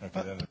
Pa,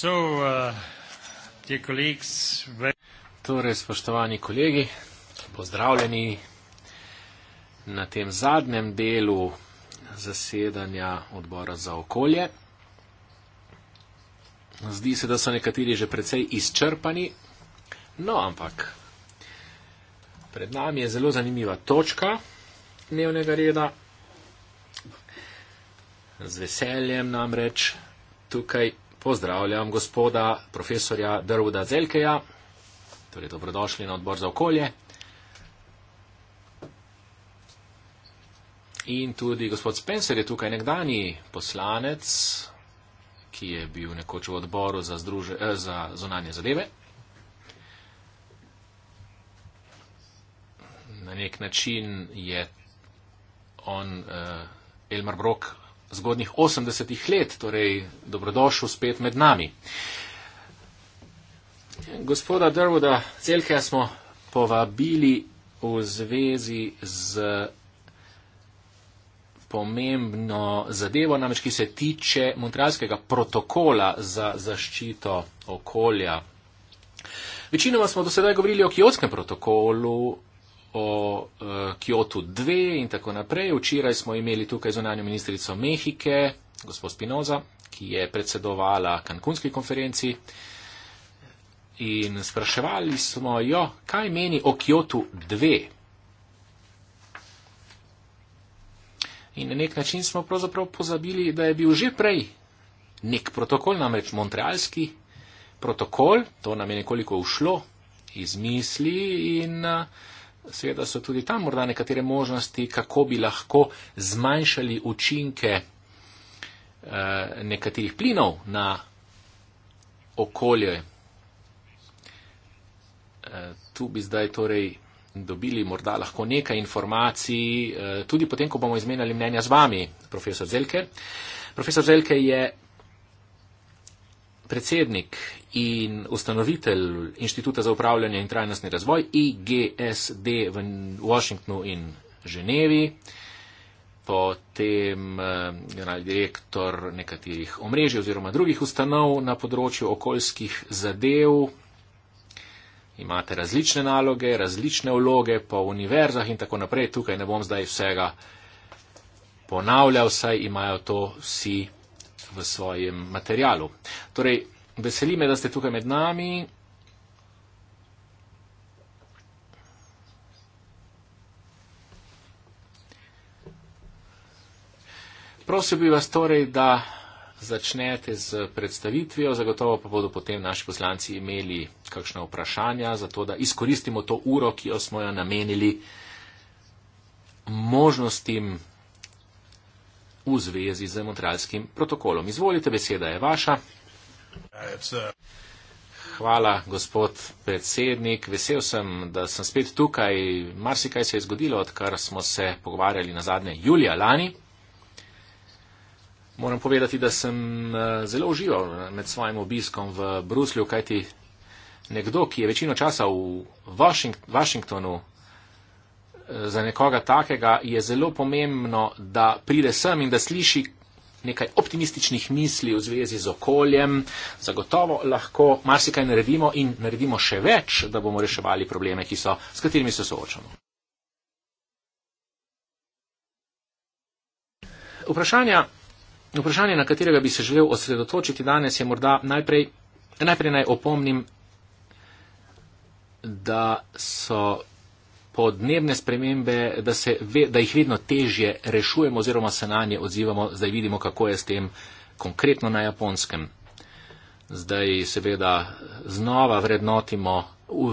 So, uh, colleagues... Torej, spoštovani kolegi, pozdravljeni na tem zadnjem delu zasedanja odbora za okolje. Zdi se, da so nekateri že precej izčrpani, no ampak pred nami je zelo zanimiva točka dnevnega reda. Z veseljem namreč tukaj pozdravljam gospoda profesorja Drvuda Zelkeja, torej dobrodošli na odbor za okolje. In tudi gospod Spencer je tukaj nekdani poslanec, ki je bil nekoč v odboru za, združe, eh, za zonanje zadeve. Na nek način je on, eh, Elmar Brok, zgodnih 80-ih let, torej dobrodošel spet med nami. Gospoda Drvoda Celkeja smo povabili v zvezi z pomembno zadevo, namreč ki se tiče Montrealskega protokola za zaščito okolja. Večinoma smo do sedaj govorili o kiotskem protokolu, o uh, Kyoto 2 in tako naprej. Včeraj smo imeli tukaj zunanjo ministrico Mehike, gospod Spinoza, ki je predsedovala kankunski konferenci. In spraševali smo jo, kaj meni o Kyoto 2. In na nek način smo pravzaprav pozabili, da je bil že prej nek protokol, namreč montrealski protokol, to nam je nekoliko ušlo iz misli in uh, Seveda so tudi tam morda nekatere možnosti, kako bi lahko zmanjšali učinke eh, nekaterih plinov na okolje. Eh, tu bi zdaj torej dobili morda lahko nekaj informacij, eh, tudi potem, ko bomo izmenjali mnenja z vami, profesor Zelke. Profesor Zelke je predsednik in ustanovitelj Inštituta za upravljanje in trajnostni razvoj IGSD v Washingtonu in Ženevi, potem eh, generalni direktor nekaterih omrežij oziroma drugih ustanov na področju okoljskih zadev. Imate različne naloge, različne vloge po univerzah in tako naprej. Tukaj ne bom zdaj vsega ponavljal, saj imajo to vsi v svojem materialu. Torej, veseli me, da ste tukaj med nami. Prosil bi vas torej, da začnete z predstavitvijo, zagotovo pa bodo potem naši poslanci imeli kakšna vprašanja, zato da izkoristimo to uro, ki jo smo jo namenili možnostim v zvezi z Montrealskim protokolom. Izvolite, beseda je vaša. Hvala, gospod predsednik. Vesel sem, da sem spet tukaj. Marsikaj se je zgodilo, odkar smo se pogovarjali na zadnje julija lani. Moram povedati, da sem eh, zelo užival med svojim obiskom v Bruslju, kajti nekdo, ki je večino časa v Washingtonu za nekoga takega je zelo pomembno, da pride sem in da sliši nekaj optimističnih misli v zvezi z okoljem. Zagotovo lahko marsikaj naredimo in naredimo še več, da bomo reševali probleme, so, s katerimi se soočamo. Vprašanja, vprašanje, na katerega bi se želel osredotočiti danes, je morda najprej, najprej naj opomnim, da so podnebne spremembe, da, se, da jih vedno težje rešujemo oziroma se na nje odzivamo. Zdaj vidimo, kako je s tem konkretno na japonskem. Zdaj seveda znova vrednotimo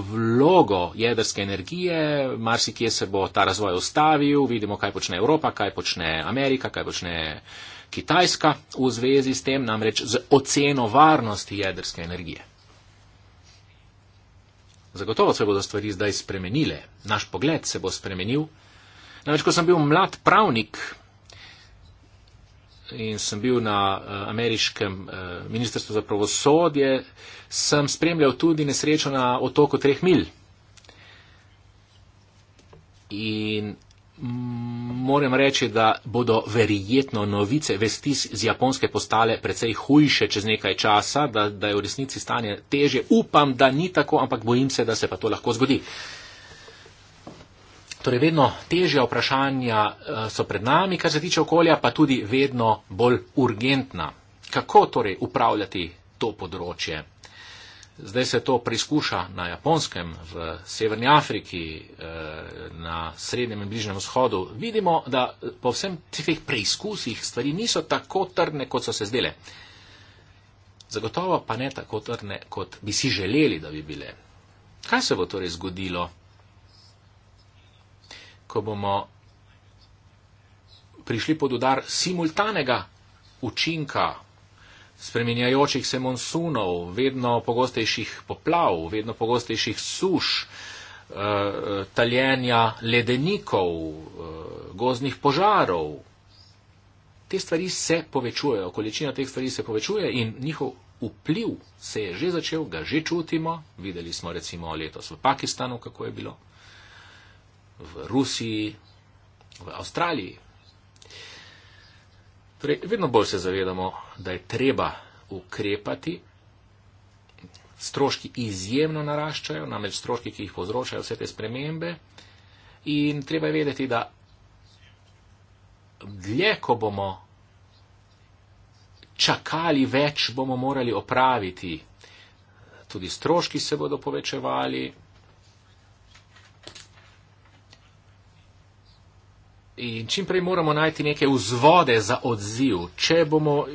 vlogo jedrske energije, marsikje se bo ta razvoj ustavil, vidimo, kaj počne Evropa, kaj počne Amerika, kaj počne Kitajska v zvezi s tem, namreč z oceno varnosti jedrske energije. Zagotovo se bodo stvari zdaj spremenile, naš pogled se bo spremenil. Namreč, ko sem bil mlad pravnik in sem bil na uh, ameriškem uh, ministrstvu za pravosodje, sem spremljal tudi nesrečo na otoku treh mil. In moram reči, da bodo verjetno novice, vesti z Japonske postale precej hujše čez nekaj časa, da, da je v resnici stanje teže. Upam, da ni tako, ampak bojim se, da se pa to lahko zgodi. Torej, vedno težja vprašanja eh, so pred nami, kar se tiče okolja, pa tudi vedno bolj urgentna. Kako torej upravljati to področje? Zdaj se to preizkuša na Japonskem, v Severni Afriki, eh, na Srednjem in Bližnjem vzhodu. Vidimo, da eh, po vsem teh preizkusih stvari niso tako trdne, kot so se zdele. Zagotovo pa ne tako trdne, kot bi si želeli, da bi bile. Kaj se bo torej zgodilo, ko bomo prišli pod udar simultanega učinka spreminjajočih se monsunov, vedno pogostejših poplav, vedno pogostejših suš, eh, taljenja ledenikov, eh, gozdnih požarov. Te stvari se povečujejo, količina teh stvari se povečuje in njihov vpliv se je že začel, ga že čutimo. Videli smo recimo letos v Pakistanu, kako je bilo, v Rusiji, v Avstraliji. Torej, vedno bolj se zavedamo, da je treba ukrepati. Stroški izjemno naraščajo, namreč stroški, ki jih povzročajo vse te spremembe. In treba je vedeti, da dlje, ko bomo čakali, več bomo morali opraviti. Tudi stroški se bodo povečevali, In čim prej moramo najti neke vzvode za odziv. Če bomo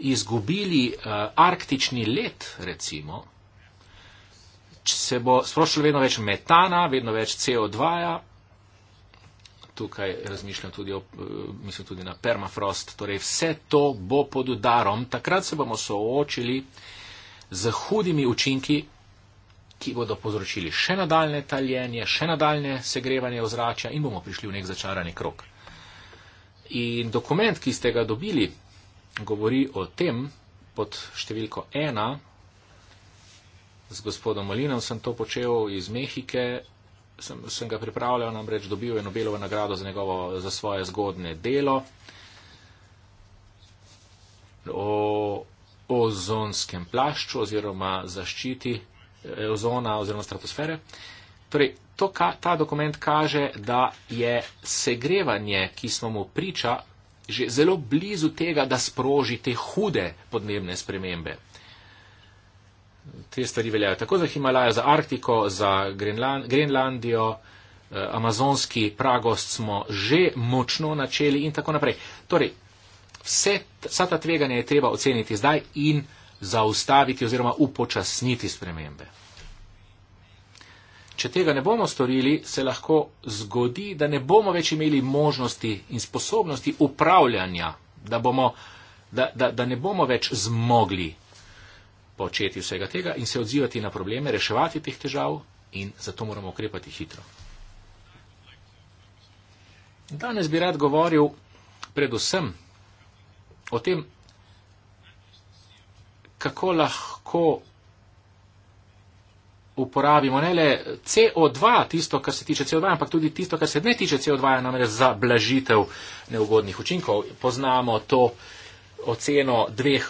izgubili uh, arktični let, recimo, se bo sprošilo vedno več metana, vedno več CO2-ja. Tukaj razmišljam tudi, o, eh, mislim tudi na permafrost. Torej vse to bo pod udarom. Takrat se bomo soočili z hudimi učinki ki bodo povzročili še nadaljne taljenje, še nadaljne segrevanje ozračja in bomo prišli v nek začarani krok. In dokument, ki ste ga dobili, govori o tem pod številko ena. Z gospodom Molinom sem to počel iz Mehike, sem, sem ga pripravljal, namreč dobil je Nobelovo nagrado za, njegovo, za svoje zgodne delo o ozonskem plašču oziroma zaščiti ozona oziroma stratosfere. Torej, to, ka, ta dokument kaže, da je segrevanje, ki smo mu priča, že zelo blizu tega, da sproži te hude podnebne spremembe. Te stvari veljajo tako za Himalajo, za Arktiko, za Grenland, Grenlandijo, eh, amazonski pragost smo že močno načeli in tako naprej. Torej, vse, vsa ta tveganja je treba oceniti zdaj in zaustaviti oziroma upočasniti spremembe. Če tega ne bomo storili, se lahko zgodi, da ne bomo več imeli možnosti in sposobnosti upravljanja, da, bomo, da, da, da ne bomo več zmogli početi vsega tega in se odzivati na probleme, reševati teh težav in zato moramo ukrepati hitro. Danes bi rad govoril predvsem o tem, kako lahko uporabimo ne le CO2, tisto, kar se tiče CO2, ampak tudi tisto, kar se ne tiče CO2, namreč za blažitev neugodnih učinkov. Poznamo to oceno dveh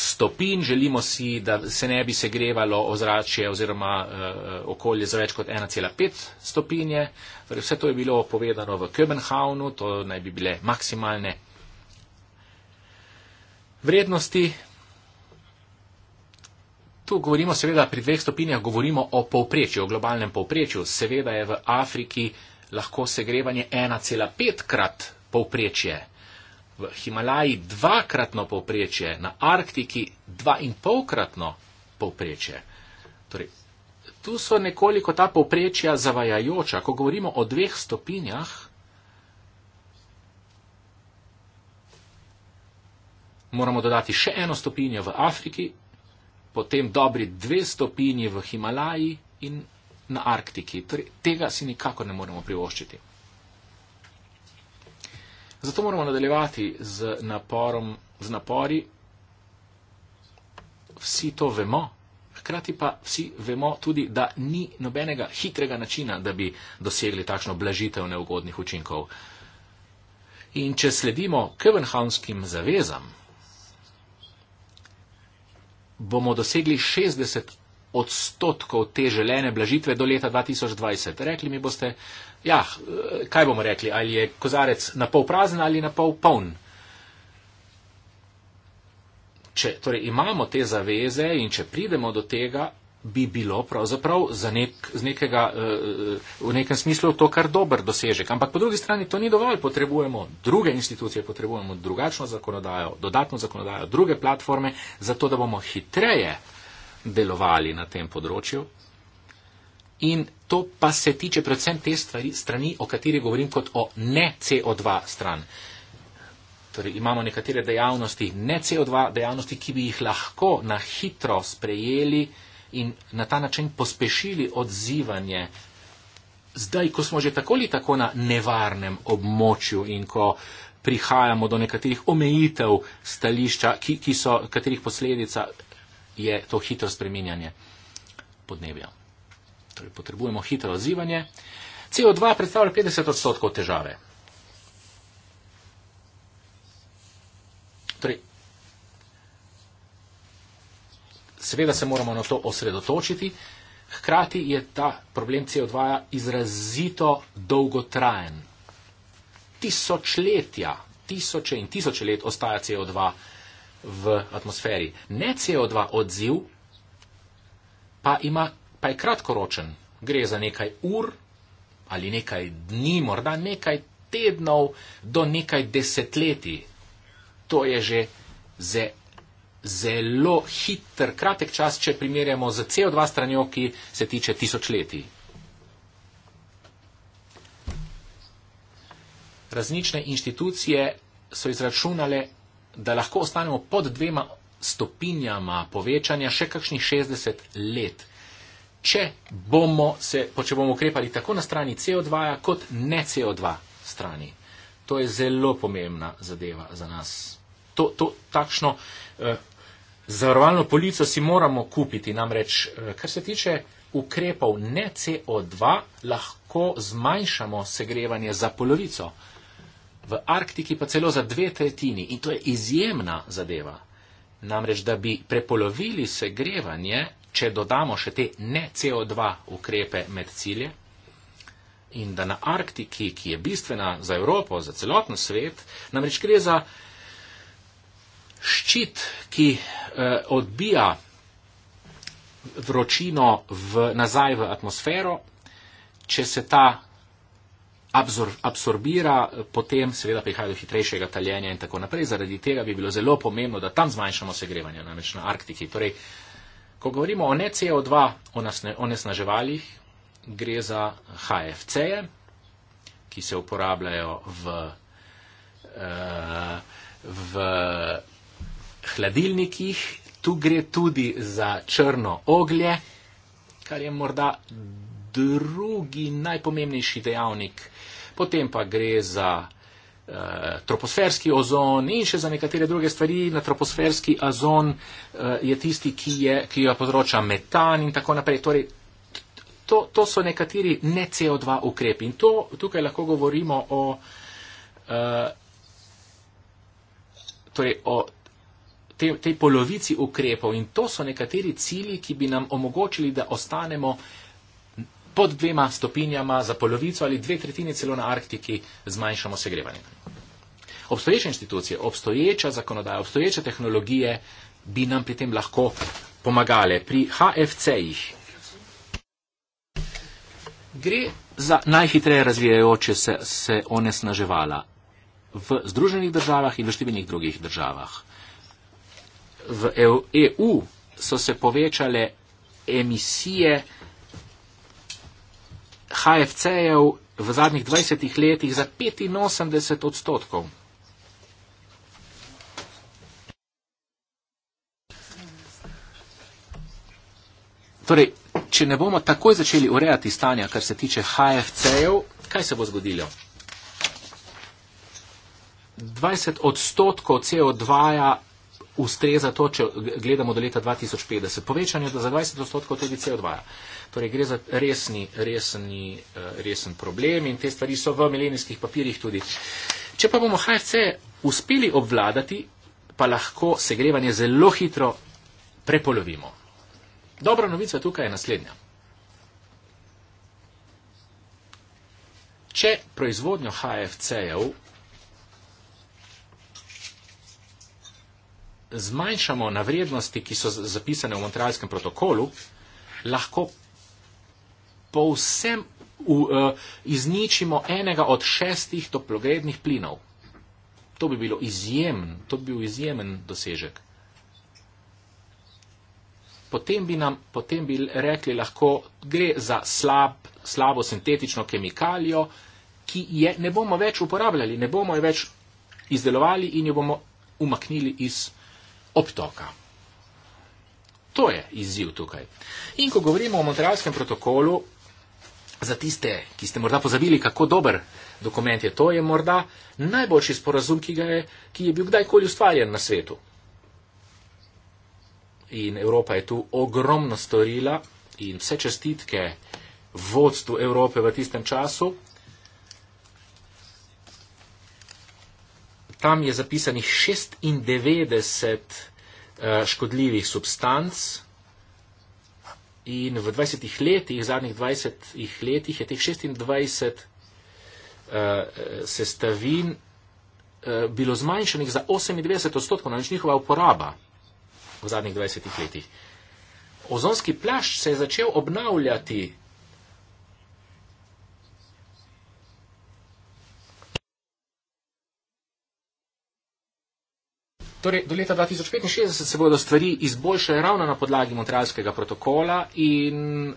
stopinj, želimo si, da se ne bi segrevalo ozračje oziroma eh, okolje za več kot 1,5 stopinje. Torej, vse to je bilo povedano v Köbenhavnu, to naj bi bile maksimalne vrednosti Tu govorimo seveda pri dveh stopinjah, govorimo o povprečju, o globalnem povprečju. Seveda je v Afriki lahko segrevanje 1,5 krat povprečje, v Himalaji dvakratno povprečje, na Arktiki 2,5 kratno povprečje. Torej, tu so nekoliko ta povprečja zavajajoča. Ko govorimo o dveh stopinjah, moramo dodati še eno stopinjo v Afriki, potem dobri dve stopinji v Himalaji in na Arktiki. Torej, tega si nikako ne moremo privoščiti. Zato moramo nadaljevati z, naporom, z napori. Vsi to vemo, hkrati pa vsi vemo tudi, da ni nobenega hitrega načina, da bi dosegli takšno blažitev neugodnih učinkov. In če sledimo Kevenhavnskim zavezam, bomo dosegli 60 odstotkov te želene blažitve do leta 2020. Rekli mi boste, ja, kaj bomo rekli, ali je kozarec na pol prazen ali na pol poln. Če torej, imamo te zaveze in če pridemo do tega, bi bilo pravzaprav nek, nekega, eh, eh, v nekem smislu to kar dober dosežek. Ampak po drugi strani to ni dovolj. Potrebujemo druge institucije, potrebujemo drugačno zakonodajo, dodatno zakonodajo, druge platforme, zato da bomo hitreje delovali na tem področju. In to pa se tiče predvsem te stvari, strani, o kateri govorim kot o ne CO2 stran. Torej imamo nekatere dejavnosti, ne CO2 dejavnosti, ki bi jih lahko na hitro sprejeli, in na ta način pospešili odzivanje. Zdaj, ko smo že tako ali tako na nevarnem območju in ko prihajamo do nekaterih omejitev stališča, ki, ki so, katerih posledica je to hitro spreminjanje podnebja. Torej, potrebujemo hitro odzivanje. CO2 predstavlja 50 odstotkov težave. Torej, seveda se moramo na to osredotočiti. Hkrati je ta problem CO2 izrazito dolgotrajen. Tisočletja, tisoče in tisoče let ostaja CO2 v atmosferi. Ne CO2 odziv, pa, ima, pa je kratkoročen. Gre za nekaj ur ali nekaj dni, morda nekaj tednov do nekaj desetletij. To je že za zelo hiter, kratek čas, če primerjamo z CO2 stranjo, ki se tiče tisočletij. Različne inštitucije so izračunale, da lahko ostanemo pod dvema stopinjama povečanja še kakšnih 60 let, če bomo, se, če bomo ukrepali tako na strani CO2 kot ne CO2 strani. To je zelo pomembna zadeva za nas. To, to, takšno, eh, Zavarovalno polico si moramo kupiti, namreč, eh, kar se tiče ukrepov ne CO2, lahko zmanjšamo segrevanje za polovico, v Arktiki pa celo za dve tretjini in to je izjemna zadeva. Namreč, da bi prepolovili segrevanje, če dodamo še te ne CO2 ukrepe med cilje in da na Arktiki, ki je bistvena za Evropo, za celotno svet, namreč gre za ščit, ki eh, odbija vročino v, nazaj v atmosfero, če se ta absor, absorbira, potem seveda prihaja do hitrejšega taljenja in tako naprej. Zaradi tega bi bilo zelo pomembno, da tam zmanjšamo segrevanje, namreč na Arktiki. Torej, ko govorimo o neCO2 onesnaževalih, gre za HFC-je, ki se uporabljajo v, eh, v hladilnikih. Tu gre tudi za črno oglje, kar je morda drugi najpomembnejši dejavnik. Potem pa gre za eh, troposferski ozon in še za nekatere druge stvari. Na troposferski ozon eh, je tisti, ki, je, ki jo povzroča metan in tako naprej. Torej, to, to so nekateri ne CO2 ukrepi. In to, tukaj lahko govorimo o. Eh, torej o te, tej polovici ukrepov in to so nekateri cilji, ki bi nam omogočili, da ostanemo pod dvema stopinjama za polovico ali dve tretjine celo na Arktiki zmanjšamo segrevanje. Obstoječe institucije, obstoječa zakonodaja, obstoječe tehnologije bi nam pri tem lahko pomagale. Pri HFC-jih gre za najhitreje razvijajoče se, se onesnaževala v Združenih državah in v številnih drugih državah v EU so se povečale emisije HFC-jev v zadnjih 20 letih za 85 odstotkov. Torej, če ne bomo takoj začeli urejati stanja, kar se tiče HFC-jev, kaj se bo zgodilo? 20 odstotkov CO2-ja ustreza to, če gledamo do leta 2050. Povečanje za 20 odstotkov tudi CO2. Torej gre za resni, resni, eh, resen problem in te stvari so v milenijskih papirjih tudi. Če pa bomo HFC uspeli obvladati, pa lahko segrevanje zelo hitro prepolovimo. Dobra novica tukaj je naslednja. Če proizvodnjo HFC-jev zmanjšamo na vrednosti, ki so zapisane v Montrealskem protokolu, lahko povsem v, uh, eh, izničimo enega od šestih toplogrednih plinov. To bi bilo izjemen, to bi bil izjemen dosežek. Potem bi nam, potem bi rekli lahko, gre za slab, slabo sintetično kemikalijo, ki je ne bomo več uporabljali, ne bomo jo več izdelovali in jo bomo umaknili iz obtoka. To je izziv tukaj. In ko govorimo o Montrealskem protokolu, za tiste, ki ste morda pozabili, kako dober dokument je, to je morda najboljši sporazum, ki, je, ki je bil kdajkoli ustvarjen na svetu. In Evropa je tu ogromno storila in vse čestitke vodstvu Evrope v tistem času, tam je zapisanih 96 eh, škodljivih substanc in v 20 letih, zadnjih 20 letih je teh 26 eh, sestavin eh, bilo zmanjšanih za 98 odstotkov, namreč njihova uporaba v zadnjih 20 letih. Ozonski plašč se je začel obnavljati Torej, do leta 2065 se bodo stvari izboljšale ravno na podlagi Montrealskega protokola in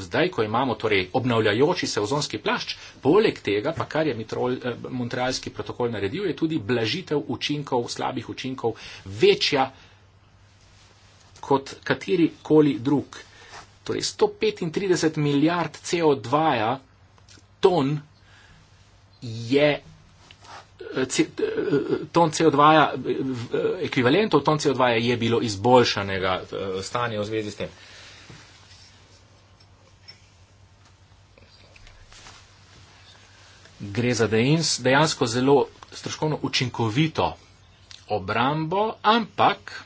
zdaj, ko imamo torej obnavljajoči se ozonski plašč, poleg tega, pa kar je Mitrol, eh, Montrealski protokol naredil, je tudi blažitev učinkov, slabih učinkov večja kot katerikoli drug. Torej, 135 milijard CO2 ton je ton CO2, -ja, ekvivalentov ton CO2 -ja je bilo izboljšanega stanja v zvezi s tem. Gre za dejansko zelo stroškovno učinkovito obrambo, ampak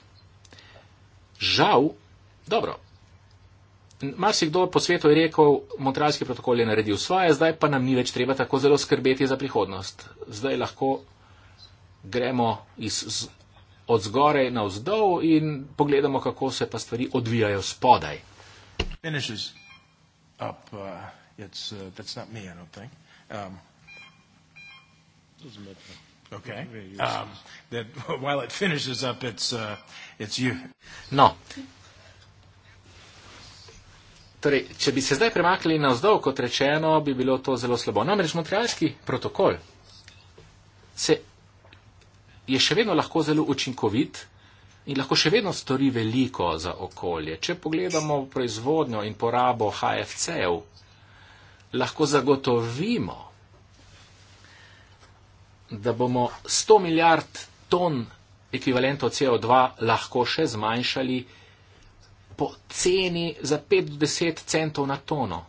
žal, dobro, Marsikdo po svetu je rekel, Montrealski protokol je naredil svoje, zdaj pa nam ni več treba tako zelo skrbeti za prihodnost. Zdaj lahko gremo iz, z, od zgorej na vzdolj in pogledamo, kako se pa stvari odvijajo spodaj. No, Torej, če bi se zdaj premaknili na vzdolj, kot rečeno, bi bilo to zelo slabo. Namreč Montrealski protokol je še vedno lahko zelo učinkovit in lahko še vedno stori veliko za okolje. Če pogledamo proizvodnjo in porabo HFC-ev, lahko zagotovimo, da bomo 100 milijard ton ekvivalentov CO2 lahko še zmanjšali po ceni za 5 do 10 centov na tono.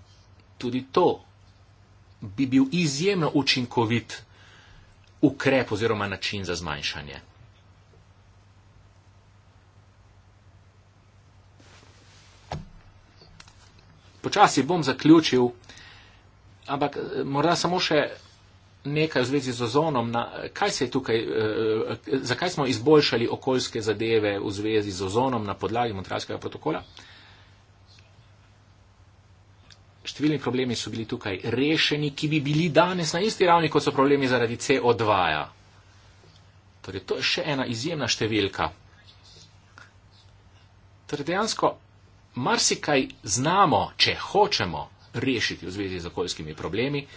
Tudi to bi bil izjemno učinkovit ukrep oziroma način za zmanjšanje. Počasi bom zaključil, ampak eh, morda samo še nekaj v zvezi z ozonom, na, kaj se je tukaj, eh, zakaj smo izboljšali okoljske zadeve v zvezi z ozonom na podlagi Montrealskega protokola. Številni problemi so bili tukaj rešeni, ki bi bili danes na isti ravni, kot so problemi zaradi CO2. -ja. Torej, to je še ena izjemna številka. Torej, dejansko marsikaj znamo, če hočemo rešiti v zvezi z okoljskimi problemi.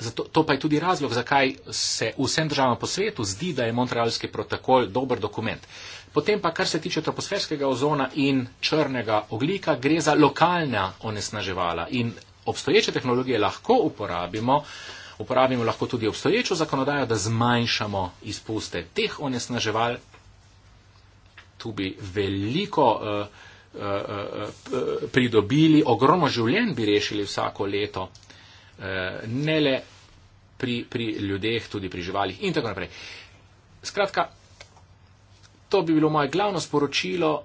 Zato, to pa je tudi razlog, zakaj se vsem državam po svetu zdi, da je Montrealski protokol dober dokument. Potem pa, kar se tiče troposferskega ozona in črnega oglika, gre za lokalna onesnaževala in obstoječe tehnologije lahko uporabimo, uporabimo lahko tudi obstoječo zakonodajo, da zmanjšamo izpuste teh onesnaževal. Tu bi veliko uh, uh, uh, pridobili, ogromno življenj bi rešili vsako leto, Eh, ne le pri, pri ljudeh, tudi pri živalih in tako naprej. Skratka, to bi bilo moje glavno sporočilo.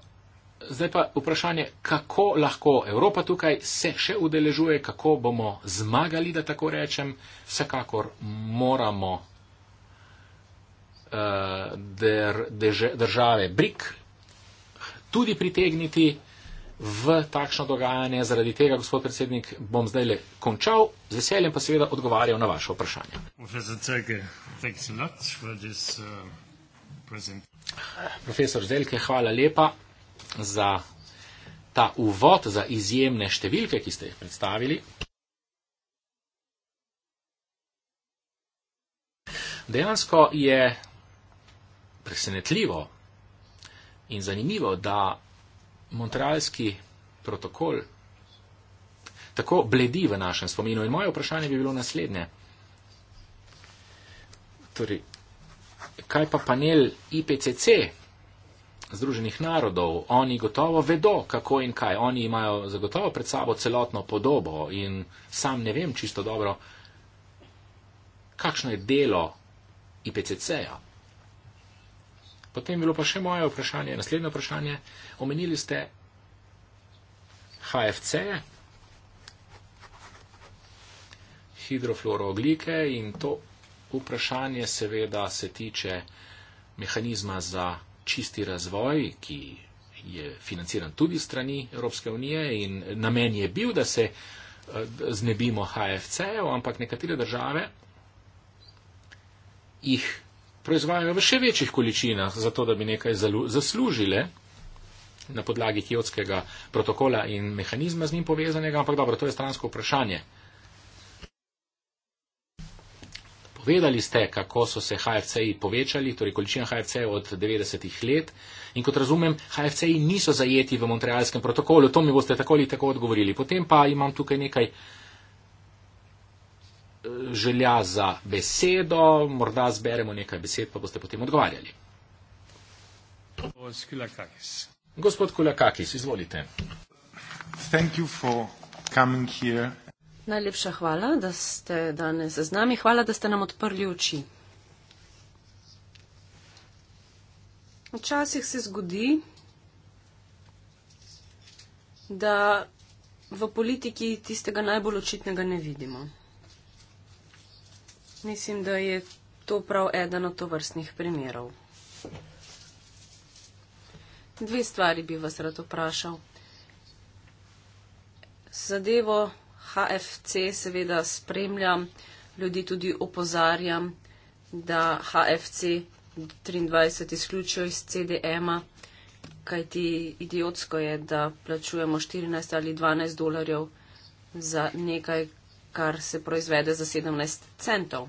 Zdaj pa vprašanje, kako lahko Evropa tukaj se še udeležuje, kako bomo zmagali, da tako rečem. Vsekakor moramo uh, der, deže, države BRIK tudi pritegniti v takšno dogajanje. Zaradi tega, gospod predsednik, bom zdaj le končal, z veseljem pa seveda odgovarjal na vaše vprašanje. Uh, Profesor Zelke, hvala lepa za ta uvod, za izjemne številke, ki ste jih predstavili. Dejansko je presenetljivo in zanimivo, da Montrealski protokol tako bledi v našem spominu. In moje vprašanje bi bilo naslednje. Torej, kaj pa panel IPCC Združenih narodov? Oni gotovo vedo, kako in kaj. Oni imajo zagotovo pred sabo celotno podobo in sam ne vem čisto dobro, kakšno je delo IPCC-ja. Potem je bilo pa še moje vprašanje, naslednje vprašanje. Omenili ste HFC, hidrofluoroglike in to vprašanje seveda se tiče mehanizma za čisti razvoj, ki je financiran tudi strani Evropske unije in namen je bil, da se eh, znebimo HFC-ev, ampak nekatere države jih proizvajajo v še večjih količinah, zato da bi nekaj zaslužile na podlagi kiotskega protokola in mehanizma z njim povezanega, ampak dobro, to je stransko vprašanje. Povedali ste, kako so se HFC-ji povečali, torej količina HFC-jev od 90-ih let in kot razumem, HFC-ji niso zajeti v Montrealskem protokolu, to mi boste tako ali tako odgovorili. Potem pa imam tukaj nekaj želja za besedo, morda zberemo nekaj besed, pa boste potem odgovarjali. Gospod Kulakakis, izvolite. Najlepša hvala, da ste danes z nami. Hvala, da ste nam odprli oči. Včasih se zgodi, da v politiki tistega najbolj očitnega ne vidimo. Mislim, da je to prav eden od tovrstnih primerov. Dve stvari bi vas rad vprašal. Zadevo HFC seveda spremljam, ljudi tudi opozarjam, da HFC 23 izključijo iz CDM-a, kajti idiotsko je, da plačujemo 14 ali 12 dolarjev za nekaj, kar se proizvede za 17 centov.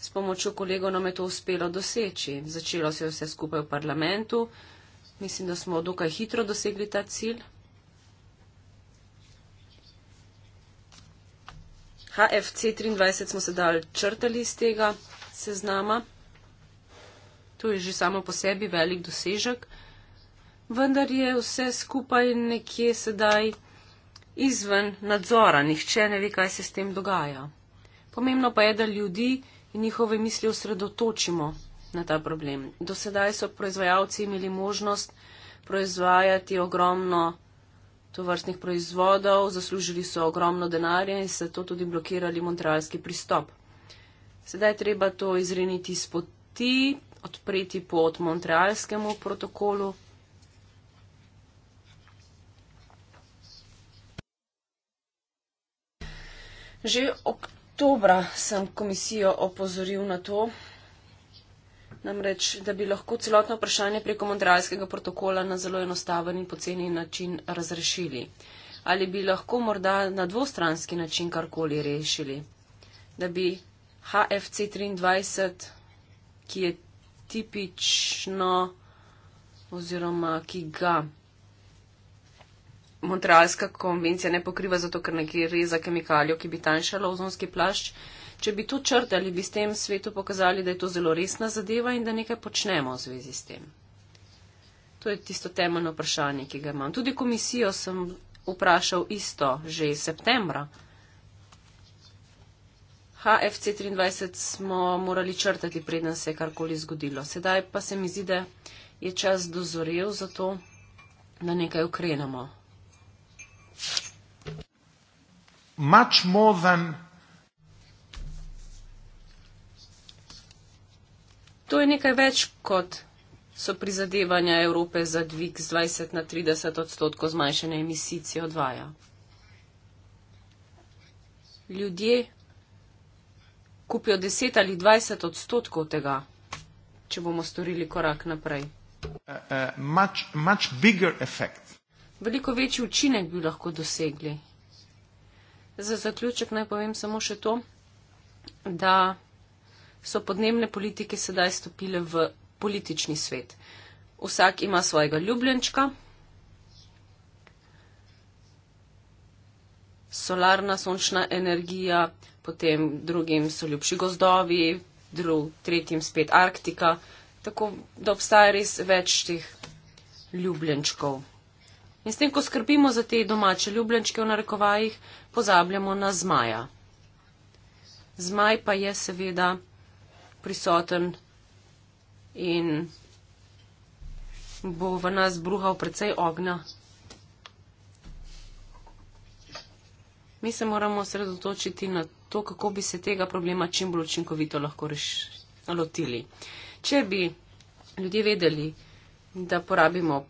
S pomočjo kolegov nam je to uspelo doseči. Začelo se je vse skupaj v parlamentu. Mislim, da smo dokaj hitro dosegli ta cilj. HFC 23 smo se dal črtali iz tega seznama. To je že samo po sebi velik dosežek. Vendar je vse skupaj nekje sedaj izven nadzora, nihče ne ve, kaj se s tem dogaja. Pomembno pa je, da ljudi in njihove misli osredotočimo na ta problem. Do sedaj so proizvajalci imeli možnost proizvajati ogromno tovrstnih proizvodov, zaslužili so ogromno denarja in se to tudi blokirali montrealski pristop. Sedaj je treba to izreniti iz poti, odpreti pot montrealskemu protokolu. Že oktobra sem komisijo opozoril na to, namreč, da bi lahko celotno vprašanje preko Montrealskega protokola na zelo enostaven in poceni način razrešili. Ali bi lahko morda na dvostranski način karkoli rešili, da bi HFC 23, ki je tipično oziroma ki ga Montrealska konvencija ne pokriva, zato ker ne gre za kemikalijo, ki bi tanjšala ozonski plašč. Če bi to črtali, bi s tem svetu pokazali, da je to zelo resna zadeva in da nekaj počnemo v zvezi s tem. To je tisto temeljno vprašanje, ki ga imam. Tudi komisijo sem vprašal isto že iz septembra. HFC 23 smo morali črtati, preden se je karkoli zgodilo. Sedaj pa se mi zdi, da je čas dozorel za to, da nekaj ukrenemo much more than To je nekaj več kot so prizadevanja Evrope za dvig z 20 na 30 odstotkov zmanjšanja emisij CO2. Ljudje kupijo 10 ali 20 odstotkov tega, če bomo storili korak naprej. Uh, uh, much, much veliko večji učinek bi lahko dosegli. Za zaključek naj povem samo še to, da so podnebne politike sedaj stopile v politični svet. Vsak ima svojega ljubljenčka. Solarna, sončna energija, potem drugim so ljubši gozdovi, drug, tretjim spet Arktika. Tako da obstaja res več teh ljubljenčkov. In s tem, ko skrbimo za te domače ljubljenčke v narekovajih, pozabljamo na zmaja. Zmaj pa je seveda prisoten in bo v nas bruhal precej ognja. Mi se moramo sredotočiti na to, kako bi se tega problema čim bolj učinkovito lahko rešili. Če bi ljudje vedeli, da porabimo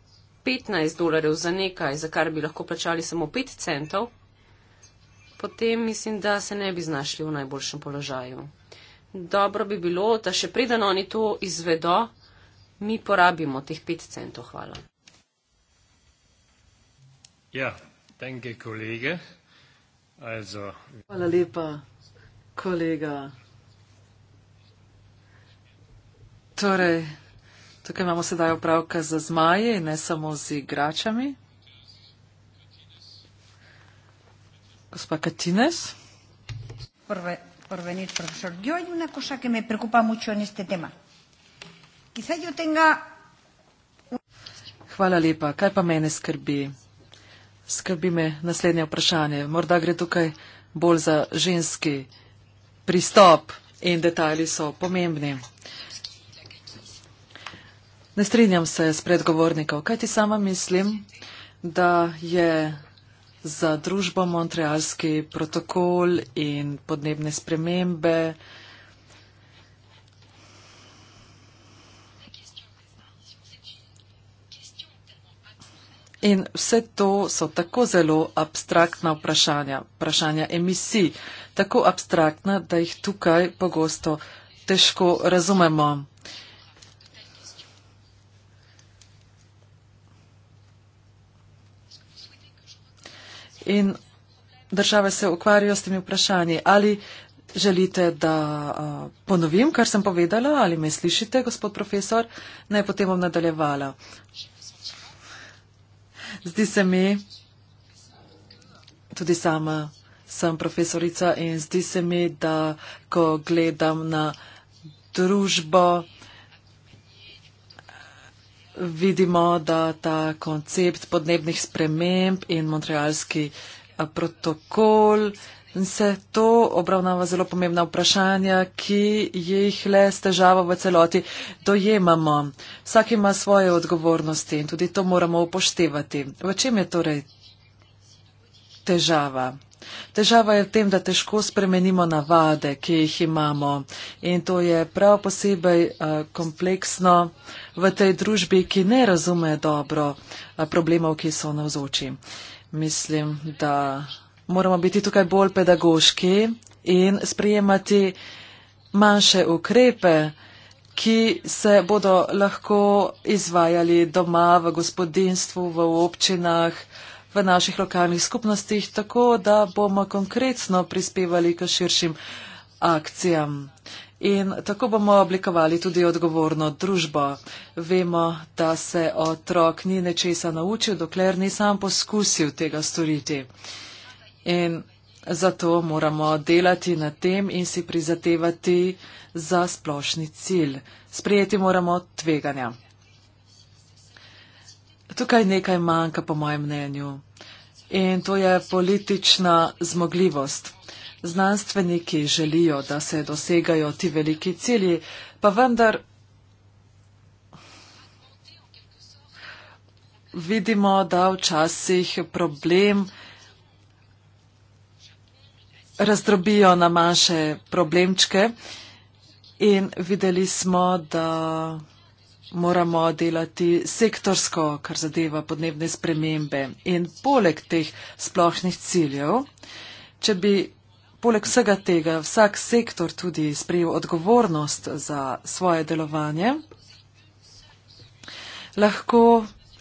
15 dolarjev za nekaj, za kar bi lahko plačali samo 5 centov, potem mislim, da se ne bi znašli v najboljšem položaju. Dobro bi bilo, da še preden oni to izvedo, mi porabimo teh 5 centov. Hvala. Ja, denge kolege. Also. Hvala lepa, kolega. Torej. Tukaj imamo sedaj opravka za zmaje in ne samo z igračami. Gospa Katines. Prve, prve nič, profesor. Yo hay una cosa que me preocupa mucho en este tema. Quizá yo tenga... Hvala lepa. Kaj pa mene skrbi? Skrbi me naslednje vprašanje. Morda gre tukaj bolj za ženski pristop in detajli so pomembni. Ne strinjam se s predgovornikov, kaj ti sama mislim, da je za družbo Montrealski protokol in podnebne spremembe In vse to so tako zelo abstraktna vprašanja, vprašanja emisij, tako abstraktna, da jih tukaj pogosto težko razumemo. in države se ukvarjajo s temi vprašanji. Ali želite, da ponovim, kar sem povedala, ali me slišite, gospod profesor, naj potem bom nadaljevala. Zdi se mi, tudi sama sem profesorica in zdi se mi, da ko gledam na družbo, vidimo, da ta koncept podnebnih sprememb in montrealski eh, protokol se to obravnava zelo pomembna vprašanja, ki jih le s težavo v celoti dojemamo. Vsak ima svoje odgovornosti in tudi to moramo upoštevati. V čem je torej težava? Težava je v tem, da težko spremenimo navade, ki jih imamo. In to je prav posebej eh, kompleksno v tej družbi, ki ne razume dobro eh, problemov, ki so navzoči. Mislim, da moramo biti tukaj bolj pedagoški in sprejemati manjše ukrepe, ki se bodo lahko izvajali doma, v gospodinstvu, v občinah v naših lokalnih skupnostih, tako da bomo konkretno prispevali k širšim akcijam. In tako bomo oblikovali tudi odgovorno družbo. Vemo, da se otrok ni nečesa naučil, dokler ni sam poskusil tega storiti. In zato moramo delati na tem in si prizadevati za splošni cilj. Sprijeti moramo tveganja. Tukaj nekaj manjka, po mojem mnenju. In to je politična zmogljivost. Znanstveniki želijo, da se dosegajo ti veliki cilji, pa vendar vidimo, da včasih problem razdrobijo na manjše problemčke in videli smo, da moramo delati sektorsko, kar zadeva podnebne spremembe. In poleg teh splošnih ciljev, če bi poleg vsega tega vsak sektor tudi sprejel odgovornost za svoje delovanje, lahko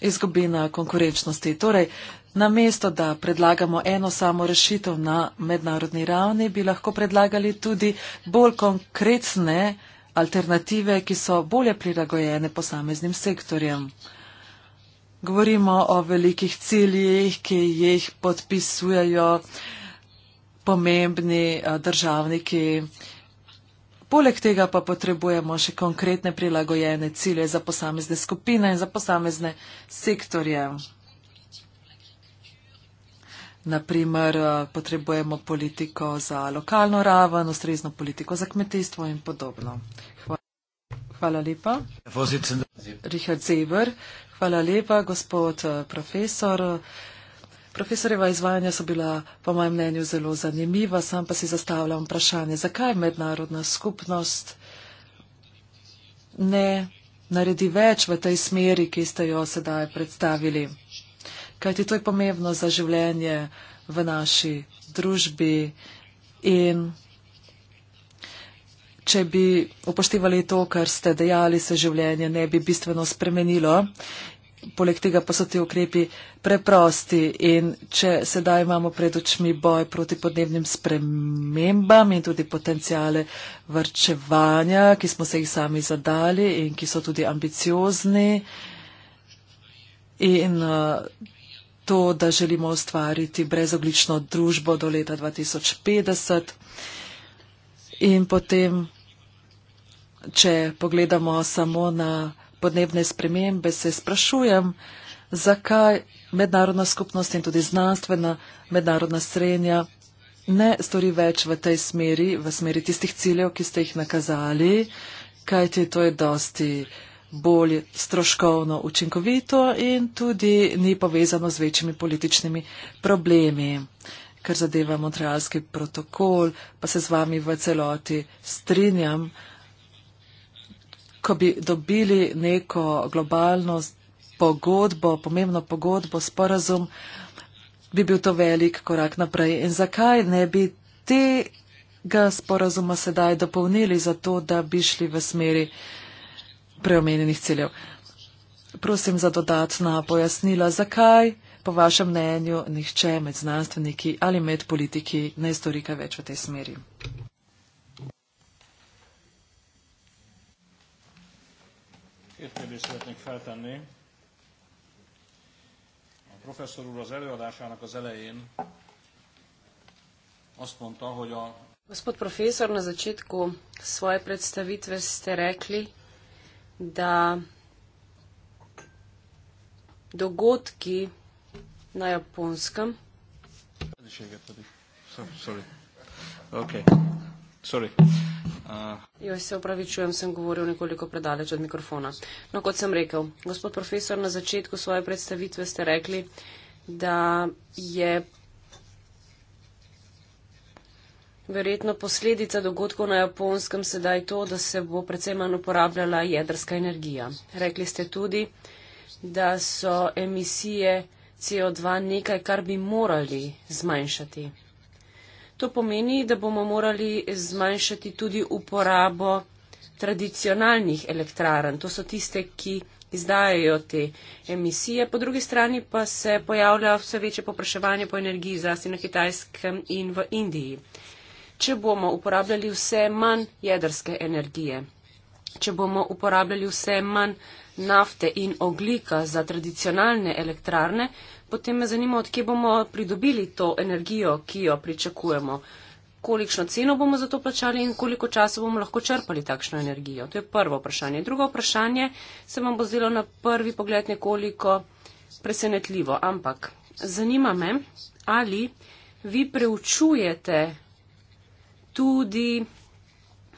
izgubi na konkurenčnosti. Torej, namesto da predlagamo eno samo rešitev na mednarodni ravni, bi lahko predlagali tudi bolj konkretne rešitve alternative, ki so bolje prilagojene posameznim sektorjem. Govorimo o velikih ciljih, ki jih podpisujejo pomembni državniki. Poleg tega pa potrebujemo še konkretne prilagojene cilje za posamezne skupine in za posamezne sektorje naprimer eh, potrebujemo politiko za lokalno raven, ustrezno politiko za kmetijstvo in podobno. Hvala lepa. Richard Zeber. Hvala lepa, gospod eh, profesor. Profesoreva izvajanja so bila, po mojem mnenju, zelo zanimiva. Sam pa si zastavljam vprašanje, zakaj mednarodna skupnost ne naredi več v tej smeri, ki ste jo sedaj predstavili kajti to je pomembno za življenje v naši družbi. In če bi upoštevali to, kar ste dejali, se življenje ne bi bistveno spremenilo. Poleg tega pa so ti ukrepi preprosti in če sedaj imamo pred očmi boj proti podnebnim spremembam in tudi potencijale vrčevanja, ki smo se jih sami zadali in ki so tudi ambiciozni in uh, to, da želimo ustvariti brezoglično družbo do leta 2050. In potem, če pogledamo samo na podnebne spremembe, se sprašujem, zakaj mednarodna skupnost in tudi znanstvena mednarodna srednja ne stori več v tej smeri, v smeri tistih ciljev, ki ste jih nakazali, kajti to je dosti bolj stroškovno učinkovito in tudi ni povezano z večjimi političnimi problemi. Ker zadeva Montrealski protokol, pa se z vami v celoti strinjam, ko bi dobili neko globalno pogodbo, pomembno pogodbo, sporazum, bi bil to velik korak naprej. In zakaj ne bi tega sporazuma sedaj dopolnili za to, da bi šli v smeri preomenjenih ciljev. Prosim za dodatna pojasnila, zakaj po vašem mnenju nihče med znanstveniki ali med politiki ne stori kaj več v tej smeri. Gospod profesor, na začetku svoje predstavitve ste rekli, da dogodki na japonskem. Okay. Uh. Jo, se upravičujem, sem govoril nekoliko predaleč od mikrofona. No, kot sem rekel, gospod profesor, na začetku svoje predstavitve ste rekli, da je Verjetno posledica dogodkov na japonskem sedaj to, da se bo predvsem manj uporabljala jedrska energija. Rekli ste tudi, da so emisije CO2 nekaj, kar bi morali zmanjšati. To pomeni, da bomo morali zmanjšati tudi uporabo tradicionalnih elektrarn. To so tiste, ki izdajajo te emisije. Po drugi strani pa se pojavlja vse večje popraševanje po energiji, zlasti na Kitajskem in v Indiji če bomo uporabljali vse manj jedrske energije, če bomo uporabljali vse manj nafte in oglika za tradicionalne elektrarne, potem me zanima, odkje bomo pridobili to energijo, ki jo pričakujemo, kolikšno ceno bomo za to plačali in koliko časa bomo lahko črpali takšno energijo. To je prvo vprašanje. Drugo vprašanje se vam bo zdelo na prvi pogled nekoliko presenetljivo, ampak zanima me, ali vi preučujete tudi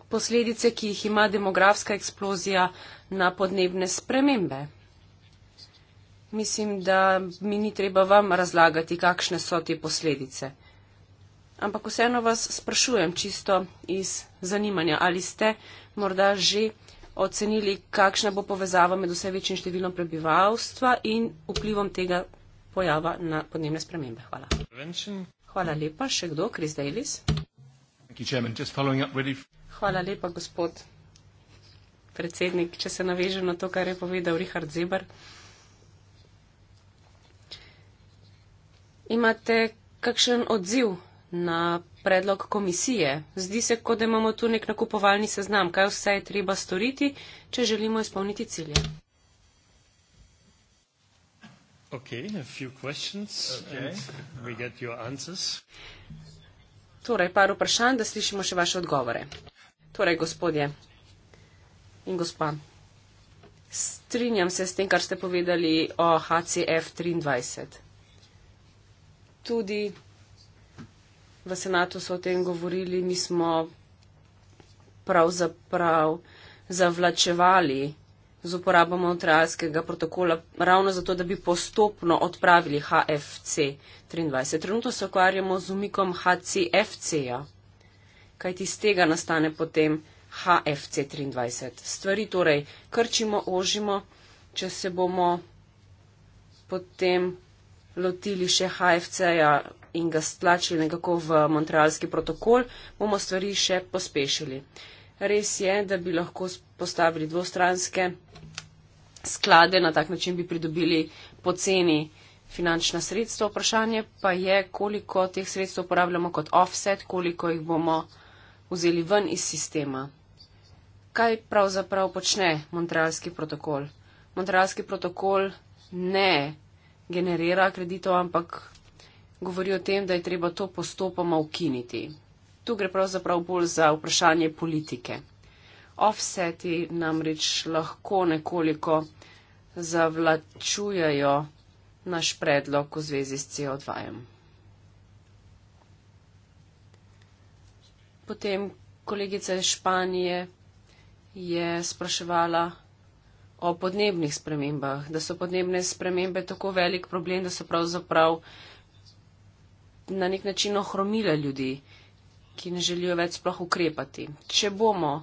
posledice, ki jih ima demografska eksplozija na podnebne spremembe. Mislim, da mi ni treba vam razlagati, kakšne so te posledice. Ampak vseeno vas sprašujem čisto iz zanimanja, ali ste morda že ocenili, kakšna bo povezava med vse večjim številom prebivalstva in vplivom tega pojava na podnebne spremembe. Hvala. Hvala lepa. Še kdo? Kris Dejlis. Hvala lepa, gospod predsednik. Če se navežem na to, kar je povedal Richard Zeber. Imate kakšen odziv na predlog komisije? Zdi se, kot da imamo tu nek nakupovalni seznam, kaj vse je treba storiti, če želimo izpolniti cilje. Okay, a few questions okay. and we get your answers. Torej, par vprašanj, da slišimo še vaše odgovore. Torej, gospodje in gospa, strinjam se s tem, kar ste povedali o HCF 23. Tudi v senatu so o tem govorili, mi smo pravzaprav zavlačevali z uporabo Montrealskega protokola, ravno zato, da bi postopno odpravili HFC 23. Trenutno se ukvarjamo z umikom HCFC-ja, kajti iz tega nastane potem HFC 23. Stvari torej krčimo, ožimo, če se bomo potem lotili še HFC-ja in ga stlačili nekako v Montrealski protokol, bomo stvari še pospešili. Res je, da bi lahko s postavili dvostranske sklade, na tak način bi pridobili poceni finančna sredstva. Vprašanje pa je, koliko teh sredstev uporabljamo kot offset, koliko jih bomo vzeli ven iz sistema. Kaj pravzaprav počne Montrealski protokol? Montrealski protokol ne generira kreditov, ampak govori o tem, da je treba to postopoma ukiniti. Tu gre pravzaprav bolj za vprašanje politike offseti namreč lahko nekoliko zavlačujejo naš predlog v zvezi s CO2. Potem kolegica iz Španije je spraševala o podnebnih spremembah, da so podnebne spremembe tako velik problem, da so pravzaprav na nek način ohromile ljudi, ki ne želijo več sploh ukrepati. Če bomo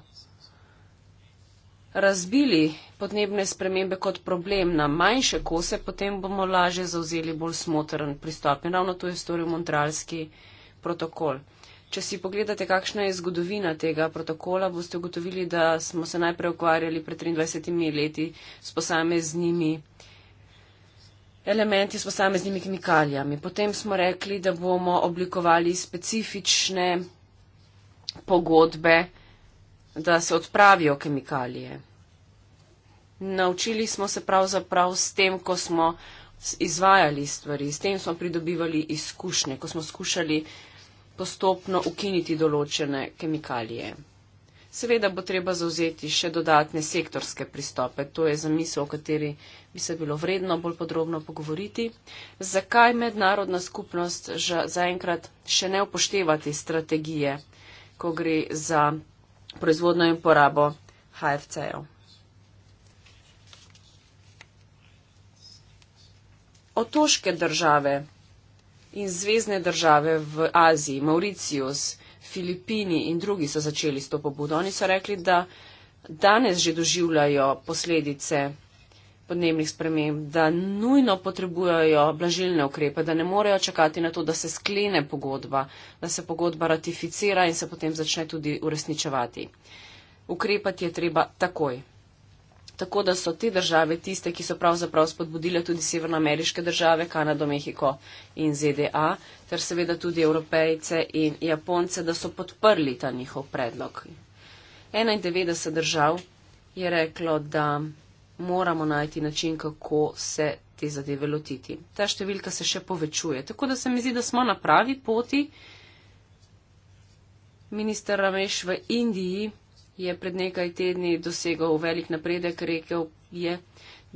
razbili podnebne spremembe kot problem na manjše kose, potem bomo lažje zauzeli bolj smotren pristop. In ravno to je storil Montrealski protokol. Če si pogledate, kakšna je zgodovina tega protokola, boste ugotovili, da smo se najprej ukvarjali pred 23 leti s posameznimi elementi, s posameznimi kemikalijami. Potem smo rekli, da bomo oblikovali specifične pogodbe, da se odpravijo kemikalije. Naučili smo se pravzaprav s tem, ko smo izvajali stvari, s tem smo pridobivali izkušnje, ko smo skušali postopno ukiniti določene kemikalije. Seveda bo treba zauzeti še dodatne sektorske pristope, to je zamisel, o kateri bi se bilo vredno bolj podrobno pogovoriti. Zakaj mednarodna skupnost že zaenkrat še ne upoštevati strategije, ko gre za proizvodno in porabo HFC-jev. Otoške države in zvezdne države v Aziji, Mauricius, Filipini in drugi so začeli s to pobudo. Oni so rekli, da danes že doživljajo posledice podnebnih sprememb, da nujno potrebujejo blažilne ukrepe, da ne morejo čakati na to, da se sklene pogodba, da se pogodba ratificira in se potem začne tudi uresničevati. Ukrepati je treba takoj. Tako da so te države tiste, ki so pravzaprav spodbudile tudi severnoameriške države, Kanado, Mehiko in ZDA, ter seveda tudi evropejce in japonce, da so podprli ta njihov predlog. 91 držav je reklo, da moramo najti način, kako se te zadeve lotiti. Ta številka se še povečuje. Tako da se mi zdi, da smo na pravi poti. Minister Rameš v Indiji je pred nekaj tedni dosegal velik napredek, rekel je,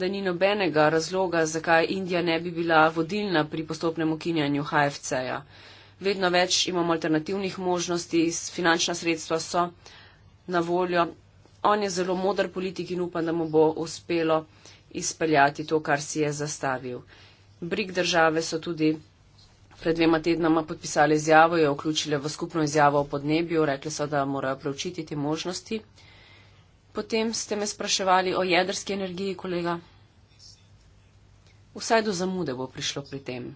da ni nobenega razloga, zakaj Indija ne bi bila vodilna pri postopnem ukinjanju HFC-ja. Vedno več imamo alternativnih možnosti, finančna sredstva so na voljo on je zelo modr politik in upam, da mu bo uspelo izpeljati to, kar si je zastavil. Brik države so tudi pred dvema tednama podpisali izjavo, jo vključili v skupno izjavo o podnebju, rekli so, da morajo preučiti te možnosti. Potem ste me spraševali o jedrski energiji, kolega. Vsaj do zamude bo prišlo pri tem.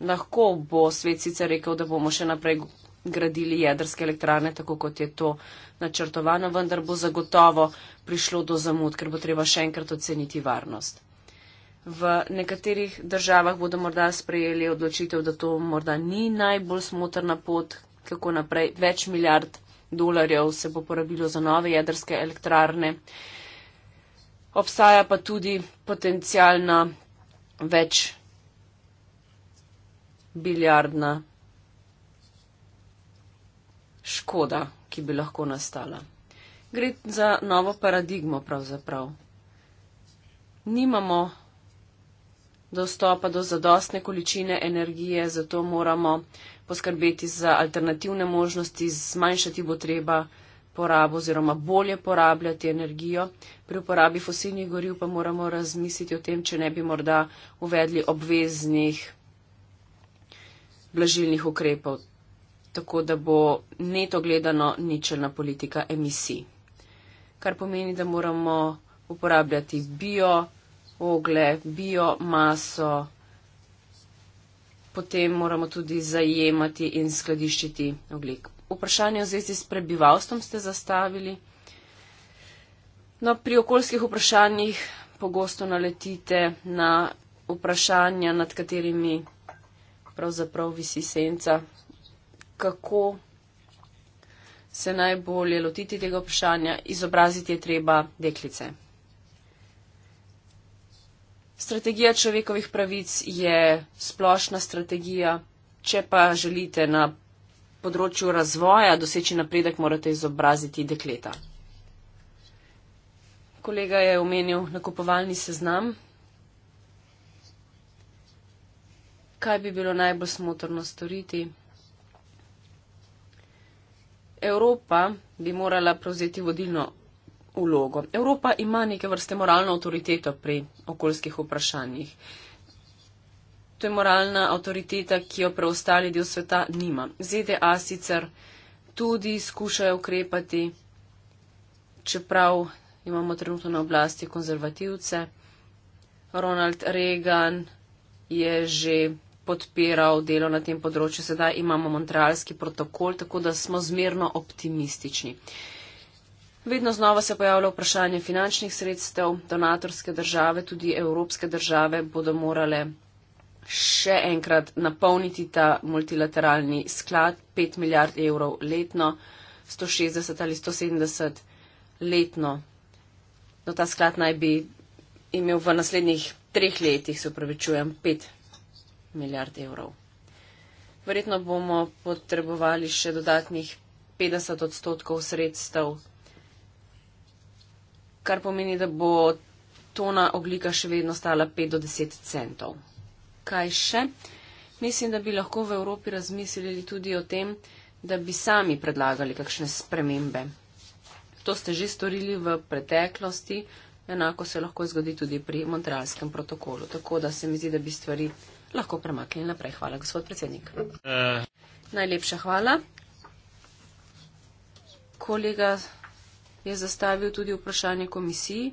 Lahko bo svet sicer rekel, da bomo še naprej gradili jedrske elektrane, tako kot je to načrtovano, vendar bo zagotovo prišlo do zamud, ker bo treba še enkrat oceniti varnost. V nekaterih državah bodo morda sprejeli odločitev, da to morda ni najbolj smotrna pot, kako naprej. Več milijard dolarjev se bo porabilo za nove jedrske elektrarne. Obstaja pa tudi potencijalna več biljardna škoda, ki bi lahko nastala. Gre za novo paradigmo pravzaprav. Nimamo dostopa do zadostne količine energije, zato moramo poskrbeti za alternativne možnosti, zmanjšati bo treba porabo oziroma bolje porabljati energijo. Pri uporabi fosilnih goriv pa moramo razmisliti o tem, če ne bi morda uvedli obveznih blažilnih ukrepov, tako da bo neto gledano ničelna politika emisij. Kar pomeni, da moramo uporabljati bio ogle, bio maso, potem moramo tudi zajemati in skladiščiti oglik. Vprašanje v zvezi s prebivalstvom ste zastavili. No, pri okoljskih vprašanjih pogosto naletite na vprašanja, nad katerimi pravzaprav visi senca kako se najbolje lotiti tega vprašanja, izobraziti je treba deklice. Strategija človekovih pravic je splošna strategija. Če pa želite na področju razvoja doseči napredek, morate izobraziti dekleta. Kolega je omenil nakupovalni seznam. Kaj bi bilo najbolj smotrno storiti? Evropa bi morala prevzeti vodilno ulogo. Evropa ima neke vrste moralno avtoriteto pri okoljskih vprašanjih. To je moralna avtoriteta, ki jo preostali del sveta nima. ZDA sicer tudi skušajo ukrepati, čeprav imamo trenutno na oblasti konzervativce. Ronald Reagan je že podpiral delo na tem področju. Sedaj imamo montrealski protokol, tako da smo zmerno optimistični. Vedno znova se pojavlja vprašanje finančnih sredstev, donatorske države, tudi evropske države bodo morale še enkrat napolniti ta multilateralni sklad 5 milijard evrov letno, 160 ali 170 letno. No, ta sklad naj bi imel v naslednjih treh letih, se upravičujem, 5 milijard milijard evrov. Verjetno bomo potrebovali še dodatnih 50 odstotkov sredstev, kar pomeni, da bo tona oglika še vedno stala 5 do 10 centov. Kaj še? Mislim, da bi lahko v Evropi razmislili tudi o tem, da bi sami predlagali kakšne spremembe. To ste že storili v preteklosti, enako se lahko zgodi tudi pri Montrealskem protokolu. Tako da se mi zdi, da bi stvari lahko premaknili naprej. Hvala, gospod predsednik. Uh. Najlepša hvala. Kolega je zastavil tudi vprašanje komisiji.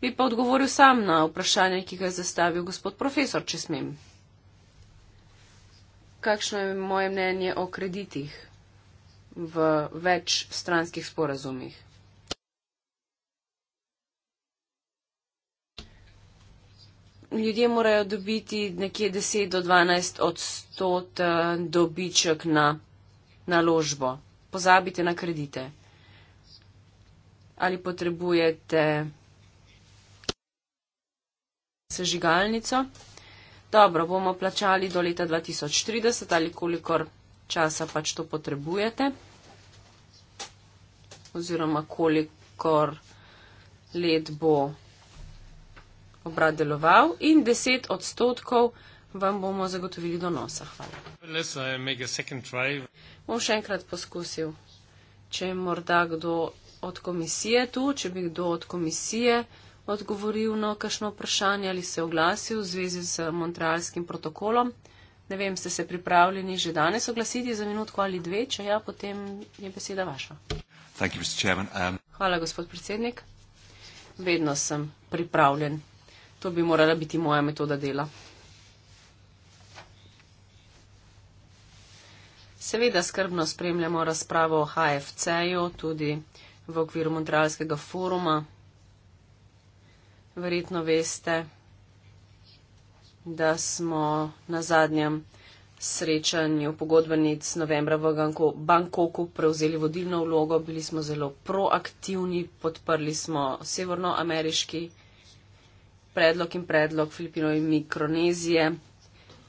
Bi pa odgovoril sam na vprašanje, ki ga je zastavil gospod profesor, če smem. Kakšno je moje mnenje o kreditih v več stranskih sporazumih? ljudje morajo dobiti nekje 10 do 12 odstot dobiček na naložbo. Pozabite na kredite. Ali potrebujete sežigalnico? Dobro, bomo plačali do leta 2030 ali kolikor časa pač to potrebujete oziroma kolikor let bo obrat deloval in 10 odstotkov vam bomo zagotovili donosa. Hvala. Uh, Bom še enkrat poskusil, če je morda kdo od komisije tu, če bi kdo od komisije odgovoril na kakšno vprašanje ali se oglasil v zvezi z Montrealskim protokolom. Ne vem, ste se pripravljeni že danes oglasiti za minutko ali dve, če ja, potem je beseda vaša. Um, Hvala, gospod predsednik. Vedno sem pripravljen To bi morala biti moja metoda dela. Seveda skrbno spremljamo razpravo o HFC-ju, tudi v okviru Montrealskega foruma. Verjetno veste, da smo na zadnjem srečanju pogodbenic novembra v Bangkoku prevzeli vodilno vlogo, bili smo zelo proaktivni, podprli smo severnoameriški predlog in predlog Filipinov in Mikronezije,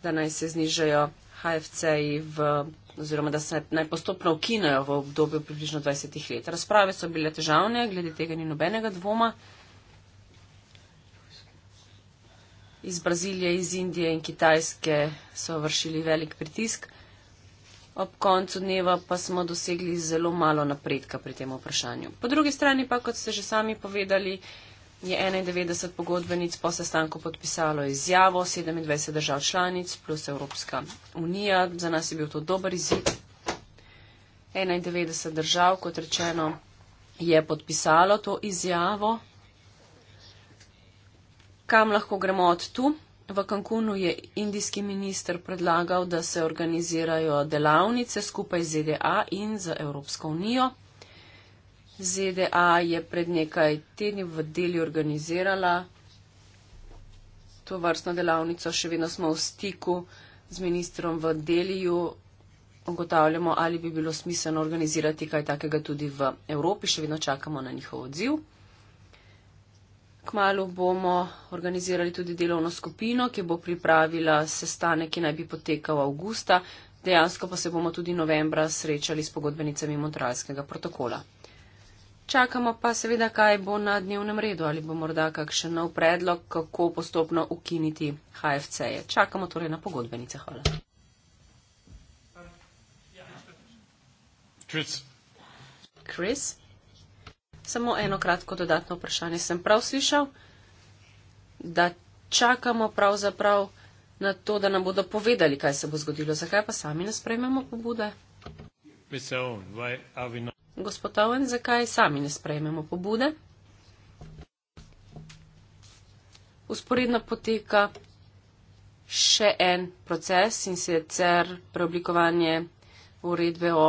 da naj se znižajo HFC-ji oziroma da se naj postopno ukinejo v obdobju približno 20 let. Razprave so bile težavne, glede tega ni nobenega dvoma. Iz Brazilije, iz Indije in Kitajske so vršili velik pritisk. Ob koncu dneva pa smo dosegli zelo malo napredka pri tem vprašanju. Po drugi strani pa, kot ste že sami povedali, je 91 pogodbenic po sestanku podpisalo izjavo, 27 držav članic plus Evropska unija. Za nas je bil to dober izid. 91 držav, kot rečeno, je podpisalo to izjavo. Kam lahko gremo od tu? V Cancunu je indijski minister predlagal, da se organizirajo delavnice skupaj z ZDA in z Evropsko unijo. ZDA je pred nekaj tedni v deli organizirala to vrstno delavnico, še vedno smo v stiku z ministrom v deliju, ogotavljamo, ali bi bilo smiselno organizirati kaj takega tudi v Evropi, še vedno čakamo na njihov odziv. Kmalo bomo organizirali tudi delovno skupino, ki bo pripravila sestanek, ki naj bi potekal avgusta, dejansko pa se bomo tudi novembra srečali s pogodbenicami Montrealskega protokola čakamo pa seveda, kaj bo na dnevnem redu ali bo morda kakšen nov predlog, kako postopno ukiniti HFC-je. Čakamo torej na pogodbenice. Hvala. Chris. Chris? Samo eno kratko dodatno vprašanje. Sem prav slišal, da čakamo pravzaprav na to, da nam bodo povedali, kaj se bo zgodilo. Zakaj pa sami ne sprejmemo pobude? Mr. Owen, why are we not? Gospod Owen, zakaj sami ne sprejmemo pobude? Usporedno poteka še en proces in sicer preoblikovanje uredbe o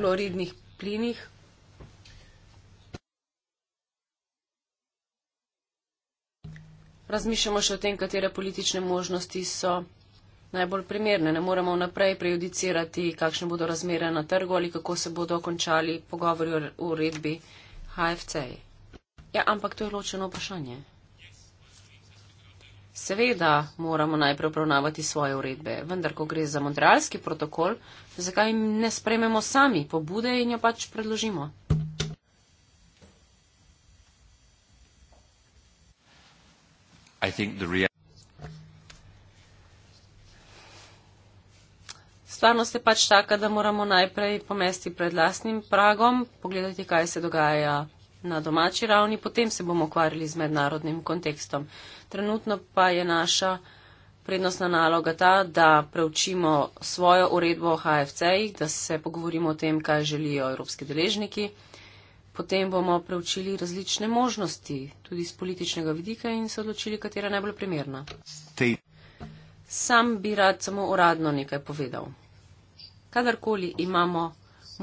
fluoridnih plinih. Razmišljamo še o tem, katere politične možnosti so najbolj primerne. Ne moremo vnaprej prejudicirati, kakšne bodo razmere na trgu ali kako se bodo končali pogovori o uredbi HFC. Ja, ampak to je ločeno vprašanje. Seveda moramo najprej obravnavati svoje uredbe, vendar ko gre za Montrealski protokol, zakaj ne sprememo sami pobude in jo pač predložimo? I think the reality. Stvarnost je pač taka, da moramo najprej pomesti pred lastnim pragom, pogledati, kaj se dogaja na domači ravni, potem se bomo ukvarjali z mednarodnim kontekstom. Trenutno pa je naša prednostna naloga ta, da preučimo svojo uredbo o HFC-jih, da se pogovorimo o tem, kaj želijo evropski deležniki. Potem bomo preučili različne možnosti, tudi z političnega vidika in se odločili, katera je najbolj primerna. Sam bi rad samo uradno nekaj povedal kadarkoli imamo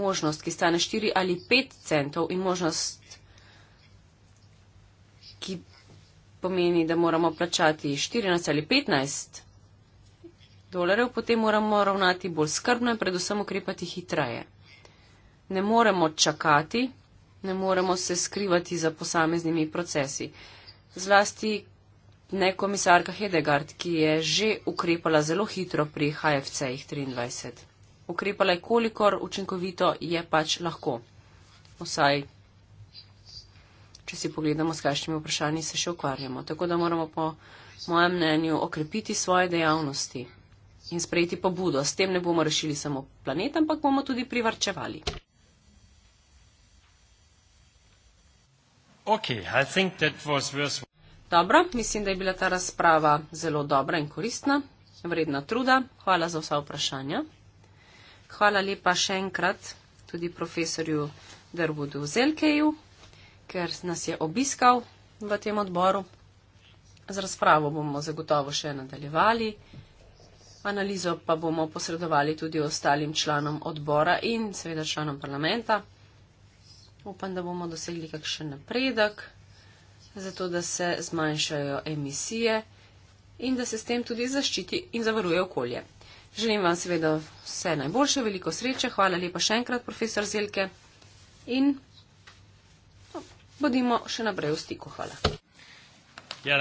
možnost, ki stane 4 ali 5 centov in možnost, ki pomeni, da moramo plačati 14 ali 15 dolarjev, potem moramo ravnati bolj skrbno in predvsem ukrepati hitreje. Ne moremo čakati, ne moremo se skrivati za posameznimi procesi. Zlasti ne komisarka Hedegard, ki je že ukrepala zelo hitro pri HFC-ih 23 ukrepala, kolikor učinkovito je pač lahko. Vsaj, če si pogledamo, s kakšnimi vprašanji se še ukvarjamo. Tako da moramo po mojem mnenju okrepiti svoje dejavnosti in sprejeti pobudo. S tem ne bomo rešili samo planet, ampak bomo tudi privrčevali. Okay, Dobro, mislim, da je bila ta razprava zelo dobra in koristna, vredna truda. Hvala za vsa vprašanja. Hvala lepa še enkrat tudi profesorju Dervudu Zelkeju, ker nas je obiskal v tem odboru. Z razpravo bomo zagotovo še nadaljevali. Analizo pa bomo posredovali tudi ostalim članom odbora in seveda članom parlamenta. Upam, da bomo dosegli kakšen napredek, zato da se zmanjšajo emisije in da se s tem tudi zaščiti in zavaruje okolje. Želim vam seveda vse najboljše, veliko sreče. Hvala lepa še enkrat, profesor Zelke. In no, bodimo še naprej v stiku. Hvala. Ja,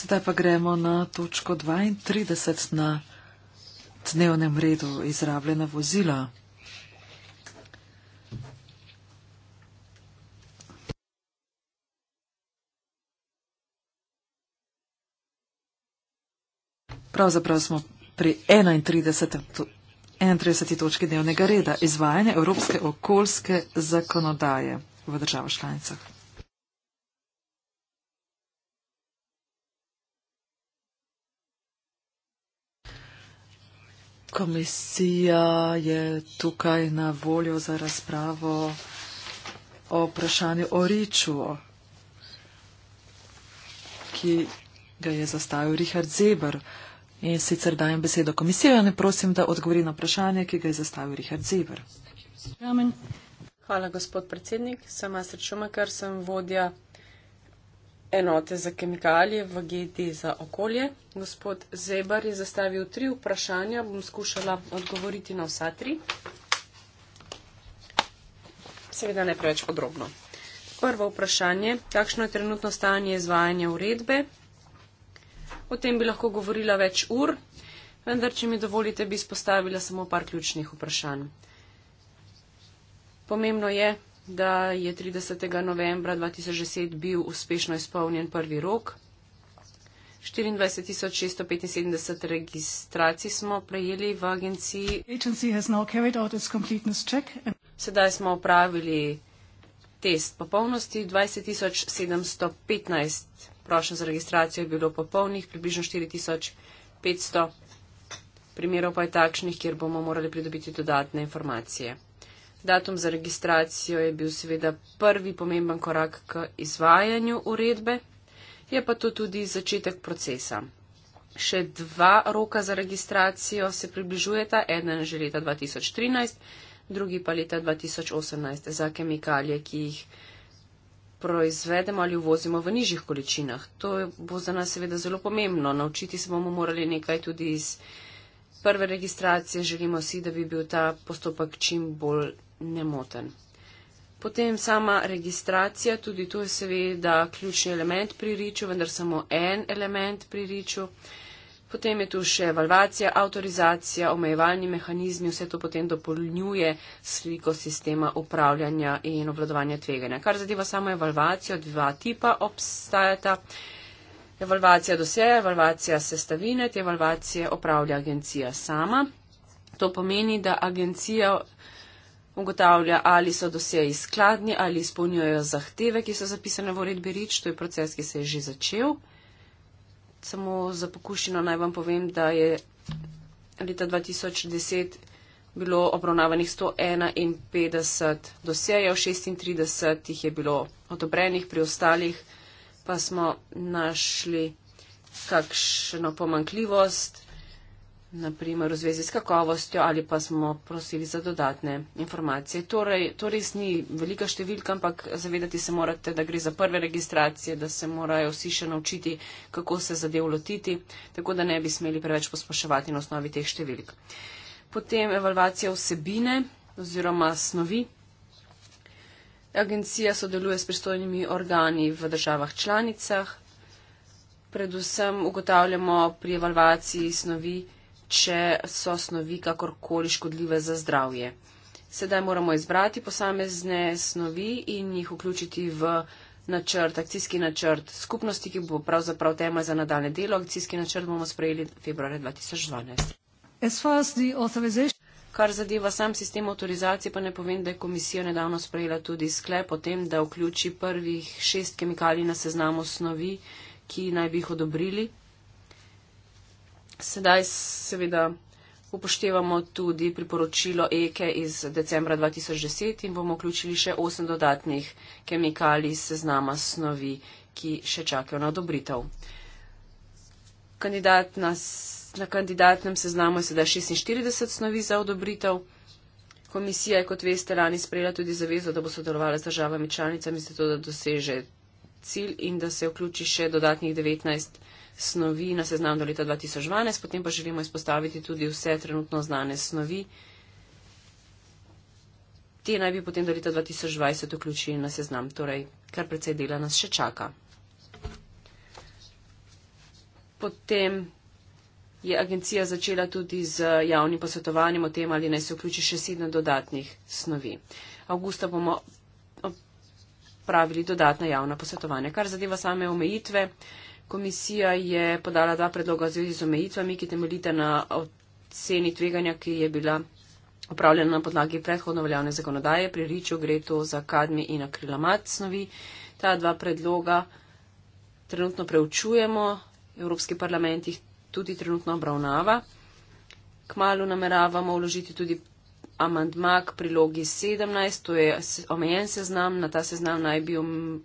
Sedaj pa gremo na točko 32 na dnevnem redu izrabljena vozila. Pravzaprav smo pri 31. 31. točki dnevnega reda izvajanje evropske okoljske zakonodaje v državah članicah. Komisija je tukaj na voljo za razpravo o vprašanju o Riču, ki ga je zastavil Richard Zeber. In sicer dajem besedo komisijo in prosim, da odgovori na vprašanje, ki ga je zastavil Richard Zever. Hvala, gospod predsednik. Sem Astra Čumakar, sem vodja enote za kemikalije v GD za okolje. Gospod Zebar je zastavil tri vprašanja, bom skušala odgovoriti na vsa tri. Seveda ne preveč podrobno. Prvo vprašanje, kakšno je trenutno stanje izvajanja uredbe, O tem bi lahko govorila več ur, vendar, če mi dovolite, bi izpostavila samo par ključnih vprašanj. Pomembno je, da je 30. novembra 2010 bil uspešno izpolnjen prvi rok. 24675 registracij smo prejeli v agenciji. Agency has now carried out its completeness check. Sedaj smo opravili test popolnosti 20715 prošen za registracijo je bilo popolnih, približno 4500 primerov pa je takšnih, kjer bomo morali pridobiti dodatne informacije. Datum za registracijo je bil seveda prvi pomemben korak k izvajanju uredbe, je pa to tudi začetek procesa. Še dva roka za registracijo se približujeta, eden že leta 2013, drugi pa leta 2018 za kemikalije, ki jih proizvedemo ali uvozimo v nižjih količinah. To bo za nas seveda zelo pomembno. Naučiti se bomo morali nekaj tudi iz prve registracije. Želimo si, da bi bil ta postopek čim bolj nemoten. Potem sama registracija, tudi to je seveda ključni element pri riču, vendar samo en element pri riču. Uh, Potem je tu še evalvacija, avtorizacija, omejevalni mehanizmi, vse to potem dopolnjuje sliko sistema upravljanja in obvladovanja tveganja. Kar zadeva samo evalvacijo, dva tipa obstajata. Evalvacija doseja, evalvacija sestavine, te evalvacije opravlja agencija sama. To pomeni, da agencija ugotavlja, ali so doseji skladni, ali izpolnjujejo zahteve, ki so zapisane v uredbi REACH, to je proces, ki se je že začel samo za pokušino naj vam povem, da je leta 2010 bilo obravnavanih 151 dosejev, 36 jih je bilo odobrenih, pri ostalih pa smo našli kakšno pomankljivost naprimer v zvezi s kakovostjo ali pa smo prosili za dodatne informacije. Torej, to res ni velika številka, ampak zavedati se morate, da gre za prve registracije, da se morajo vsi še naučiti, kako se zadev lotiti, tako da ne bi smeli preveč posploševati na osnovi teh številk. Potem evalvacija vsebine oziroma snovi. Agencija sodeluje s pristojnimi organi v državah članicah. Predvsem ugotavljamo pri evalvaciji snovi, če so snovi kakorkoli škodljive za zdravje. Sedaj moramo izbrati posamezne snovi in jih vključiti v načrt, akcijski načrt skupnosti, ki bo pravzaprav tema za nadaljne delo. Akcijski načrt bomo sprejeli februarja 2012. Kar zadeva sam sistem avtorizacije, pa ne povem, da je komisija nedavno sprejela tudi sklep o tem, da vključi prvih šest kemikalij na seznamu snovi, ki naj bi jih odobrili. Sedaj seveda upoštevamo tudi priporočilo EKE iz decembra 2010 in bomo vključili še 8 dodatnih kemikalij iz seznama snovi, ki še čakajo na odobritev. Kandidat na, na kandidatnem seznamu je sedaj 46 snovi za odobritev. Komisija je, kot veste, lani sprejela tudi zavezo, da bo sodelovala z državami članicami, zato da doseže cilj in da se vključi še dodatnih 19 snovi snovi na seznam do leta 2012, potem pa želimo izpostaviti tudi vse trenutno znane snovi. Te naj bi potem do leta 2020 vključili na seznam, torej kar precej dela nas še čaka. Potem je agencija začela tudi z javnim posvetovanjem o tem, ali naj se vključi še sedem dodatnih snovi. Augusta bomo opravili dodatna javna posvetovanja. Kar zadeva same omejitve, komisija je podala dva predloga v zvezi z omejitvami, ki temeljite na oceni tveganja, ki je bila upravljena na podlagi predhodno veljavne zakonodaje. Pri Riču gre to za kadmi in akrilamat snovi. Ta dva predloga trenutno preučujemo, Evropski parlament jih tudi trenutno obravnava. Kmalu nameravamo vložiti tudi amandma k prilogi 17, to je omejen seznam, na ta seznam naj bi um,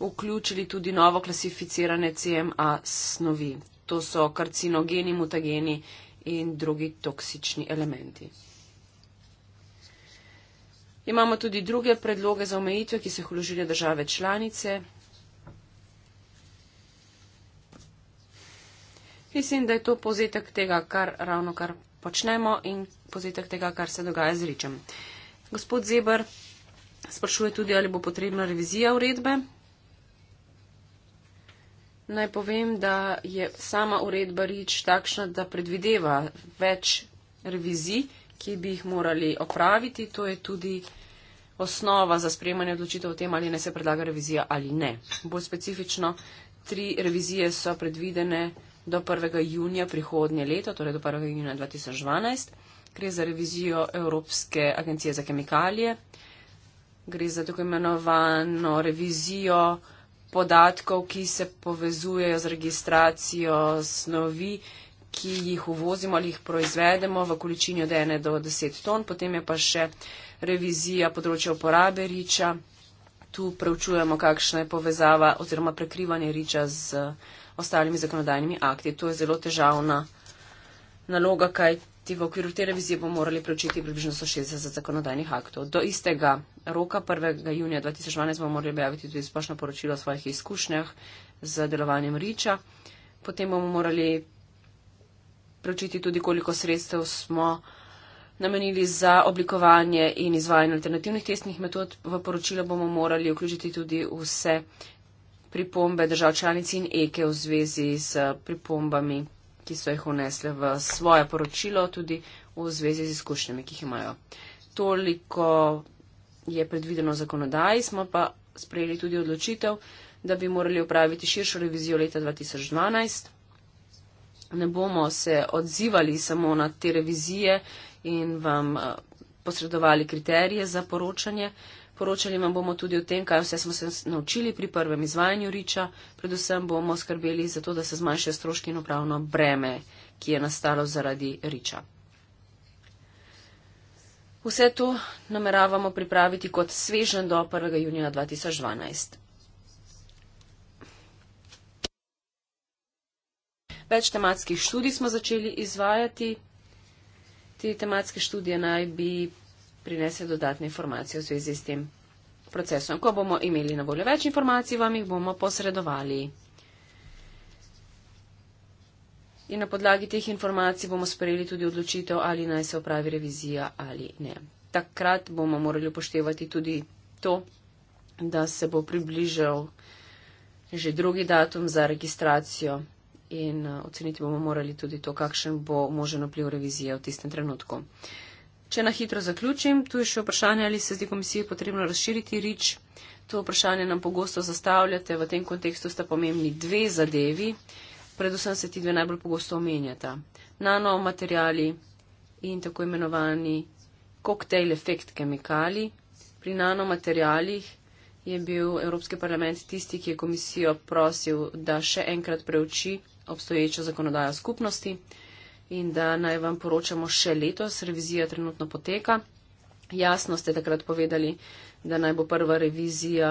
vključili tudi novo klasificirane CMA snovi. To so karcinogeni, mutageni in drugi toksični elementi. Imamo tudi druge predloge za omejitve, ki so jih vložile države članice. Mislim, da je to povzetek tega, kar ravno kar počnemo in povzetek tega, kar se dogaja z Ričem. Gospod Zebr sprašuje tudi, ali bo potrebna revizija uredbe. Naj povem, da je sama uredba Rič takšna, da predvideva več revizij, ki bi jih morali opraviti. To je tudi osnova za sprejemanje odločitev o tem, ali ne se predlaga revizija ali ne. Bolj specifično, tri revizije so predvidene do 1. junija prihodnje leto, torej do 1. junija 2012. Gre za revizijo Evropske agencije za kemikalije. Gre za tako imenovano revizijo podatkov, ki se povezujejo z registracijo snovi, ki jih uvozimo ali jih proizvedemo v količini od 1 do 10 ton. Potem je pa še revizija področja uporabe riča. Tu preučujemo, kakšna je povezava oziroma prekrivanje riča z ostalimi zakonodajnimi akti. To je zelo težavna naloga, kaj v okviru te revizije bomo morali preučiti približno 160 zakonodajnih aktov. Do istega roka, 1. junija 2012, bomo morali objaviti tudi splošno poročilo o svojih izkušnjah z delovanjem Riča. Potem bomo morali preučiti tudi, koliko sredstev smo namenili za oblikovanje in izvajanje alternativnih testnih metod. V poročilo bomo morali vključiti tudi vse pripombe držav članic in EKE v zvezi s pripombami ki so jih unesle v svoje poročilo, tudi v zvezi z izkušnjami, ki jih imajo. Toliko je predvideno zakonodaji, smo pa sprejeli tudi odločitev, da bi morali upraviti širšo revizijo leta 2012. Ne bomo se odzivali samo na te revizije in vam eh, posredovali kriterije za poročanje. Poročali vam bomo tudi o tem, kaj vse smo se naučili pri prvem izvajanju riča. Predvsem bomo skrbeli za to, da se zmanjšajo stroški in upravno breme, ki je nastalo zaradi riča. Vse to nameravamo pripraviti kot svežen do 1. junija 2012. Več tematskih študij smo začeli izvajati. Te tematske študije naj bi prinese dodatne informacije v zvezi s tem procesom. Ko bomo imeli na voljo več informacij, vam jih bomo posredovali. In na podlagi teh informacij bomo sprejeli tudi odločitev, ali naj se opravi revizija ali ne. Takrat bomo morali upoštevati tudi to, da se bo približal že drugi datum za registracijo in eh, oceniti bomo morali tudi to, kakšen bo možen vpliv revizije v tistem trenutku. Če na hitro zaključim, tu je še vprašanje, ali se zdi komisiji potrebno razširiti rič. To vprašanje nam pogosto zastavljate, v tem kontekstu sta pomembni dve zadevi, predvsem se ti dve najbolj pogosto omenjata. Nanomateriali in tako imenovani koktejl efekt kemikali. Pri nanomaterialih je bil Evropski parlament tisti, ki je komisijo prosil, da še enkrat preuči obstoječo zakonodajo skupnosti in da naj vam poročamo še letos. Revizija trenutno poteka. Jasno ste takrat povedali, da naj bo prva revizija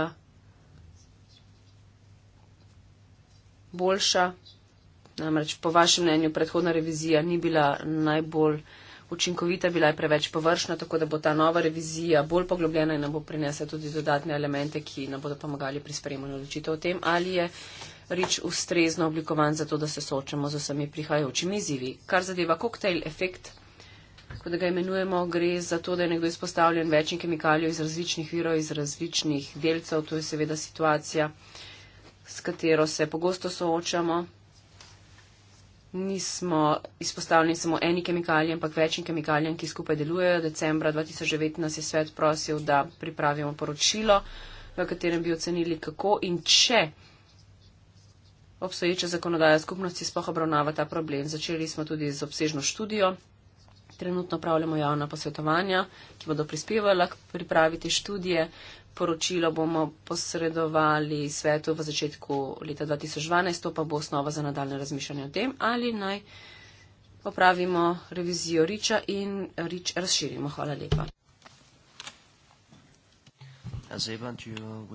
boljša. Namreč po vašem mnenju predhodna revizija ni bila najbolj učinkovita, bila je preveč površna, tako da bo ta nova revizija bolj poglobljena in nam bo prinesla tudi dodatne elemente, ki nam bodo pomagali pri sprejemanju odločitev o tem, ali je REACH ustrezno oblikovan za to, da se soočamo z vsemi prihajajočimi izzivi. Kar zadeva koktejl efekt, kot ga imenujemo, gre za to, da je nekdo izpostavljen večjim kemikalijam iz različnih virov, iz različnih delcev. To je seveda situacija, s katero se pogosto soočamo. Nismo izpostavljeni samo eni kemikalijam, ampak večjim kemikalijam, ki skupaj delujejo. Decembra 2019 je svet prosil, da pripravimo poročilo, v katerem bi ocenili, kako in če obstoječa zakonodaja skupnosti spoh obravnava ta problem. Začeli smo tudi z obsežno študijo. Trenutno pravljamo javna posvetovanja, ki bodo prispevala k pripraviti študije. Poročilo bomo posredovali svetu v začetku leta 2012, to pa bo osnova za nadaljne razmišljanje o tem, ali naj opravimo revizijo Riča in Rič razširimo. Hvala lepa. Uh,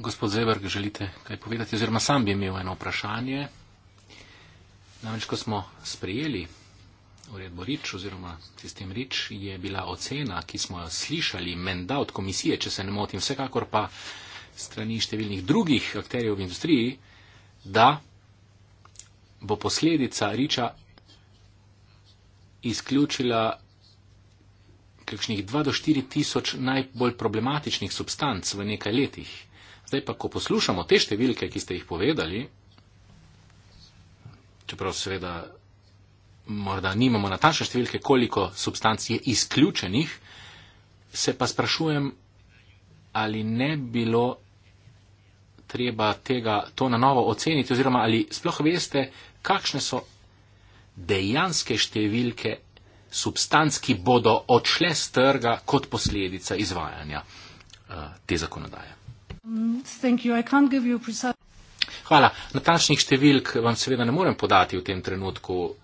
Gospod Zeberg, želite kaj povedati? Oziroma sam bi imel eno vprašanje. Namreč, ko smo sprejeli uredbo REACH oziroma sistem REACH, je bila ocena, ki smo jo slišali, menda od komisije, če se ne motim, vsekakor pa strani številnih drugih akterjev v industriji, da bo posledica REACH-a izključila kakšnih 2 do 4 tisoč najbolj problematičnih substanc v nekaj letih. Zdaj pa, ko poslušamo te številke, ki ste jih povedali, čeprav seveda morda nimamo natančne številke, koliko substanc je izključenih, se pa sprašujem, ali ne bilo treba tega, to na novo oceniti, oziroma ali sploh veste, kakšne so dejanske številke substanc, ki bodo odšle z trga kot posledica izvajanja eh, te zakonodaje. Hvala. Natančnih številk vam seveda ne morem podati v tem trenutku.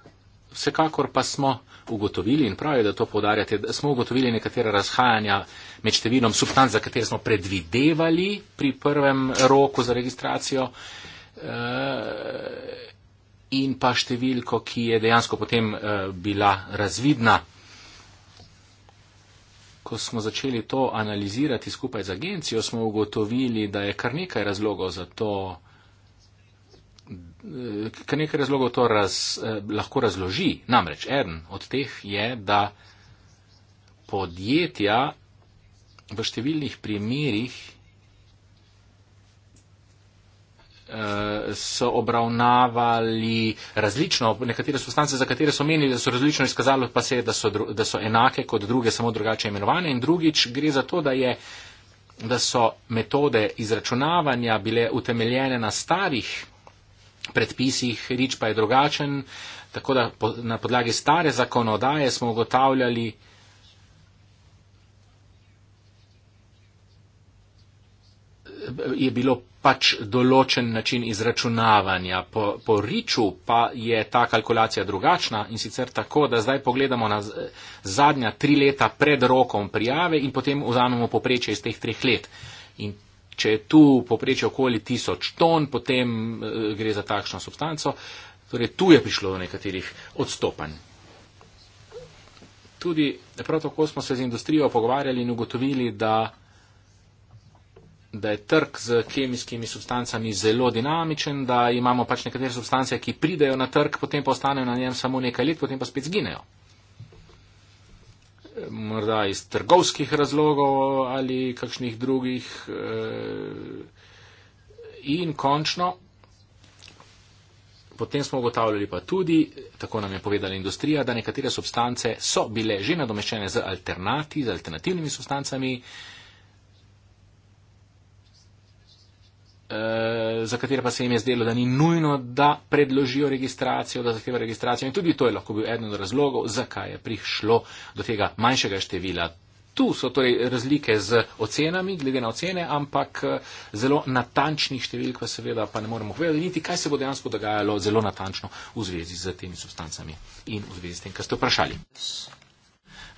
Vsekakor pa smo ugotovili, in prav je, da to podarjate, da smo ugotovili nekatera razhajanja med številom substanc, za katere smo predvidevali pri prvem roku za registracijo. Eh, in pa številko, ki je dejansko potem eh, bila razvidna. Ko smo začeli to analizirati skupaj z agencijo, smo ugotovili, da je kar nekaj razlogov za to, eh, kar nekaj razlogov to raz, eh, lahko razloži. Namreč eden od teh je, da podjetja v številnih primerjih Eh, so obravnavali različno, nekatere substance, za katere so menili, da so različno izkazali, pa se je, da so, da so enake kot druge, samo drugače imenovane. In drugič gre za to, da, je, da so metode izračunavanja bile utemeljene na starih predpisih, rič pa je drugačen, tako da na podlagi stare zakonodaje smo ugotavljali, je bilo pač določen način izračunavanja. Po, po riču pa je ta kalkulacija drugačna in sicer tako, da zdaj pogledamo na zadnja tri leta pred rokom prijave in potem vzamemo poprečje iz teh treh let. In če je tu poprečje okoli tisoč ton, potem eh, gre za takšno substanco. Torej, tu je prišlo do nekaterih odstopanj. Tudi prav tako smo se z industrijo pogovarjali in ugotovili, da da je trg z kemijskimi substancami zelo dinamičen, da imamo pač nekatere substance, ki pridejo na trg, potem pa ostanejo na njem samo nekaj let, potem pa spet zginejo. Morda iz trgovskih razlogov ali kakšnih drugih. Eh, in končno, potem smo ugotavljali pa tudi, tako nam je povedala industrija, da nekatere substance so bile že nadomeščene z alternati, z alternativnimi substancami, Eh, za katere pa se jim je zdelo, da ni nujno, da predložijo registracijo, da zahteva registracijo. In tudi to je lahko bil eden od razlogov, zakaj je prišlo do tega manjšega števila. Tu so torej razlike z ocenami, glede na ocene, ampak eh, zelo natančnih številk pa seveda pa ne moremo povedati, niti kaj se bo dejansko dogajalo zelo natančno v zvezi z temi substancami in v zvezi s tem, kar ste vprašali.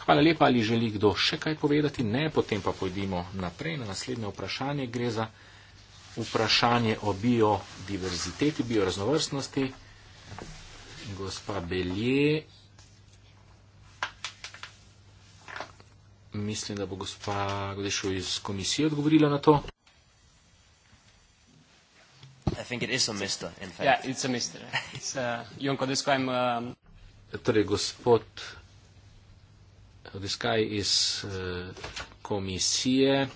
Hvala lepa, ali želi kdo še kaj povedati? Ne, potem pa pojdimo naprej na naslednje vprašanje. Gre za vprašanje o biodiverziteti, bioraznovrstnosti. Gospa Belje, mislim, da bo gospa Gdešo iz komisije odgovorila na to. Uh, um, torej, gospod Odiskaj iz uh, komisije,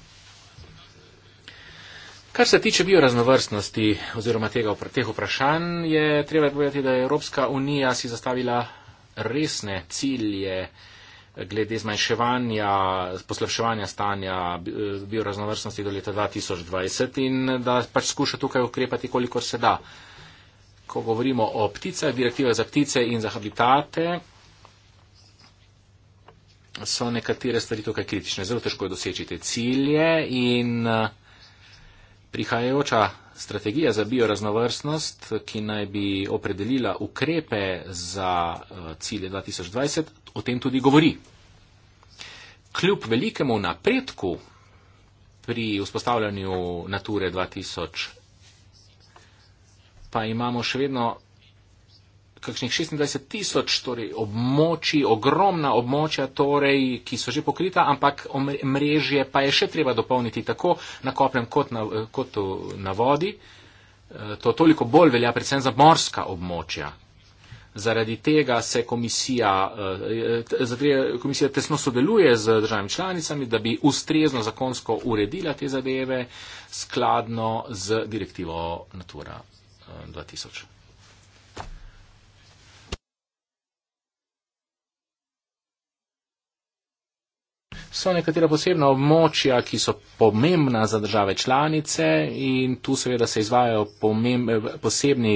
Kar se tiče bioraznovrstnosti oziroma tega, teh vprašanj, je treba povedati, da je Evropska unija si zastavila resne cilje glede zmanjševanja, poslavševanja stanja bioraznovrstnosti do leta 2020 in da pač skuša tukaj ukrepati, kolikor se da. Ko govorimo o pticah, direktive za ptice in za habitate, so nekatere stvari tukaj kritične. Zelo težko je doseči te cilje in prihajajoča strategija za bioraznovrstnost, ki naj bi opredelila ukrepe za eh, cilje 2020, o tem tudi govori. Kljub velikemu napredku pri vzpostavljanju Nature 2000 pa imamo še vedno kakšnih 26 tisoč torej območij, ogromna območja, torej, ki so že pokrita, ampak mrežje pa je še treba dopolniti tako na kopnem kot na, kot na vodi. Eh, to toliko bolj velja predvsem za morska območja. Zaradi tega se komisija, eh, eh, zaradi komisija tesno sodeluje z državami članicami, da bi ustrezno zakonsko uredila te zadeve skladno z direktivo Natura 2000. so nekatera posebna območja, ki so pomembna za države članice in tu seveda se izvajajo pomemb, posebni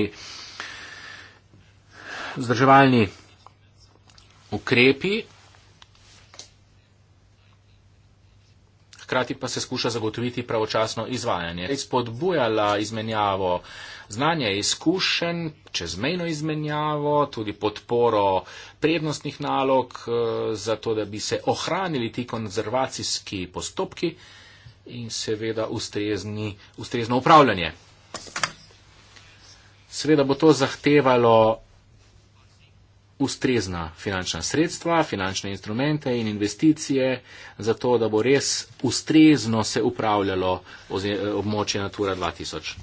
vzdrževalni ukrepi, hkrati pa se skuša zagotoviti pravočasno izvajanje. Je spodbujala izmenjavo znanja, izkušenj, čezmejno izmenjavo, tudi podporo prednostnih nalog, eh, zato da bi se ohranili ti konzervacijski postopki in seveda ustrezni, ustrezno upravljanje. Seveda bo to zahtevalo ustrezna finančna sredstva, finančne instrumente in investicije, zato da bo res ustrezno se upravljalo območje Natura 2000.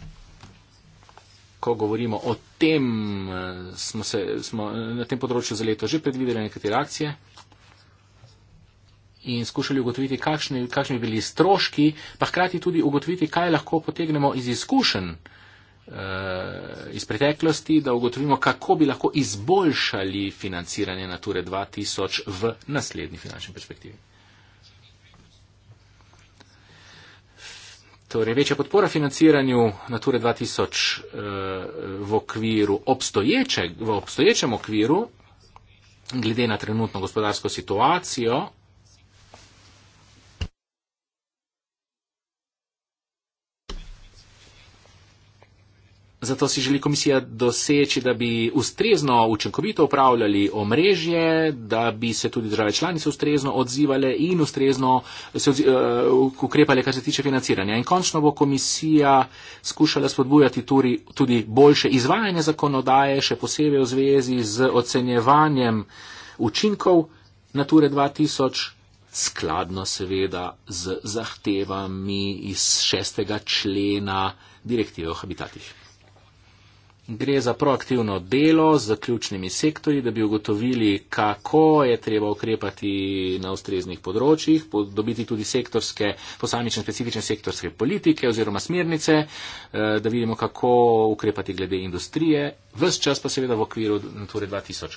Ko govorimo o tem, eh, smo, se, smo eh, na tem področju za leto že predvideli nekatere akcije in skušali ugotoviti, kakšni, kakšni bili stroški, pa hkrati tudi ugotoviti, kaj lahko potegnemo iz izkušenj uh, iz preteklosti, da ugotovimo, kako bi lahko izboljšali financiranje Nature 2000 v naslednji finančni perspektivi. Torej, večja podpora financiranju Nature 2000 uh, eh, v okviru obstoječeg, v obstoječem okviru, glede na trenutno gospodarsko situacijo, Zato si želi komisija doseči, da bi ustrezno učinkovito upravljali omrežje, da bi se tudi države članice ustrezno odzivale in ustrezno se odzi uh, ukrepale, kar se tiče financiranja. In končno bo komisija skušala spodbujati tudi, tudi boljše izvajanje zakonodaje, še posebej v zvezi z ocenjevanjem učinkov Nature 2000 skladno seveda z zahtevami iz šestega člena direktive o habitatih. Gre za proaktivno delo z zaključnimi sektorji, da bi ugotovili, kako je treba ukrepati na ustreznih področjih, dobiti tudi sektorske, posamične specifične sektorske politike oziroma smernice, eh, da vidimo, kako ukrepati glede industrije, vse čas pa seveda v okviru Nature 2000.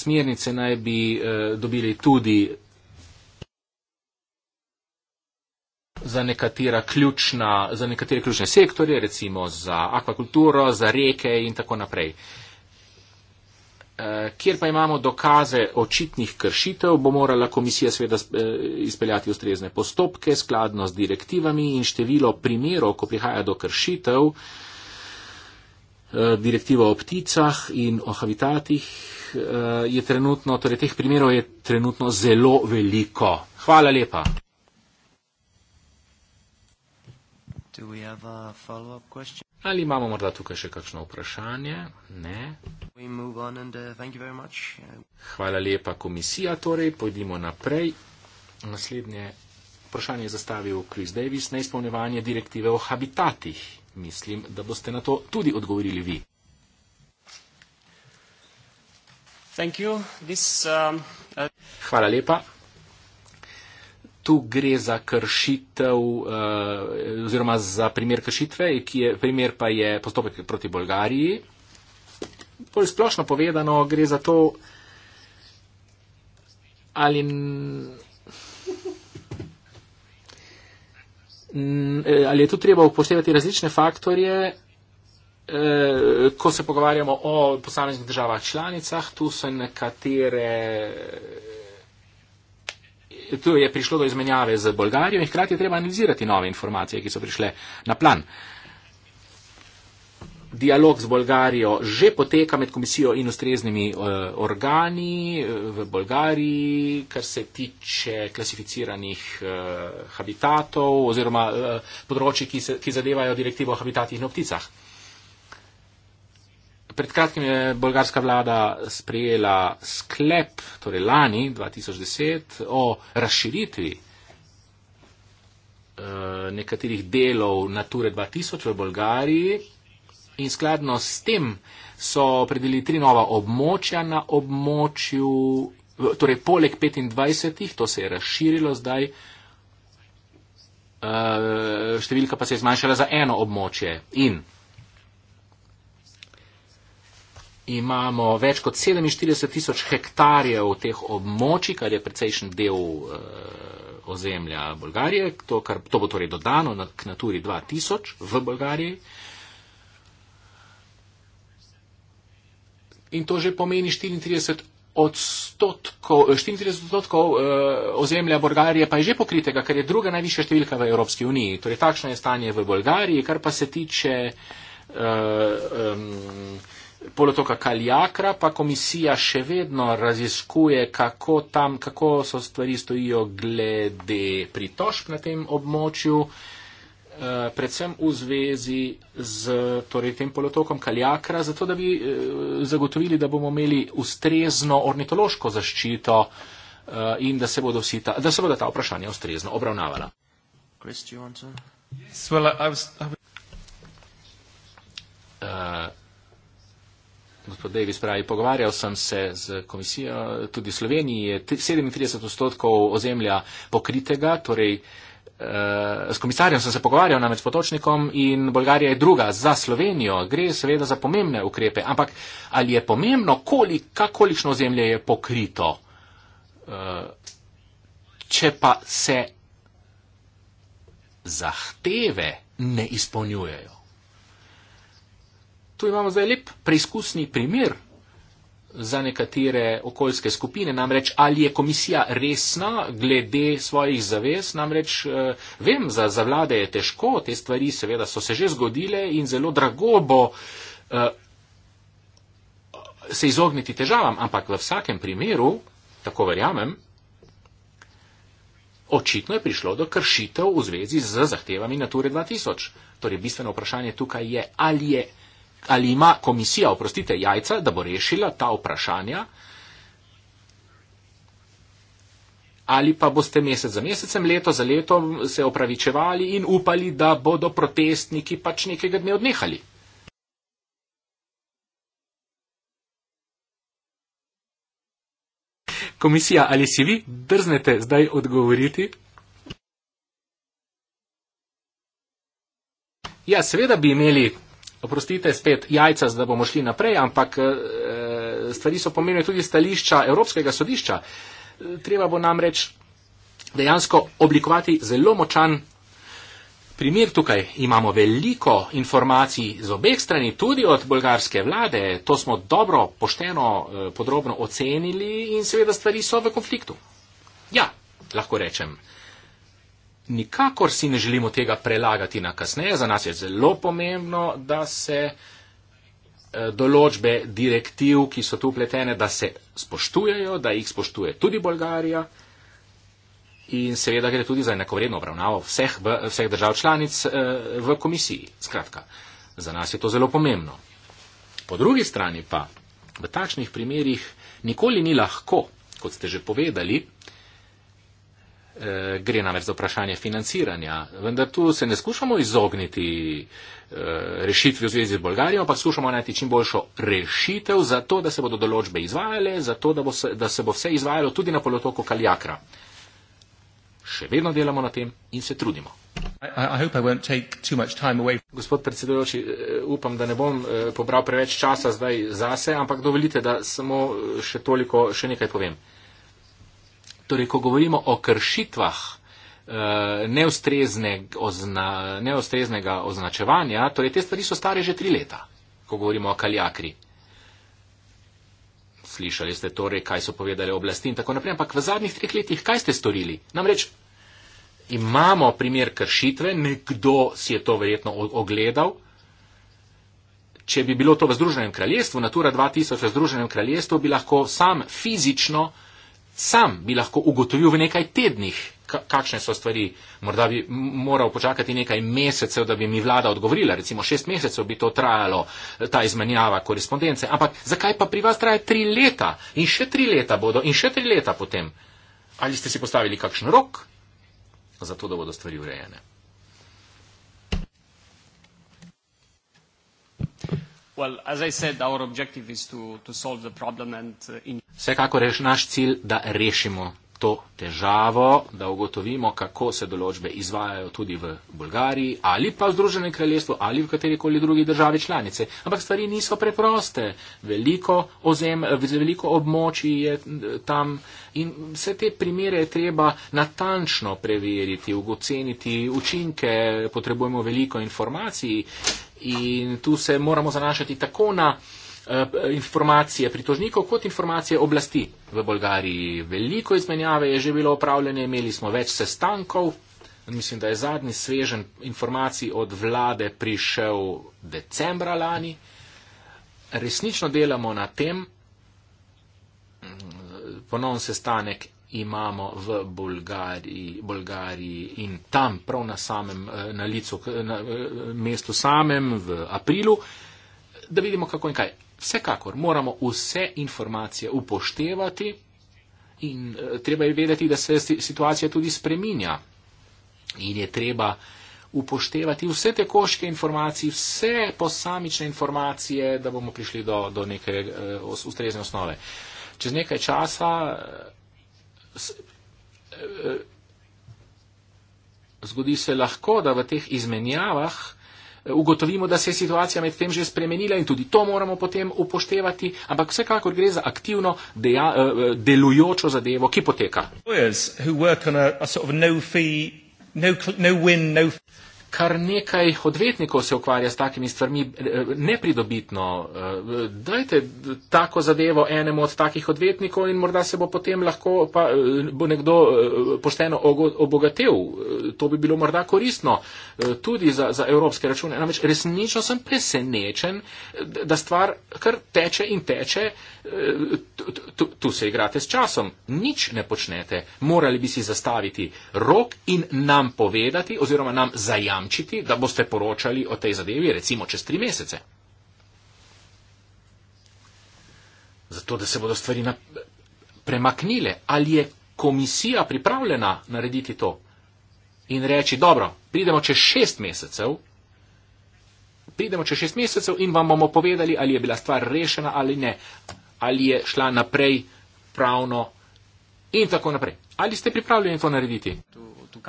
Smernice naj bi eh, dobili tudi za, ključna, za nekatere ključne sektorje, recimo za akvakulturo, za reke in tako naprej. Eh, kjer pa imamo dokaze očitnih kršitev, bo morala komisija sveda eh, izpeljati ustrezne postopke skladno z direktivami in število primerov, ko prihaja do kršitev, eh, direktiva o pticah in o habitatih, je trenutno, torej teh primerov je trenutno zelo veliko. Hvala lepa. Ali imamo morda tukaj še kakšno vprašanje? Ne. Uh, Hvala lepa, komisija. Torej, pojdimo naprej. Naslednje vprašanje je zastavil Chris Davis na izpolnjevanje direktive o habitatih. Mislim, da boste na to tudi odgovorili vi. Um, uh Hvala lepa tu gre za kršitev eh, oziroma za primer kršitve, ki je primer pa je postopek proti Bolgariji. Bolj splošno povedano gre za to, ali. Ali je tu treba upoštevati različne faktorje, eh, ko se pogovarjamo o posameznih državah članicah, tu so nekatere tu je prišlo do izmenjave z Bolgarijo in hkrati je treba analizirati nove informacije, ki so prišle na plan. Dialog z Bolgarijo že poteka med komisijo in ustreznimi uh, organi eh, v Bolgariji, kar se tiče klasificiranih uh, habitatov oziroma uh, področji, ki, se, ki zadevajo direktivo o habitatih in opticah pred kratkim je bolgarska vlada sprejela sklep, torej lani 2010, o razširitvi eh, nekaterih delov Nature 2000 v Bolgariji in skladno s tem so predeli tri nova območja na območju, torej poleg 25, to se je razširilo zdaj, eh, številka pa se je zmanjšala za eno območje in imamo več kot 47 tisoč hektarjev teh območij, kar je precejšen del uh, ozemlja Bolgarije. To, kar, to bo torej dodano na, k naturi 2000 v Bolgariji. In to že pomeni 34 odstotkov, 34 eh, odstotkov uh, ozemlja Bolgarije pa je že pokritega, kar je druga najvišja številka v Evropski uniji. Torej takšno je stanje v Bolgariji, kar pa se tiče. Uh, um, polotoka Kaljakra pa komisija še vedno raziskuje, kako, tam, kako so stvari stojijo glede pritožb na tem območju, eh, predvsem v zvezi z torej, tem polotokom Kaljakra, zato da bi eh, zagotovili, da bomo imeli ustrezno ornitološko zaščito eh, in da se bodo, ta, da se bodo ta vprašanja ustrezno obravnavala. Chris, gospod Davis pravi, pogovarjal sem se z komisijo, tudi v Sloveniji je 37 odstotkov ozemlja pokritega, torej eh, s komisarjem sem se pogovarjal namreč s potočnikom in Bolgarija je druga za Slovenijo. Gre seveda za pomembne ukrepe, ampak ali je pomembno, kolik, kakolično ozemlje je pokrito, eh, če pa se zahteve ne izpolnjujejo? tu imamo zdaj lep preizkusni primer za nekatere okoljske skupine, namreč ali je komisija resna glede svojih zavez, namreč eh, vem, za, za vlade je težko, te stvari seveda so se že zgodile in zelo drago bo eh, se izogniti težavam, ampak v vsakem primeru, tako verjamem, očitno je prišlo do kršitev v zvezi z zahtevami Nature 2000. Torej, bistveno vprašanje tukaj je, ali je ali ima komisija, oprostite, jajca, da bo rešila ta vprašanja, ali pa boste mesec za mesecem, leto za leto se opravičevali in upali, da bodo protestniki pač nekega dne odnehali. Komisija, ali si vi drznete zdaj odgovoriti? Ja, seveda bi imeli oprostite, spet jajca, da bomo šli naprej, ampak eh, stvari so pomenile tudi stališča Evropskega sodišča. Treba bo nam reč dejansko oblikovati zelo močan primer tukaj. Imamo veliko informacij z obeh strani, tudi od bolgarske vlade. To smo dobro, pošteno, eh, podrobno ocenili in seveda stvari so v konfliktu. Ja, lahko rečem nikakor si ne želimo tega prelagati na kasneje. Za nas je zelo pomembno, da se eh, določbe direktiv, ki so tu pletene, da se spoštujejo, da jih spoštuje tudi Bolgarija. In seveda gre tudi za enakovredno obravnavo vseh, vseh držav članic eh, v komisiji. Skratka, za nas je to zelo pomembno. Po drugi strani pa v takšnih primerjih nikoli ni lahko, kot ste že povedali, Eh, gre namreč za vprašanje financiranja, vendar tu se ne skušamo izogniti eh, rešitvi v zvezi z Bolgarijo, ampak skušamo najti čim boljšo rešitev za to, da se bodo določbe izvajale, za to, da, da se bo vse izvajalo tudi na polotoku Kaljakra. Še vedno delamo na tem in se trudimo. I, I Gospod predsedujoči, eh, upam, da ne bom pobral preveč časa zdaj zase, ampak dovolite, da samo še toliko, še nekaj povem. Torej, ko govorimo o kršitvah eh, neustrezne, ozna, neustreznega označevanja, torej te stvari so stare že tri leta, ko govorimo o kaljakri. Slišali ste torej, kaj so povedali oblasti in tako naprej, ampak v zadnjih treh letih, kaj ste storili? Namreč imamo primer kršitve, nekdo si je to verjetno ogledal. Če bi bilo to v Združenem kraljestvu, Natura 2000 v Združenem kraljestvu, bi lahko sam fizično sam bi lahko ugotovil v nekaj tednih, kakšne so stvari. Morda bi moral počakati nekaj mesecev, da bi mi vlada odgovorila. Recimo šest mesecev bi to trajalo, ta izmenjava korespondence. Ampak zakaj pa pri vas traja tri leta in še tri leta bodo in še tri leta potem? Ali ste si postavili kakšen rok za to, da bodo stvari urejene? Well, as I said, our objective is to, to solve the problem and uh, in. Vsekakor je naš cilj, da rešimo to težavo, da ugotovimo, kako se določbe izvajajo tudi v Bolgariji ali pa v Združenem kraljestvu ali v katerikoli drugi državi članice. Ampak stvari niso preproste. Veliko ozem, veliko območij je eh, tam in vse te primere je treba natančno preveriti, ugoceniti učinke, potrebujemo veliko informacij. In tu se moramo zanašati tako na eh, informacije pritožnikov, kot informacije oblasti v Bolgariji. Veliko izmenjave je že bilo opravljene, imeli smo več sestankov. Mislim, da je zadnji svežen informacij od vlade prišel decembra lani. Resnično delamo na tem. Ponovno sestanek imamo v Bulgariji, Bulgariji in tam, prav na samem, eh, na licu, na eh, mestu samem v aprilu, da vidimo, kako in kaj. Vsekakor moramo vse informacije upoštevati in eh, treba je vedeti, da se situacija tudi spreminja in je treba upoštevati vse te koške informacije, vse posamične informacije, da bomo prišli do, do neke uh, ustrezne osnove. Čez nekaj časa uh, Eh, eh, zgodi se lahko, da v teh izmenjavah eh, ugotovimo, da se je situacija med tem že spremenila in tudi to moramo potem upoštevati, ampak vsekakor gre za aktivno deja, delujočo zadevo, ki poteka. Lawyers, kar nekaj odvetnikov se ukvarja s takimi stvarmi eh, nepridobitno. Eh, dajte tako zadevo enemu od takih odvetnikov in morda se bo potem lahko pa, eh, bo nekdo pošteno obogatev. To bi bilo morda koristno tudi za, za evropske račune. Namreč resnično sem presenečen, da stvar kar teče in teče. Tu, tu, tu se igrate s časom, nič ne počnete. Morali bi si zastaviti rok in nam povedati oziroma nam zajamčiti jamčiti, da boste poročali o tej zadevi recimo čez tri mesece. Zato, da se bodo stvari na, premaknile. Ali je komisija pripravljena narediti to in reči, dobro, pridemo čez šest mesecev, pridemo čez šest mesecev in vam bomo povedali, ali je bila stvar rešena ali ne, ali je šla naprej pravno in tako naprej. Ali ste pripravljeni to narediti? To, to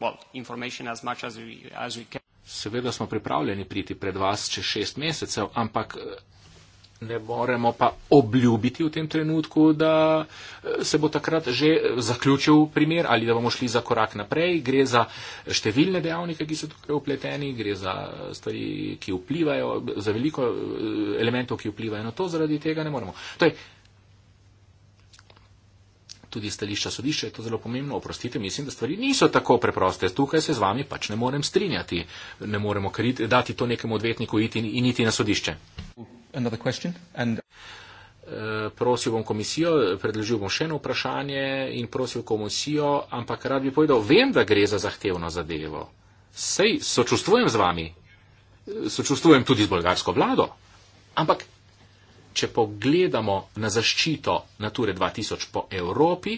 well, information as much as we, as we can. Seveda smo pripravljeni priti pred vas čez šest mesecev, ampak eh, ne moremo pa obljubiti v tem trenutku, da eh, se bo takrat že eh, zaključil primer ali da bomo šli za korak naprej. Gre za številne dejavnike, ki so tukaj upleteni, gre za stvari, ki vplivajo, za veliko elementov, ki vplivajo na to, zaradi tega ne moremo. Torej, tudi stališča sodišča je to zelo pomembno. Oprostite, mislim, da stvari niso tako preproste. Tukaj se z vami pač ne morem strinjati. Ne moremo kriti, dati to nekemu odvetniku iti in iti na sodišče. And... Uh, prosil bom komisijo, predložil bom še eno vprašanje in prosil komisijo, ampak rad bi povedal, vem, da gre za zahtevno zadevo. Sej sočustvujem z vami, eh, sočustvujem tudi z bolgarsko vlado, ampak če pogledamo na zaščito Nature 2000 po Evropi,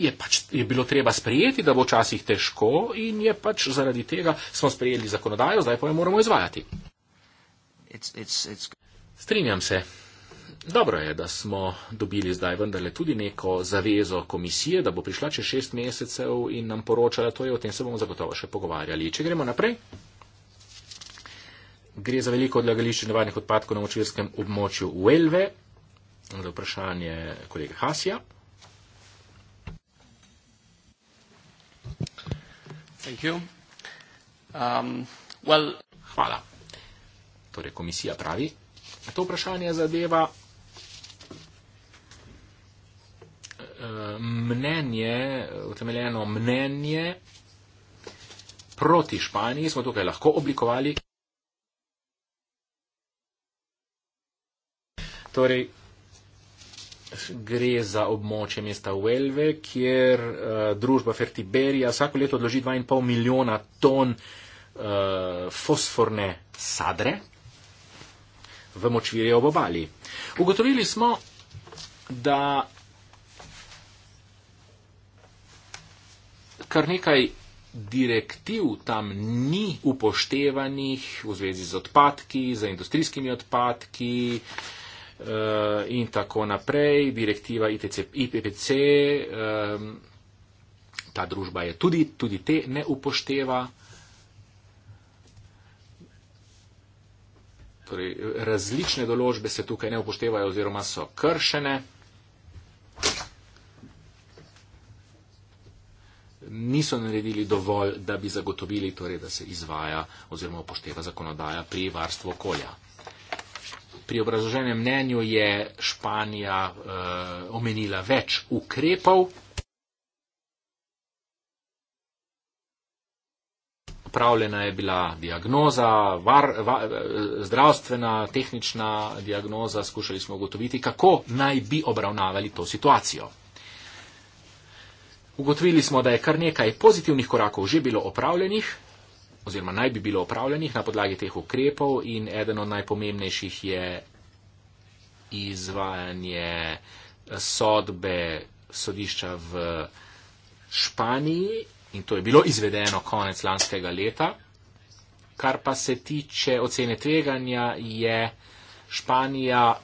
je pač je bilo treba sprejeti, da bo včasih težko in je pač zaradi tega smo sprejeli zakonodajo, zdaj pa jo moramo izvajati. It's, it's, it's... Strinjam se. Dobro je, da smo dobili zdaj vendarle tudi neko zavezo komisije, da bo prišla čez šest mesecev in nam poročala, to je o tem se bomo zagotovo še pogovarjali. Če gremo naprej gre za veliko odlagališče nevarnih odpadkov na močvirskem območju Uelve. Za vprašanje kolega Hasija. Um, well... Hvala. Torej, komisija pravi, da to vprašanje zadeva eh, mnenje, utemeljeno mnenje proti Španiji. Smo tukaj lahko oblikovali Torej, gre za območje mesta Uelve, kjer uh, družba Fertiberija vsako leto odloži 2,5 milijona ton uh, fosforne sadre v močvirje ob obali. Ugotovili smo, da kar nekaj direktiv tam ni upoštevanih v zvezi z odpadki, z industrijskimi odpadki, uh, Eh, in tako naprej, direktiva ITC, IPPC, um, ta družba je tudi, tudi te ne upošteva. Torej, različne določbe se tukaj ne upoštevajo oziroma so kršene. Niso naredili dovolj, da bi zagotovili, torej, da se izvaja oziroma upošteva zakonodaja pri varstvu okolja pri obrazloženem mnenju je Španija eh, omenila več ukrepov. Pravljena je bila diagnoza, var, va, eh, zdravstvena, tehnična diagnoza, skušali smo ugotoviti, kako naj bi obravnavali to situacijo. Ugotovili smo, da je kar nekaj pozitivnih korakov že bilo opravljenih, oziroma naj bi bilo opravljenih na podlagi teh ukrepov in eden od najpomembnejših je izvajanje sodbe sodišča v Španiji in to je bilo izvedeno konec lanskega leta. Kar pa se tiče ocene tveganja, je Španija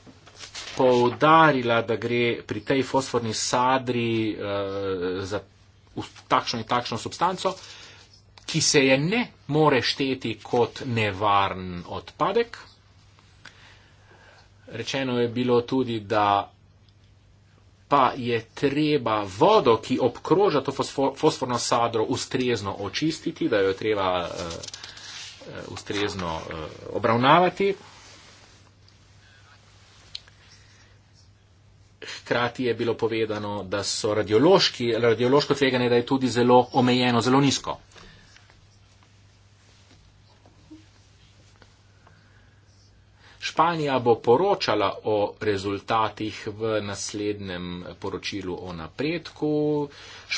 poudarila, da gre pri tej fosforni sadri uh, za takšno in takšno substanco, uh, ki se je ne more šteti kot nevaren odpadek. Rečeno je bilo tudi, da pa je treba vodo, ki obkroža to fosforno sadro, ustrezno očistiti, da jo je treba uh, ustrezno uh, obravnavati. Hkrati je bilo povedano, da so radiološki, radiološko tveganje, da je tudi zelo omejeno, zelo nizko. Španija bo poročala o rezultatih v naslednjem poročilu o napredku.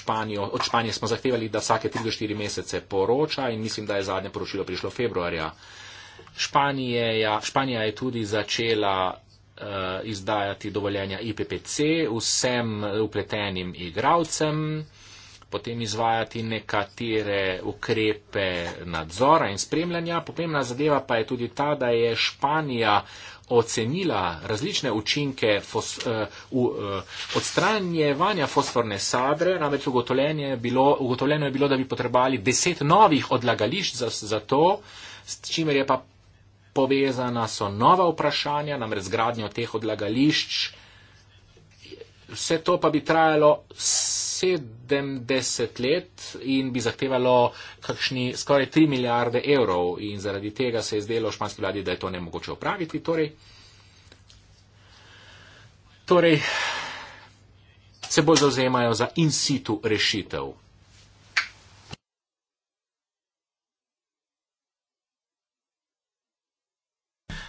Španijo, od Španije smo zahtevali, da vsake 3-4 mesece poroča in mislim, da je zadnje poročilo prišlo februarja. Španije, ja, Španija je tudi začela uh, izdajati dovoljenja IPPC vsem upletenim igravcem potem izvajati nekatere ukrepe nadzora in spremljanja. Pomembna zadeva pa je tudi ta, da je Španija ocenila različne učinke fos, uh, uh, odstranjevanja fosforne sadre, namreč ugotovljeno je, bilo, ugotovljeno je bilo, da bi potrebovali deset novih odlagališč za, za to, s čimer je pa povezana so nova vprašanja, namreč zgradnjo teh odlagališč uh, vse to pa bi trajalo 70 let in bi zahtevalo kakšni skoraj 3 milijarde evrov in zaradi tega se je zdelo španski vladi, da je to ne mogoče opraviti. Torej, torej, se bolj zauzemajo za in situ rešitev.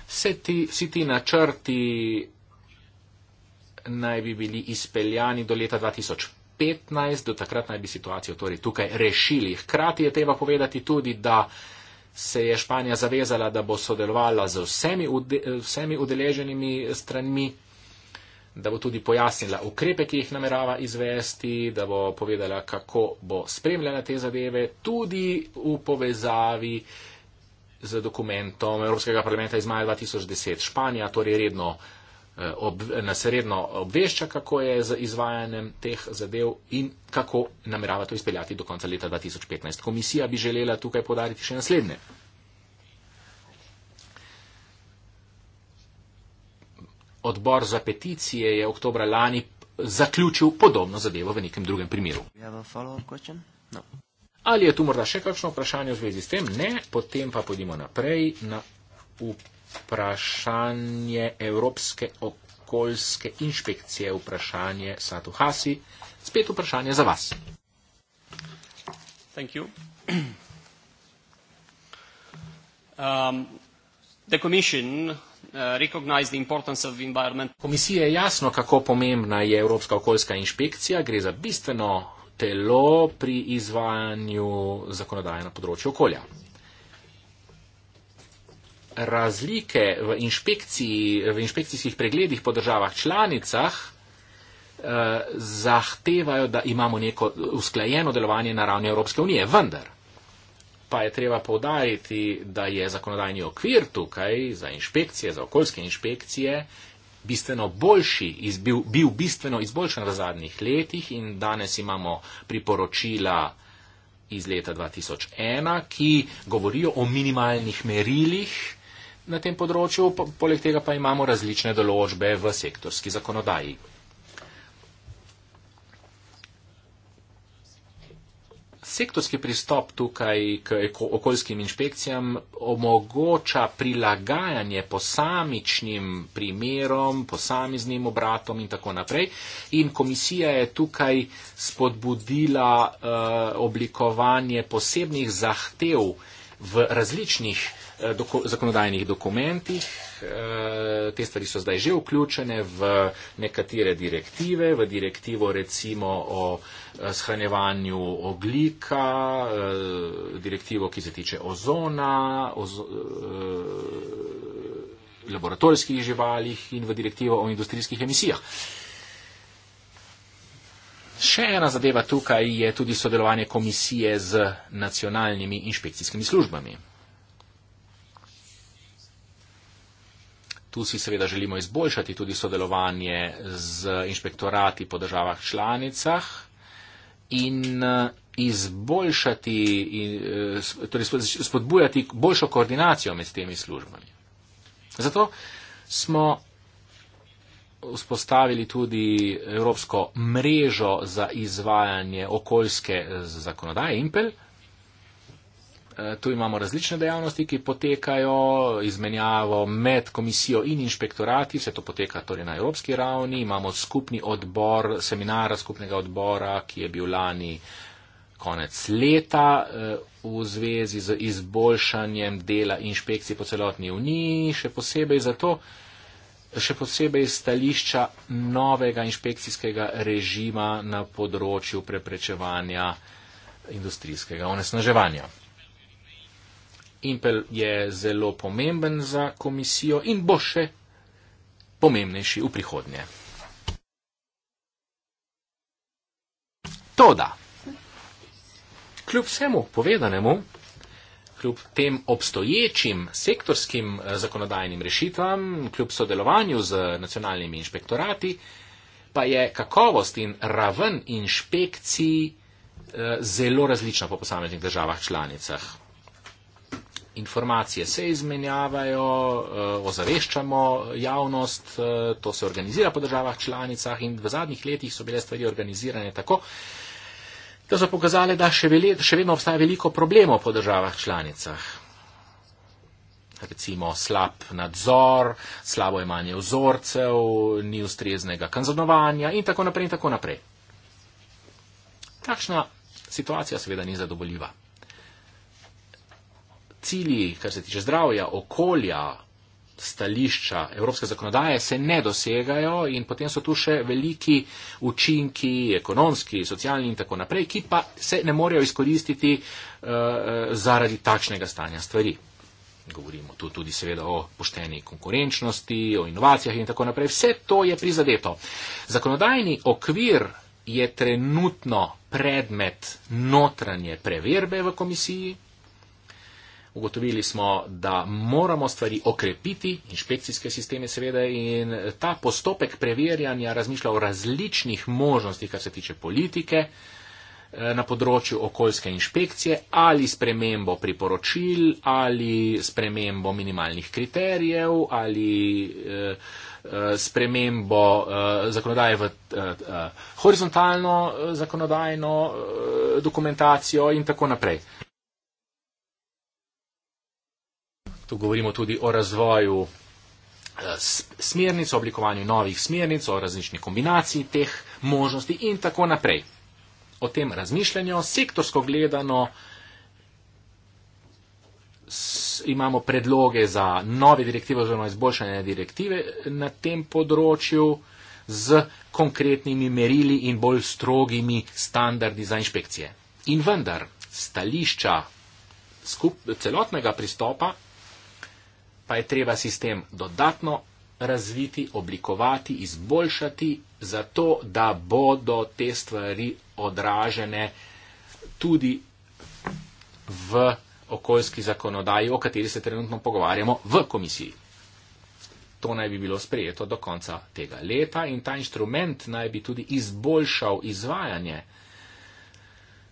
Vsi ti, ti načrti naj bi bili izpeljani do leta 2015, do takrat naj bi situacijo torej tukaj rešili. Hkrati je treba povedati tudi, da se je Španija zavezala, da bo sodelovala z vsemi, ude, vsemi udeleženimi stranmi, da bo tudi pojasnila ukrepe, ki jih namerava izvesti, da bo povedala, kako bo spremljala te zadeve, tudi v povezavi z dokumentom Evropskega parlamenta iz maja 2010. Španija torej redno Eh, ob, nas redno obvešča, kako je z izvajanjem teh zadev in kako namerava to izpeljati do konca leta 2015. Komisija bi želela tukaj podariti še naslednje. Odbor za peticije je oktober lani zaključil podobno zadevo v nekem drugem primeru. No. Ali je tu morda še kakšno vprašanje v zvezi s tem? Ne, potem pa pojdimo naprej na upravljanje vprašanje Evropske okoljske inšpekcije, vprašanje Satu Hasi. Spet vprašanje za vas. Thank you. Um, the commission Uh, of environment. Komisija je jasno, kako pomembna je Evropska okoljska inšpekcija. Gre za bistveno telo pri izvajanju zakonodaje na področju okolja razlike v, inšpekciji, v inšpekcijskih pregledih po državah članicah eh, zahtevajo, da imamo neko usklajeno delovanje na ravni Evropske unije. Vendar pa je treba povdariti, da je zakonodajni okvir tukaj za inšpekcije, za okoljske inšpekcije bistveno boljši, izbil, bil bistveno izboljšan v zadnjih letih in danes imamo priporočila iz leta 2001, ki govorijo o minimalnih merilih na tem področju, poleg tega pa imamo različne določbe v sektorski zakonodaji. Sektorski pristop tukaj k okoljskim inšpekcijam omogoča prilagajanje posamičnim primerom, posameznim obratom in tako naprej. In komisija je tukaj spodbudila uh, oblikovanje posebnih zahtev v različnih uh, Eh, doko, zakonodajnih dokumentih. Eh, te stvari so zdaj že vključene v nekatere direktive, v direktivo recimo o eh, shranjevanju oglika, direktivo, ki se tiče ozona, ozo, laboratorijskih živalih in v direktivo o industrijskih emisijah. Še ena zadeva tukaj je tudi sodelovanje komisije z nacionalnimi inšpekcijskimi službami. Tu si seveda želimo izboljšati tudi sodelovanje z inšpektorati po državah članicah in eh, izboljšati, eh, torej spodbujati boljšo koordinacijo med temi službami. Zato smo vzpostavili tudi Evropsko mrežo za izvajanje okoljske eh, zakonodaje Impel, Eh, tu imamo različne dejavnosti, ki potekajo, izmenjavo med komisijo in inšpektorati, vse to poteka torej na evropski ravni, imamo skupni odbor, seminar skupnega odbora, ki je bil lani konec leta eh, v zvezi z izboljšanjem dela inšpekcij po celotni uniji, še posebej zato, še posebej stališča novega inšpekcijskega režima na področju preprečevanja industrijskega onesnaževanja. Impel je zelo pomemben za komisijo in bo še pomembnejši v prihodnje. Toda, kljub vsemu povedanemu, kljub tem obstoječim sektorskim eh, zakonodajnim rešitvam, kljub sodelovanju z nacionalnimi inšpektorati, pa je kakovost in raven inšpekcij eh, zelo različna po posameznih državah članicah informacije se izmenjavajo, eh, ozaveščamo javnost, eh, to se organizira po državah članicah in v zadnjih letih so bile stvari organizirane tako, da so pokazale, da še vedno obstaja veliko problemov po državah članicah. Recimo slab nadzor, slabo imanje vzorcev, ni ustreznega kanzonovanja in tako naprej in tako naprej. Takšna situacija seveda ni zadovoljiva cilji, kar se tiče zdravja, okolja, stališča evropske zakonodaje, se ne dosegajo in potem so tu še veliki učinki, ekonomski, socialni in tako naprej, ki pa se ne morejo izkoristiti uh, zaradi takšnega stanja stvari. Govorimo tu tudi seveda o pošteni konkurenčnosti, o inovacijah in tako naprej. Vse to je prizadeto. Zakonodajni okvir je trenutno predmet notranje preverbe v komisiji, ugotovili smo, da moramo stvari okrepiti, inšpekcijske sisteme seveda, in ta postopek preverjanja razmišlja o različnih možnostih, kar se tiče politike eh, na področju okoljske inšpekcije ali spremembo priporočil ali spremembo minimalnih kriterijev ali eh, eh, spremembo zakonodaje v horizontalno zakonodajno dokumentacijo in tako naprej. Tu govorimo tudi o razvoju eh, smernic, o oblikovanju novih smernic, o različni kombinaciji teh možnosti in tako naprej. O tem razmišljanju, sektorsko gledano, imamo predloge za nove direktive oziroma izboljšanje direktive na tem področju z konkretnimi merili in bolj strogimi standardi za inšpekcije. In vendar, stališča skup, celotnega pristopa pa je treba sistem dodatno razviti, oblikovati, izboljšati, zato da bodo te stvari odražene tudi v okoljski zakonodaji, o kateri se trenutno pogovarjamo v komisiji. To naj bi bilo sprejeto do konca tega leta in ta inštrument naj bi tudi izboljšal izvajanje uh,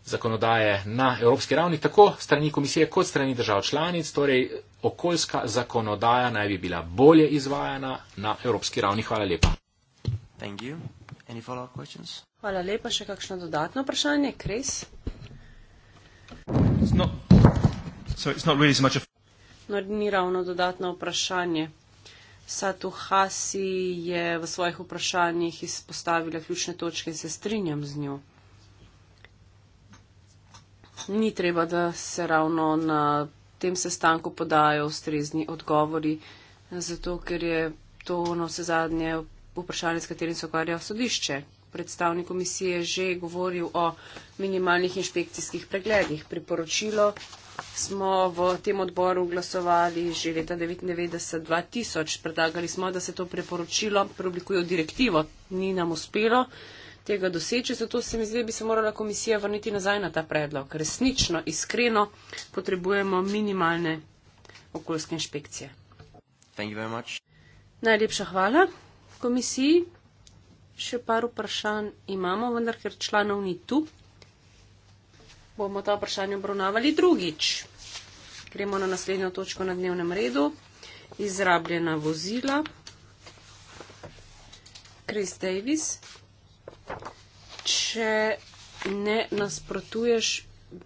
zakonodaje na evropski ravni, tako strani komisije kot strani držav članic, torej okoljska zakonodaja naj bi bila bolje izvajana na evropski ravni. Hvala lepa. Hvala lepa. Še kakšno dodatno vprašanje? Kres? Not, really so no, ni ravno dodatno vprašanje. Satu Hasi je v svojih vprašanjih izpostavila ključne točke in se strinjam z njo ni treba, da se ravno na tem sestanku podajo ustrezni odgovori, zato ker je to na vse zadnje vprašanje, s katerim se ukvarja sodišče. Predstavnik komisije je že govoril o minimalnih inšpekcijskih pregledih. Priporočilo smo v tem odboru glasovali že leta 1999-2000. Predlagali smo, da se to priporočilo preoblikuje v direktivo. Ni nam uspelo tega doseči. Zato se mi zdi, bi se morala komisija vrniti nazaj na ta predlog. Resnično, iskreno potrebujemo minimalne okoljske inšpekcije. Najlepša hvala. Komisiji še par vprašanj imamo, vendar ker članov ni tu, bomo ta vprašanja obravnavali drugič. Gremo na naslednjo točko na dnevnem redu. Izrabljena vozila. Chris Davis. Če ne nasprotuješ,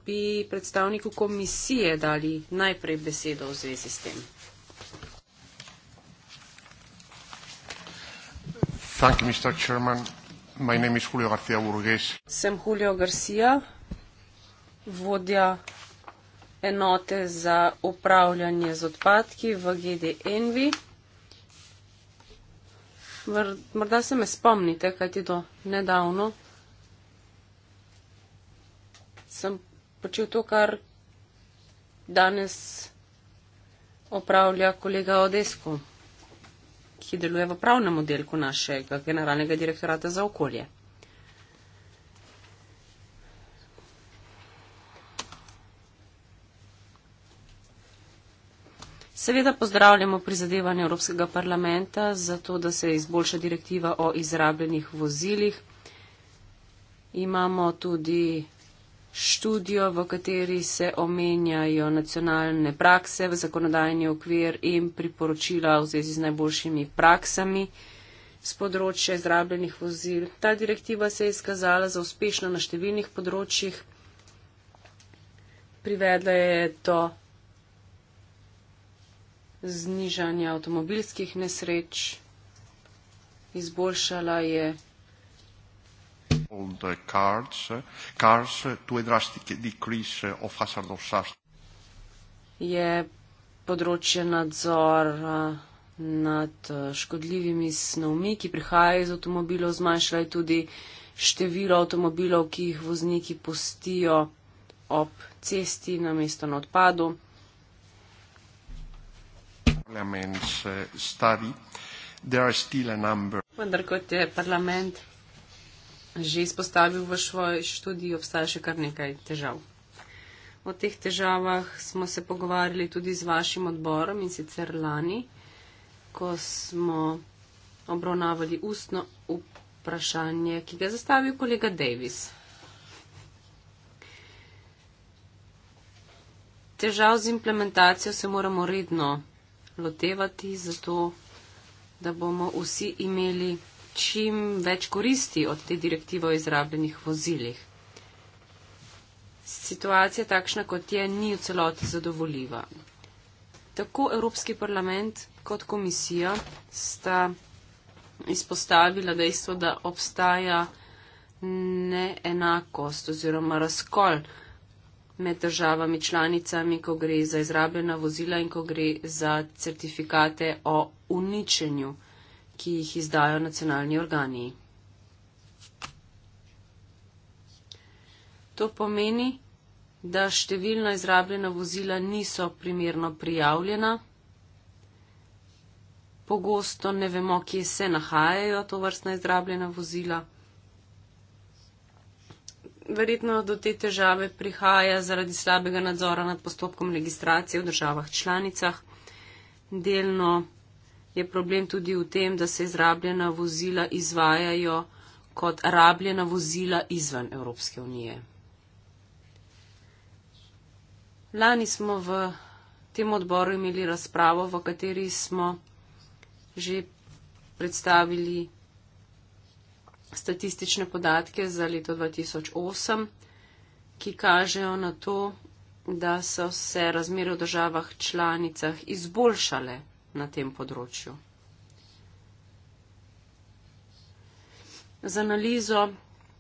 bi predstavniku komisije dali najprej besedo v zvezi s tem. Thank you, Mr. Chairman. My name is Julio García Burgues. Sem Julio García, vodja enote za upravljanje z odpadki v GDNV morda se me spomnite, kaj ti do nedavno sem počel to, kar danes opravlja kolega Odesko, ki deluje v pravnem oddelku našega generalnega direktorata za okolje. Seveda pozdravljamo prizadevanje Evropskega parlamenta za to, da se izboljša direktiva o izrabljenih vozilih. Imamo tudi študijo, v kateri se omenjajo nacionalne prakse v zakonodajni okvir in priporočila v zvezi z najboljšimi praksami z področja izrabljenih vozil. Ta direktiva se je izkazala za uspešno na številnih področjih. Privedla je to znižanja avtomobilskih nesreč, izboljšala je je področje nadzora nad eh, škodljivimi snovmi, ki prihajajo iz avtomobilov, zmanjšala je tudi število avtomobilov, ki jih vozniki postijo ob cesti na mesto na odpadu. Eh, Vendar kot je parlament že izpostavil v svoji študiji, obstaja še kar nekaj težav. O teh težavah smo se pogovarjali tudi z vašim odborom in sicer lani, ko smo obravnavali ustno vprašanje, ki ga je zastavil kolega Davis. Težav z implementacijo se moramo redno lotevati, zato da bomo vsi imeli čim več koristi od te direktive o izrabljenih vozilih. Situacija takšna, kot je, ni v celoti zadovoljiva. Tako Evropski parlament kot komisija sta izpostavila dejstvo, da obstaja neenakost oziroma razkol med državami članicami, ko gre za izrabljena vozila in ko gre za certifikate o uničenju, ki jih izdajo nacionalni organi. To pomeni, da številna izrabljena vozila niso primerno prijavljena. Pogosto ne vemo, kje se nahajajo to vrstna izrabljena vozila verjetno do te težave prihaja zaradi slabega nadzora nad postopkom registracije v državah članicah. Delno je problem tudi v tem, da se izrabljena vozila izvajajo kot rabljena vozila izven Evropske unije. Lani smo v tem odboru imeli razpravo, v kateri smo že predstavili statistične podatke za leto 2008, ki kažejo na to, da so se razmere v državah članicah izboljšale na tem področju. Z analizo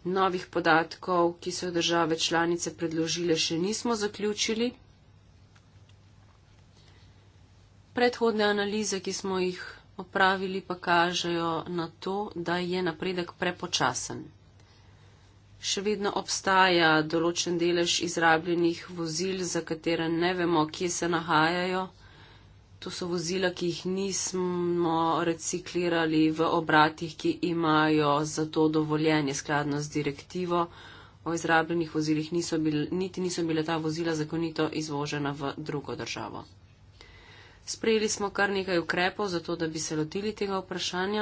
novih podatkov, ki so jo države članice predložile, še nismo zaključili. Predhodne analize, ki smo jih opravili pa kažejo na to, da je napredek prepočasen. Še vedno obstaja določen delež izrabljenih vozil, za katere ne vemo, kje se nahajajo. To so vozila, ki jih nismo reciklirali v obratih, ki imajo za to dovoljenje skladno z direktivo. O izrabljenih vozilih niso bil, niti niso bile ta vozila zakonito izvožena v drugo državo. Sprejeli smo kar nekaj ukrepov, zato da bi se lotili tega vprašanja.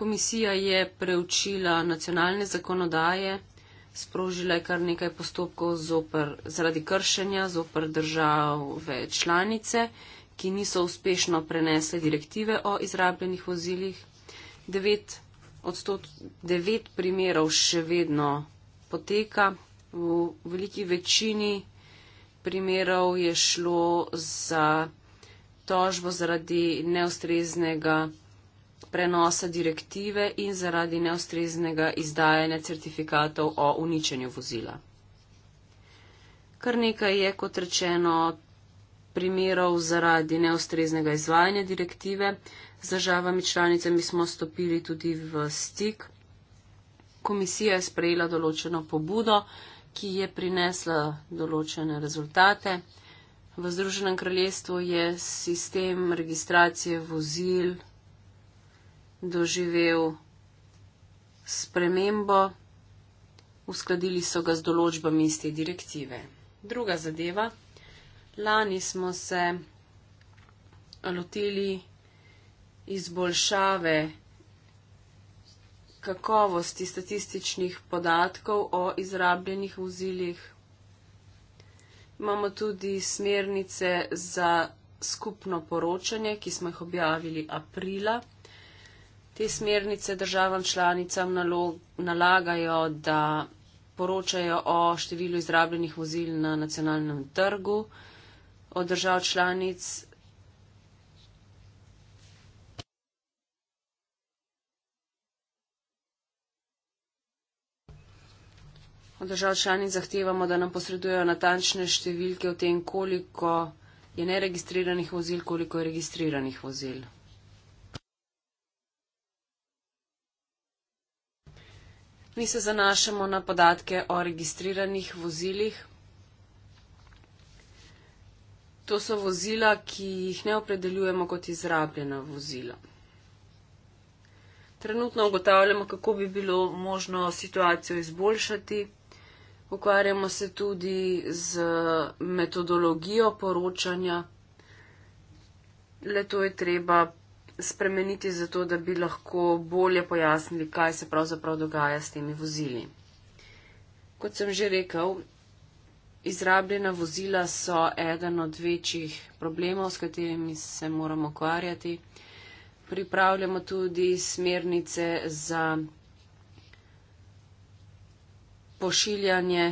Komisija je preučila nacionalne zakonodaje, sprožila je kar nekaj postopkov zoper, zaradi kršenja zoper države članice, ki niso uspešno prenesle direktive o izrabljenih vozilih. Devet, odstot, devet primerov še vedno poteka. V veliki večini primerov je šlo za tožbo zaradi neustreznega prenosa direktive in zaradi neustreznega izdajanja certifikatov o uničenju vozila. Kar nekaj je, kot rečeno, primerov zaradi neustreznega izvajanja direktive. Z državami članicami smo stopili tudi v stik. Komisija je sprejela določeno pobudo, ki je prinesla določene rezultate. V Združenem kraljestvu je sistem registracije vozil doživel spremembo, uskladili so ga z določbami iz te direktive. Druga zadeva. Lani smo se lotili izboljšave kakovosti statističnih podatkov o izrabljenih vozilih. Imamo tudi smernice za skupno poročanje, ki smo jih objavili aprila. Te smernice državam članicam nalagajo, da poročajo o številu izrabljenih vozil na nacionalnem trgu. Od držav članic od držav članic zahtevamo, da nam posredujejo natančne številke o tem, koliko je neregistriranih vozil, koliko je registriranih vozil. Mi se zanašamo na podatke o registriranih vozilih. To so vozila, ki jih ne opredeljujemo kot izrabljena vozila. Trenutno ugotavljamo, kako bi bilo možno situacijo izboljšati. Ukvarjamo se tudi z metodologijo poročanja. Le to je treba spremeniti, zato da bi lahko bolje pojasnili, kaj se pravzaprav dogaja s temi vozili. Kot sem že rekel, izrabljena vozila so eden od večjih problemov, s katerimi se moramo ukvarjati. Pripravljamo tudi smernice za pošiljanje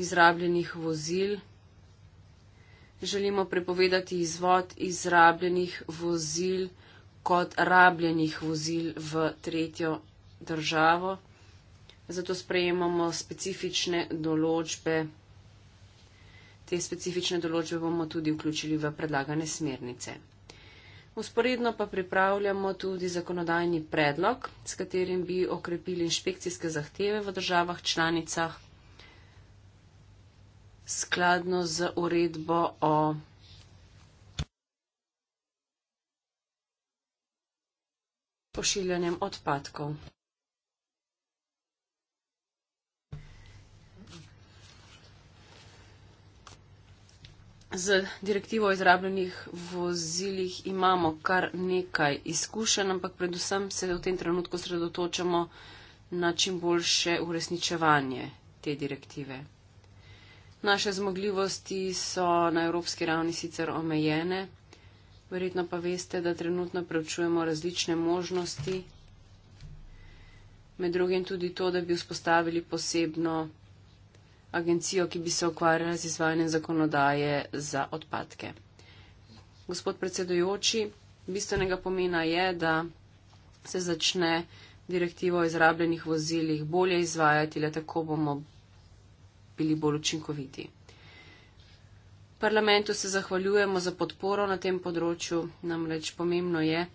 izrabljenih vozil. Želimo prepovedati izvod izrabljenih vozil kot rabljenih vozil v tretjo državo. Zato sprejemamo specifične določbe. Te specifične določbe bomo tudi vključili v predlagane smernice. Usporedno pa pripravljamo tudi zakonodajni predlog, s katerim bi okrepili inšpekcijske zahteve v državah članicah skladno z uredbo o. pošiljanjem odpadkov. Z direktivo o izrabljenih vozilih imamo kar nekaj izkušenj, ampak predvsem se v tem trenutku sredotočamo na čim boljše uresničevanje te direktive. Naše zmogljivosti so na evropski ravni sicer omejene, verjetno pa veste, da trenutno preučujemo različne možnosti, med drugim tudi to, da bi vzpostavili posebno agencijo, ki bi se ukvarjala z izvajanjem zakonodaje za odpadke. Gospod predsedujoči, bistvenega pomena je, da se začne direktivo o izrabljenih vozilih bolje izvajati, le tako bomo bili bolj učinkoviti. Parlamentu se zahvaljujemo za podporo na tem področju, namreč pomembno je,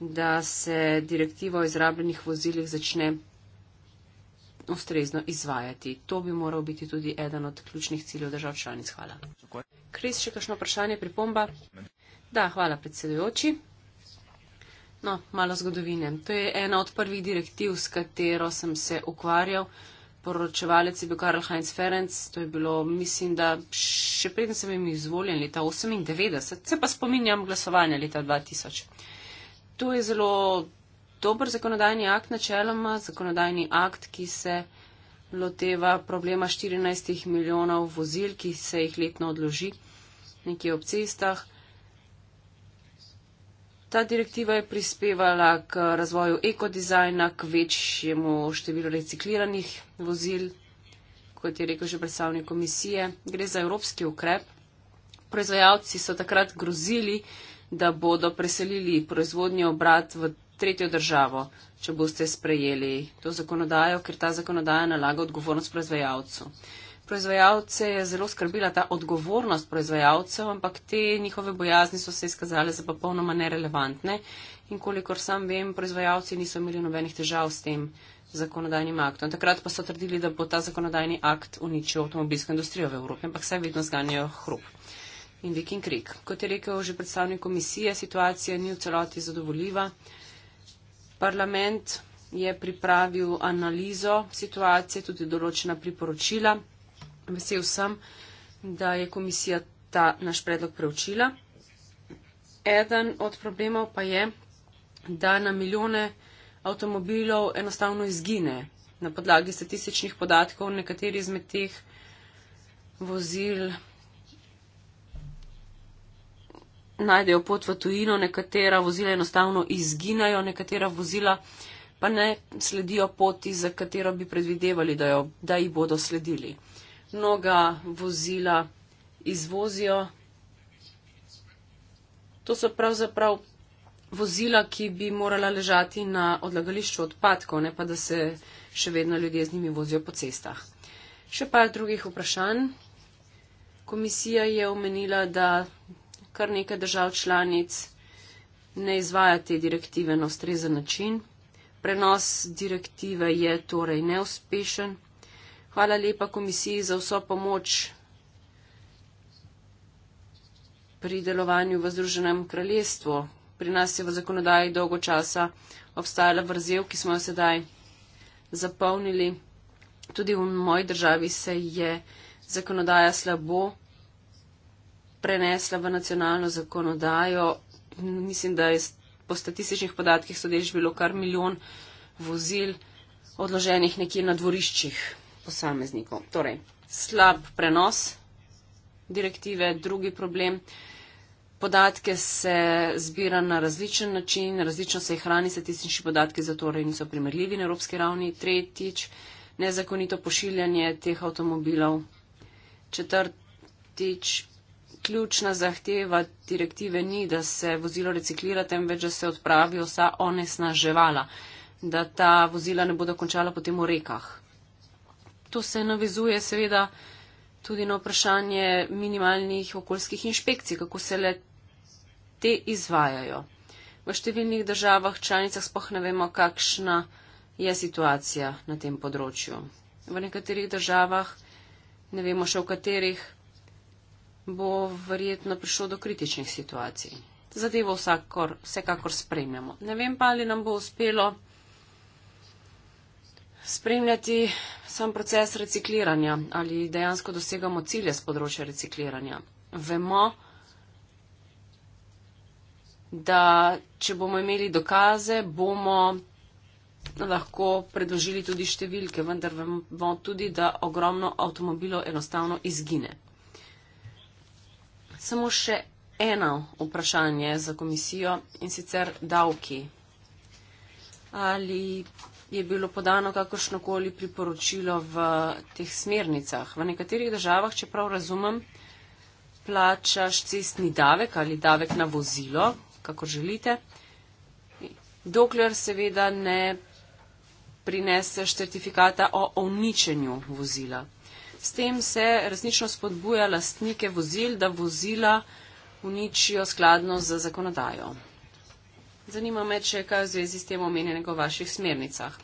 da se direktiva o izrabljenih vozilih začne ustrezno izvajati. To bi moral biti tudi eden od ključnih ciljev držav članic. Hvala. Kris, še kakšno vprašanje, pripomba? Da, hvala predsedujoči. No, malo zgodovine. To je ena od prvih direktiv, s katero sem se ukvarjal. Poročevalec je bil Karl Heinz Ferenc, to je bilo, mislim, da še preden sem jim izvoljen leta 98, se pa spominjam glasovanja leta 2000. To je zelo dober zakonodajni akt načeloma, zakonodajni akt, ki se loteva problema 14 milijonov vozil, ki se jih letno odloži nekje ob cestah. Ta direktiva je prispevala k razvoju ekodizajna, k večjemu številu recikliranih vozil, kot je rekel že predstavnik komisije. Gre za evropski ukrep. Proizvajalci so takrat grozili, da bodo preselili proizvodnjo obrat v tretjo državo, če boste sprejeli to zakonodajo, ker ta zakonodaja nalaga odgovornost proizvajalcu. Proizvajalce je zelo skrbila ta odgovornost proizvajalcev, ampak te njihove bojazni so se izkazale za popolnoma nerelevantne in kolikor sam vem, proizvajalci niso imeli nobenih težav s tem zakonodajnim aktom. Takrat pa so trdili, da bo ta zakonodajni akt uničil avtomobilsko industrijo v Evropi, ampak saj vedno zganjajo hrup in vikin krik. Kot je rekel že predstavnik komisije, situacija ni v celoti zadovoljiva. Parlament je pripravil analizo situacije, tudi določena priporočila. Vesel sem, da je komisija ta naš predlog preučila. Eden od problemov pa je, da na milijone avtomobilov enostavno izgine. Na podlagi statističnih podatkov nekateri izmed teh vozil najdejo pot v tujino, nekatera vozila enostavno izginajo, nekatera vozila pa ne sledijo poti, za katero bi predvidevali, da, jo, da jih bodo sledili. Mnoga vozila izvozijo. To so pravzaprav vozila, ki bi morala ležati na odlagališču odpadkov, ne pa da se še vedno ljudje z njimi vozijo po cestah. Še par drugih vprašanj. Komisija je omenila, da kar nekaj držav članic ne izvaja te direktive na ustrezen način. Prenos direktive je torej neuspešen. Hvala lepa komisiji za vso pomoč pri delovanju v Združenem kraljestvu. Pri nas je v zakonodaji dolgo časa obstajala vrzel, ki smo jo sedaj zapolnili. Tudi v moji državi se je zakonodaja slabo prenesla v nacionalno zakonodajo. Mislim, da je po statističnih podatkih sodež bilo kar milijon vozil odloženih nekje na dvoriščih posameznikov. Torej, slab prenos direktive, drugi problem. Podatke se zbira na različen način, različno se jih hrani statistični podatki, zato torej niso primerljivi na evropski ravni. Tretjič, nezakonito pošiljanje teh avtomobilov. Četrtič, ključna zahteva direktive ni, da se vozilo reciklira, temveč, da se odpravijo vsa onesnaževala, da ta vozila ne bodo končala potem v rekah. To se navezuje seveda tudi na vprašanje minimalnih okoljskih inšpekcij, kako se le te izvajajo. V številnih državah članicah spoh ne vemo, kakšna je situacija na tem področju. V nekaterih državah, ne vemo še v katerih, bo verjetno prišlo do kritičnih situacij. Zadevo vsakor, vsekakor spremljamo. Ne vem pa, ali nam bo uspelo spremljati sam proces recikliranja, ali dejansko dosegamo cilje z področja recikliranja. Vemo, da če bomo imeli dokaze, bomo lahko predložili tudi številke, vendar vemo tudi, da ogromno avtomobilo enostavno izgine samo še eno vprašanje za komisijo in sicer davki. Ali je bilo podano kakršnokoli priporočilo v teh smernicah? V nekaterih državah, če prav razumem, plačaš cestni davek ali davek na vozilo, kako želite, dokler seveda ne prineseš certifikata o uničenju vozila. S tem se resnično spodbuja lastnike vozil, da vozila uničijo skladno z zakonodajo. Zanima me, če kaj v zvezi s tem omenjenega v vaših smernicah.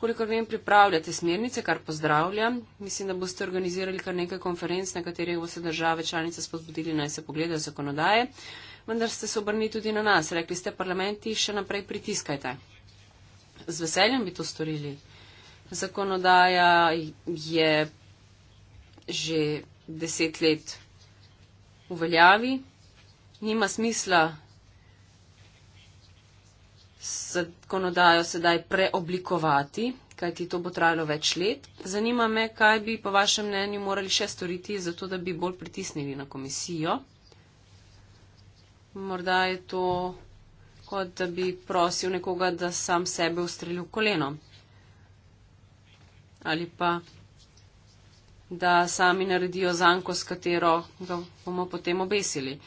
Kolikor vem, pripravljate smernice, kar pozdravljam. Mislim, da boste organizirali kar nekaj konferenc, na katerih boste države članice spodbudili naj se pogledajo zakonodaje, vendar ste se obrnili tudi na nas. Rekli ste parlamenti, še naprej pritiskajte. Z veseljem bi to storili. Zakonodaja je že deset let v veljavi. Nima smisla zakonodajo sedaj preoblikovati, kajti to bo trajalo več let. Zanima me, kaj bi po vašem mnenju morali še storiti, zato da bi bolj pritisnili na komisijo. Morda je to, kot da bi prosil nekoga, da sam sebe ustrelil koleno. Ali pa da sami naredijo zanko, s katero ga bomo potem obesili.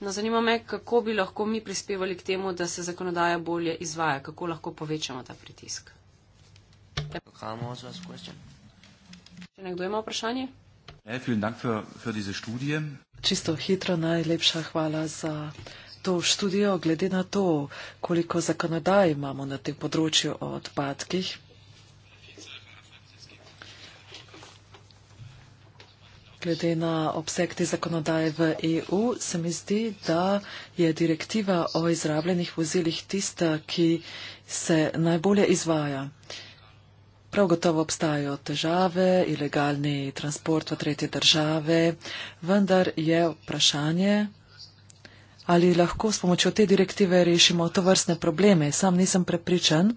No, zanima me, kako bi lahko mi prispevali k temu, da se zakonodaja bolje izvaja, kako lahko povečamo ta pritisk. Če nekdo ima vprašanje? Ja, Čisto hitro, najlepša hvala za to študijo. Glede na to, koliko zakonodaj imamo na tem področju o odpadkih, glede na obseg te zakonodaje v EU, se mi zdi, da je direktiva o izrabljenih vozilih tista, ki se najbolje izvaja. Prav gotovo obstajajo težave, ilegalni transport v tretje države, vendar je vprašanje, ali lahko s pomočjo te direktive rešimo to vrstne probleme. Sam nisem prepričan.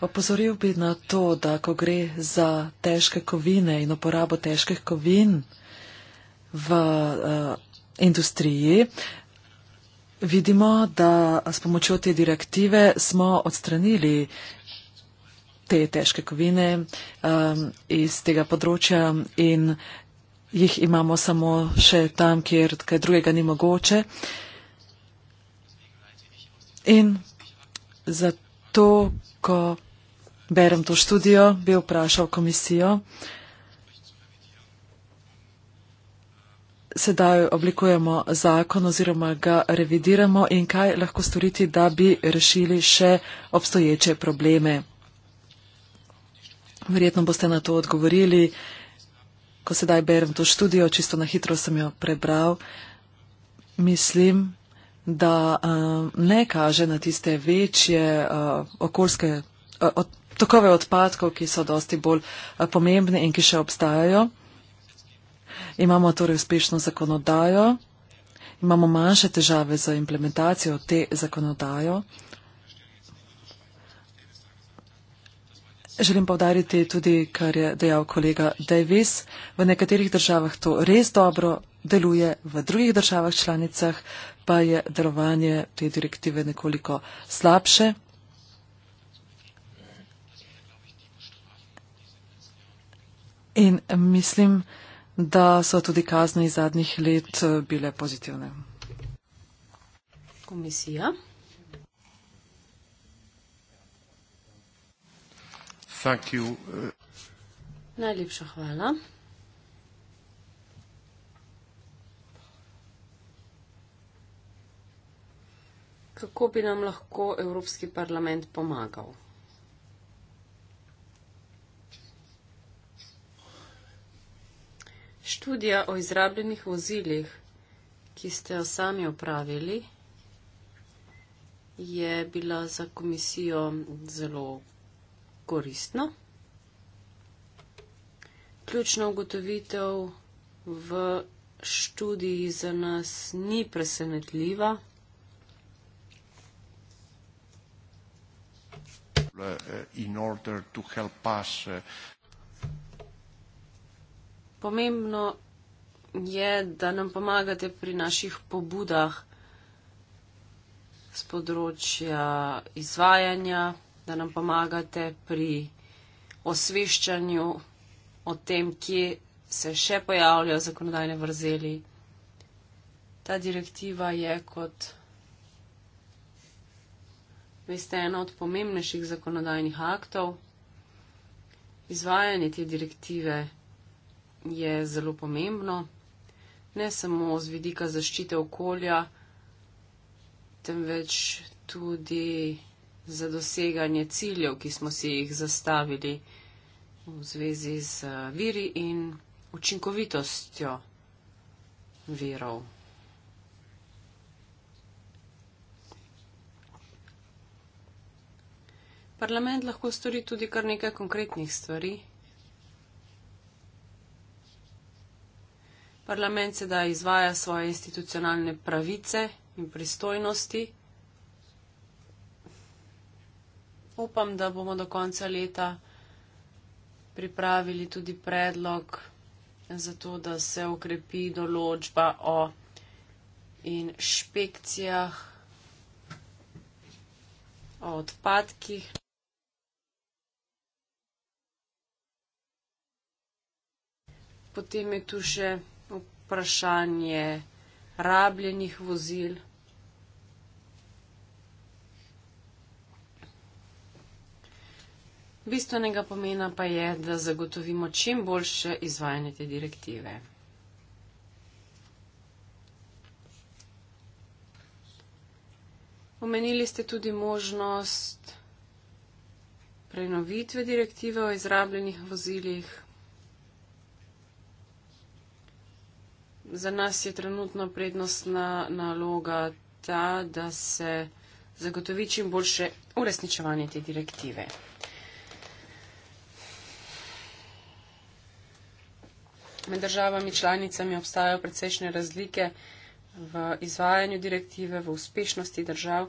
Opozoril bi na to, da ko gre za težke kovine in uporabo težkih kovin v uh, industriji, vidimo, da s pomočjo te direktive smo odstranili te težke kovine um, iz tega področja in jih imamo samo še tam, kjer kaj drugega ni mogoče. In zato, ko berem to študijo, bi vprašal komisijo. Sedaj oblikujemo zakon oziroma ga revidiramo in kaj lahko storiti, da bi rešili še obstoječe probleme. Verjetno boste na to odgovorili, ko sedaj berem to študijo, čisto na hitro sem jo prebral. Mislim, da uh, ne kaže na tiste večje uh, okoljske. Uh, tokove odpadkov, ki so dosti bolj eh, pomembni in ki še obstajajo. Imamo torej uspešno zakonodajo, imamo manjše težave za implementacijo te zakonodajo. Želim povdariti tudi, kar je dejal kolega Davis, v nekaterih državah to res dobro deluje, v drugih državah članicah pa je delovanje te direktive nekoliko slabše. In mislim, da so tudi kazni zadnjih let eh, bile pozitivne. Komisija. Thank you. Najlepša hvala. Kako bi nam lahko Evropski parlament pomagal? študija o izrabljenih vozilih, ki ste jo sami opravili, je bila za komisijo zelo koristna. Ključna ugotovitev v študiji za nas ni presenetljiva. Uh, in order to help us uh, pomembno je, da nam pomagate pri naših pobudah z področja izvajanja, da nam pomagate pri osveščanju o tem, kje se še pojavljajo zakonodajne vrzeli. Ta direktiva je kot veste ena od pomembnejših zakonodajnih aktov. Izvajanje te direktive je zelo pomembno, ne samo z vidika zaščite okolja, temveč tudi za doseganje ciljev, ki smo si jih zastavili v zvezi z eh, viri in učinkovitostjo virov. Parlament lahko stori tudi kar nekaj konkretnih stvari. Parlament sedaj izvaja svoje institucionalne pravice in pristojnosti. Upam, da bomo do konca leta pripravili tudi predlog za to, da se ukrepi določba o inšpekcijah, o odpadkih. Potem je tu še vprašanje rabljenih vozil. Bistvenega pomena pa je, da zagotovimo čim boljše izvajanje te direktive. Omenili ste tudi možnost prenovitve direktive o izrabljenih vozilih. za nas je trenutno prednostna naloga ta, da se zagotovi čim boljše uresničevanje te direktive. Med državami članicami obstajajo precejšnje razlike v izvajanju direktive, v uspešnosti držav.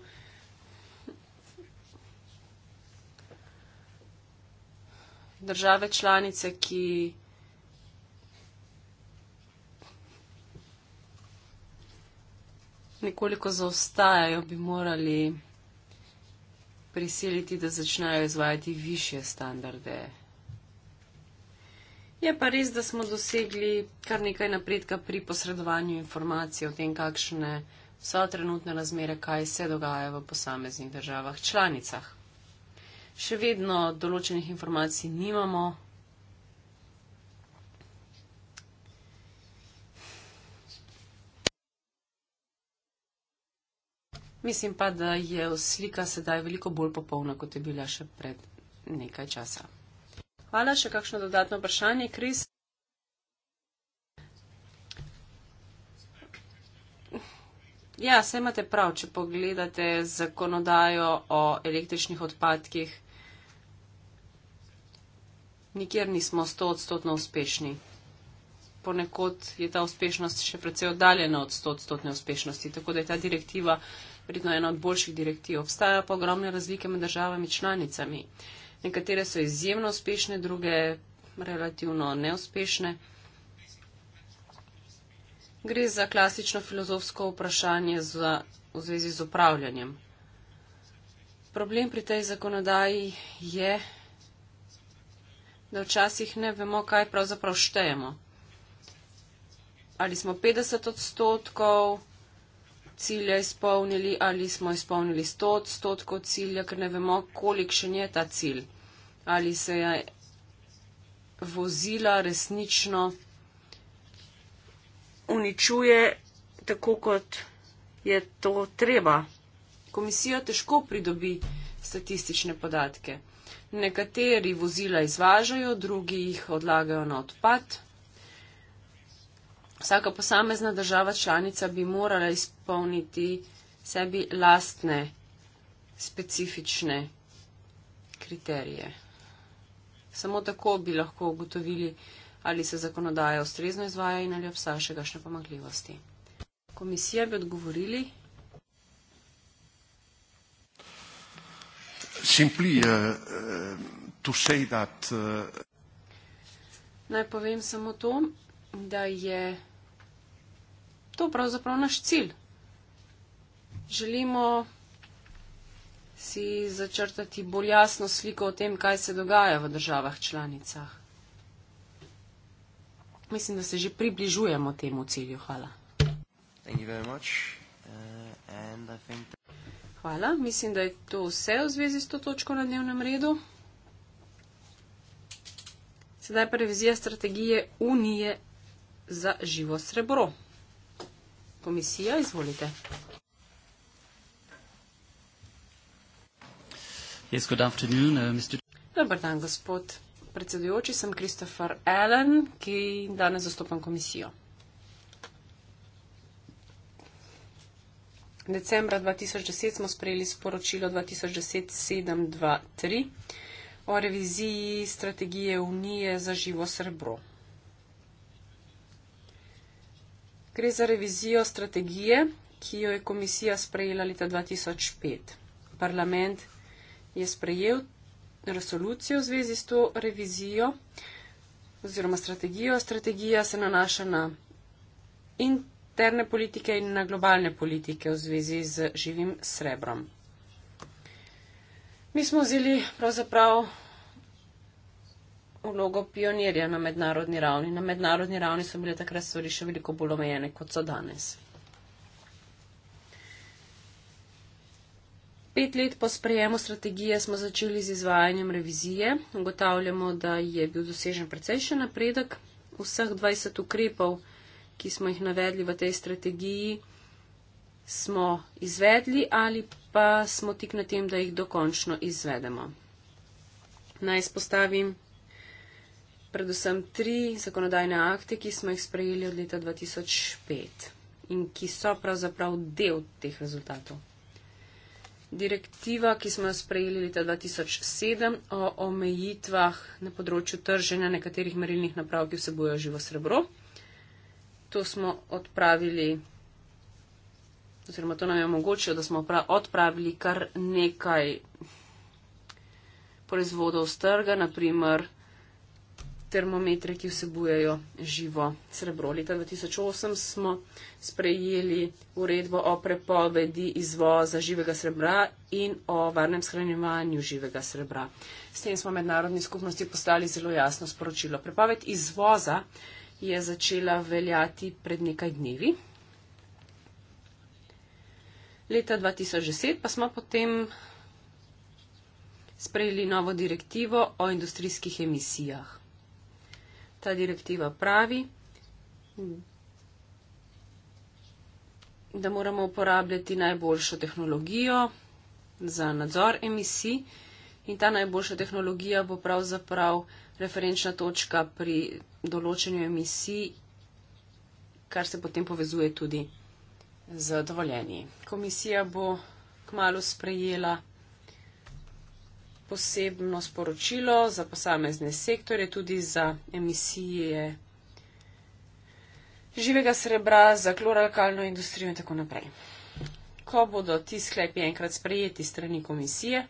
Države članice, ki nekoliko zaostajajo, bi morali prisiliti, da začnejo izvajati više standarde. Je pa res, da smo dosegli kar nekaj napredka pri posredovanju informacij o tem, kakšne so trenutne razmere, kaj se dogaja v posameznih državah članicah. Še vedno določenih informacij nimamo, Mislim pa, da je slika sedaj veliko bolj popolna, kot je bila še pred nekaj časa. Hvala, še kakšno dodatno vprašanje, Kris? Ja, se imate prav, če pogledate zakonodajo o električnih odpadkih, nikjer nismo sto odstotno uspešni. Ponekod je ta uspešnost še precej oddaljena od sto odstotne uspešnosti, tako da je ta direktiva verjetno ena od boljših direktiv. Obstajajo pa ogromne razlike med državami članicami. Nekatere so izjemno uspešne, druge relativno neuspešne. Gre za klasično filozofsko vprašanje za, v zvezi z upravljanjem. Problem pri tej zakonodaji je, da včasih ne vemo, kaj pravzaprav štejemo. Ali smo 50 odstotkov cilje izpolnili, ali smo izpolnili 100 odstotkov cilja, ker ne vemo, kolikšen je ta cilj. Ali se je vozila resnično uničuje tako, kot je to treba. Komisija težko pridobi statistične podatke. Nekateri vozila izvažajo, drugi jih odlagajo na odpad vsaka posamezna država članica bi morala izpolniti sebi lastne specifične kriterije. Samo tako bi lahko ugotovili, ali se zakonodaja ustrezno izvaja in ali obstaja še kakšne pomagljivosti. Komisija bi odgovorili. Simply, uh, uh to that, uh... Naj povem samo to, da je to pravzaprav naš cilj. Želimo si začrtati bolj jasno sliko o tem, kaj se dogaja v državah članicah. Mislim, da se že približujemo temu cilju. Hvala. Uh, Hvala. Mislim, da je to vse v zvezi s to točko na dnevnem redu. Sedaj pa revizija strategije Unije za živo srebro. Komisija, izvolite. Yes, good afternoon, uh, Mr. Dobar dan, gospod predsedujoči. Sem Christopher Allen, ki danes zastopam komisijo. Decembra 2010 smo sprejeli sporočilo 2010-723 o reviziji strategije Unije za živo srebro. Gre za revizijo strategije, ki jo je komisija sprejela leta 2005. Parlament je sprejel resolucijo v zvezi s to revizijo oziroma strategijo. Strategija se nanaša na interne politike in na globalne politike v zvezi z živim srebrom. Mi smo vzeli pravzaprav vlogo pionirja na mednarodni ravni. Na mednarodni ravni so bile takrat stvari še veliko bolj omejene, kot so danes. Pet let po sprejemu strategije smo začeli z izvajanjem revizije. Ugotavljamo, da je bil dosežen precejšen napredek. Vseh 20 ukrepov, ki smo jih navedli v tej strategiji, smo izvedli ali pa smo tik na tem, da jih dokončno izvedemo. Naj spostavim predvsem tri zakonodajne akte, ki smo jih sprejeli od leta 2005 in ki so pravzaprav del teh rezultatov. Direktiva, ki smo jo sprejeli leta 2007 o omejitvah na področju trženja nekaterih merilnih naprav, ki vsebojo živo srebro. To smo odpravili, oziroma to nam je omogočilo, da smo odpravili kar nekaj proizvodov z trga, naprimer termometre, ki vsebujejo živo srebro. Leta 2008 smo sprejeli uredbo o prepovedi izvoza živega srebra in o varnem shranjevanju živega srebra. S tem smo mednarodni skupnosti poslali zelo jasno sporočilo. Prepoved izvoza je začela veljati pred nekaj dnevi. Leta 2010 pa smo potem sprejeli novo direktivo o industrijskih emisijah ta direktiva pravi, da moramo uporabljati najboljšo tehnologijo za nadzor emisij in ta najboljša tehnologija bo pravzaprav referenčna točka pri določenju emisij, kar se potem povezuje tudi z dovoljenji. Komisija bo kmalo sprejela posebno sporočilo za posamezne sektore, tudi za emisije živega srebra, za kloralkalno industrijo in tako naprej. Ko bodo ti sklepi enkrat sprejeti strani komisije,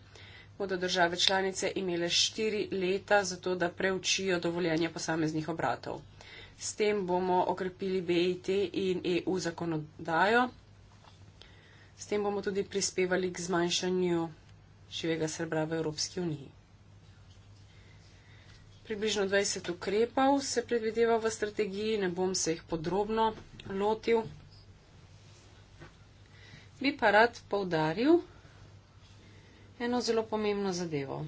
bodo države članice imele štiri leta za to, da preučijo dovoljenje posameznih obratov. S tem bomo okrepili BIT in EU zakonodajo. S tem bomo tudi prispevali k zmanjšanju živega srebra v Evropski uniji. Približno 20 ukrepov se predvideva v strategiji, ne bom se jih podrobno lotil. Bi pa rad povdaril eno zelo pomembno zadevo.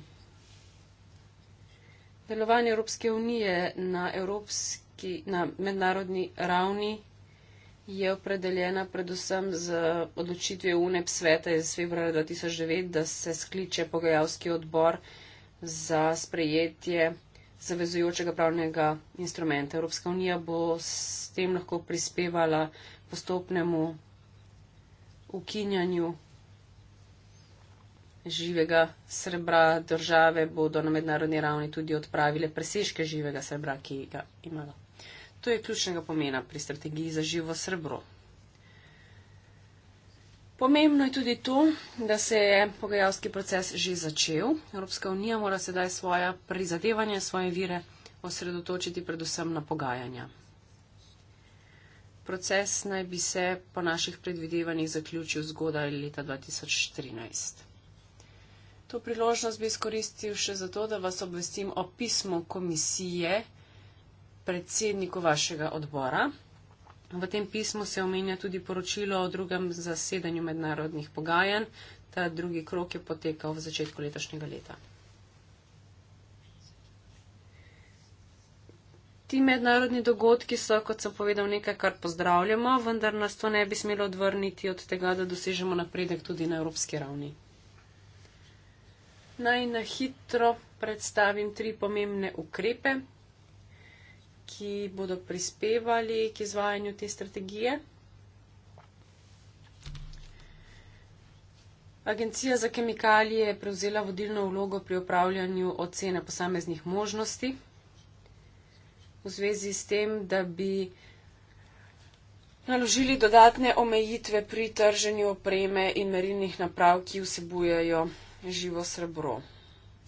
Delovanje Evropske unije na, Evropski, na mednarodni ravni je opredeljena predvsem z odločitvijo UNEP sveta iz februarja 2009, da se skliče pogajalski odbor za sprejetje zavezujočega pravnega instrumenta. Evropska unija bo s tem lahko prispevala postopnemu ukinjanju živega srebra. Države bodo na mednarodni ravni tudi odpravile preseške živega srebra, ki ga imajo. To je ključnega pomena pri strategiji za živo srebro. Pomembno je tudi to, da se je pogajalski proces že začel. Evropska unija mora sedaj svoja prizadevanja, svoje vire osredotočiti predvsem na pogajanja. Proces naj bi se po naših predvidevanjih zaključil zgodaj leta 2014. To priložnost bi izkoristil še zato, da vas obvestim o pismu komisije predsedniku vašega odbora. V tem pismu se omenja tudi poročilo o drugem zasedanju mednarodnih pogajanj. Ta drugi krok je potekal v začetku letošnjega leta. Ti mednarodni dogodki so, kot sem povedal, nekaj, kar pozdravljamo, vendar nas to ne bi smelo odvrniti od tega, da dosežemo napredek tudi na evropski ravni. Naj na hitro predstavim tri pomembne ukrepe, ki bodo prispevali k izvajanju te strategije. Agencija za kemikalije je prevzela vodilno vlogo pri upravljanju ocene posameznih možnosti v zvezi s tem, da bi naložili dodatne omejitve pri trženju opreme in merilnih naprav, ki vsebujejo živo srebro.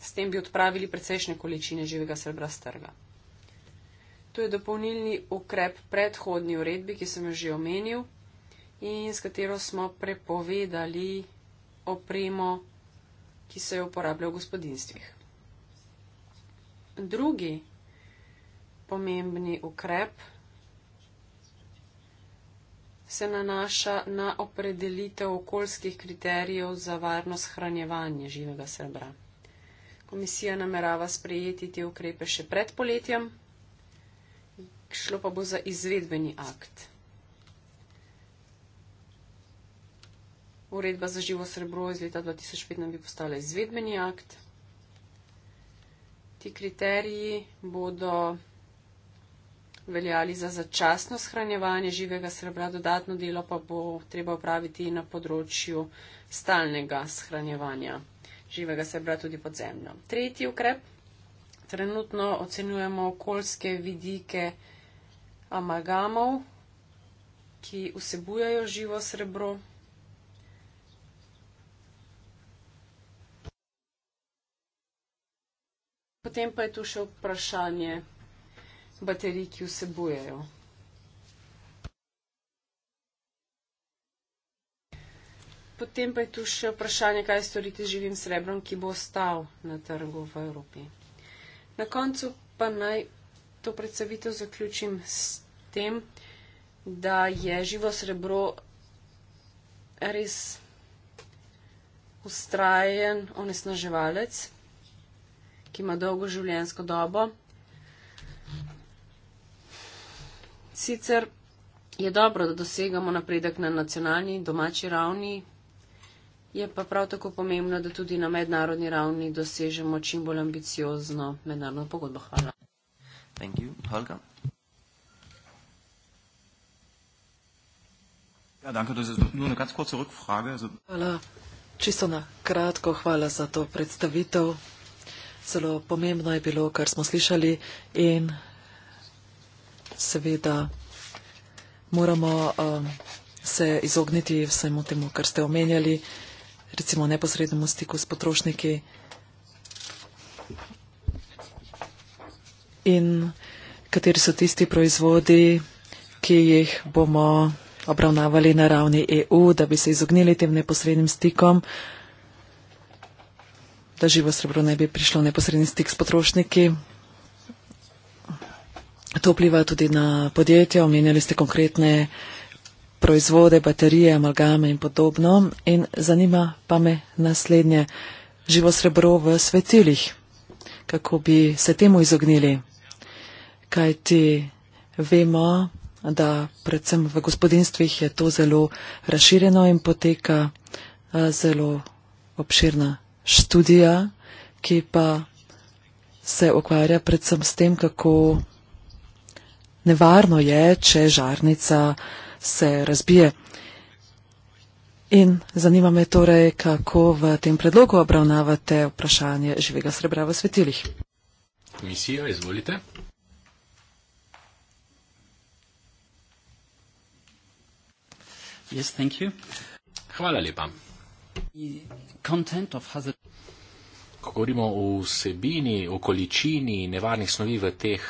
S tem bi odpravili precejšnje količine živega srebra strga. To je dopolnilni ukrep predhodni uredbi, ki sem jo že omenil in s katero smo prepovedali opremo, ki se jo uporablja v gospodinstvih. Drugi pomembni ukrep se nanaša na opredelitev okoljskih kriterijev za varno shranjevanje živega srebra. Komisija namerava sprejeti te ukrepe še pred poletjem šlo pa bo za izvedbeni akt. Uredba za živo srebro iz leta 2015 bi postala izvedbeni akt. Ti kriteriji bodo veljali za začasno shranjevanje živega srebra, dodatno delo pa bo treba upraviti na področju stalnega shranjevanja živega srebra tudi pod zemljo. Tretji ukrep. Trenutno ocenjujemo okoljske vidike amalgamov, ki vsebujajo živo srebro. Potem pa je tu še vprašanje baterij, ki vsebujejo. Potem pa je tu še vprašanje, kaj storiti z živim srebrom, ki bo ostal na trgu v Evropi. Na koncu pa naj to predstavitev zaključim s tem, da je živo srebro res ustrajen onesnaževalec, ki ima dolgo življenjsko dobo. Sicer je dobro, da dosegamo napredek na nacionalni in domači ravni, je pa prav tako pomembno, da tudi na mednarodni ravni dosežemo čim bolj ambiciozno mednarodno pogodbo. Hvala. Thank you. Holger. Ja, danke. Das ist nur eine ganz kurze Rückfrage. Also hvala. Čisto na kratko, hvala za to predstavitev. Zelo pomembno je bilo, kar smo slišali in seveda moramo um, se izogniti vsemu temu, kar ste omenjali, recimo neposrednemu stiku s potrošniki. in kateri so tisti proizvodi, ki jih bomo obravnavali na ravni EU, da bi se izognili tem neposrednim stikom, da živo srebro ne bi prišlo v neposredni stik s potrošniki. To vpliva tudi na podjetja, omenjali ste konkretne proizvode, baterije, amalgame in podobno. In zanima pa me naslednje, živo srebro v svetilih, kako bi se temu izognili kaj ti vemo, da predvsem v gospodinstvih je to zelo razširjeno in poteka zelo obširna študija, ki pa se ukvarja predvsem s tem, kako nevarno je, če žarnica se razbije. In zanima me torej, kako v tem predlogu obravnavate vprašanje živega srebra v svetilih. Komisija, izvolite. Yes, thank you. Hvala lepa. Ko govorimo o vsebini, o količini nevarnih snovi v teh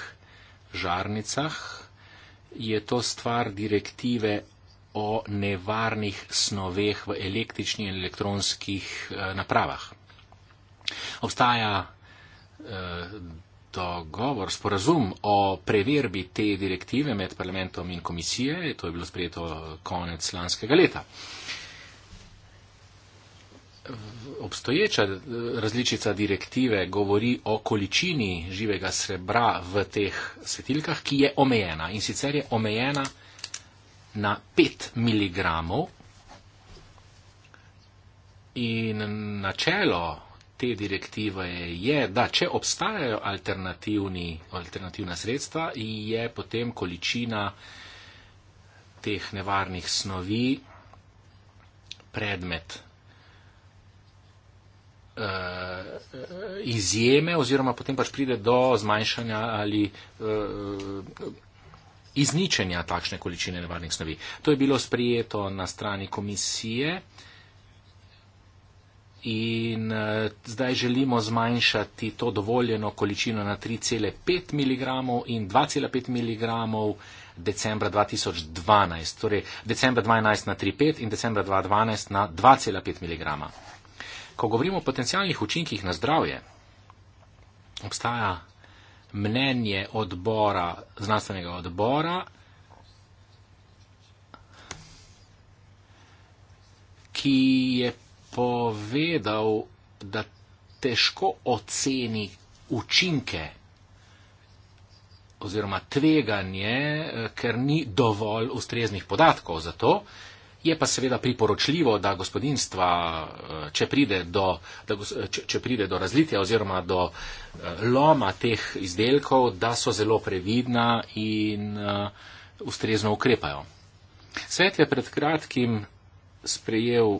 žarnicah, je to stvar direktive o nevarnih snoveh v električnih in elektronskih eh, napravah. Obstaja eh, dogovor, sporazum o preverbi te direktive med parlamentom in komisije. To je bilo sprejeto konec lanskega leta. Obstoječa različica direktive govori o količini živega srebra v teh svetilkah, ki je omejena. In sicer je omejena na 5 mg. In načelo te direktive je, da če obstajajo alternativna sredstva, je potem količina teh nevarnih snovi predmet eh, izjeme oziroma potem pač pride do zmanjšanja ali eh, izničenja takšne količine nevarnih snovi. To je bilo sprijeto na strani komisije in uh, zdaj želimo zmanjšati to dovoljeno količino na 3,5 mg in 2,5 mg decembra 2012. Torej, decembra 2012 na 3,5 in decembra 2012 na 2,5 mg. Ko govorimo o potencijalnih učinkih na zdravje, obstaja mnenje odbora, znanstvenega odbora, ki je povedal, da težko oceni učinke oziroma tveganje, eh, ker ni dovolj ustreznih podatkov za to. Je pa seveda priporočljivo, da gospodinstva, eh, če pride do, da, eh, če pride do razlitja oziroma do loma teh izdelkov, da so zelo previdna in ustrezno ukrepajo. Svet je pred kratkim sprejel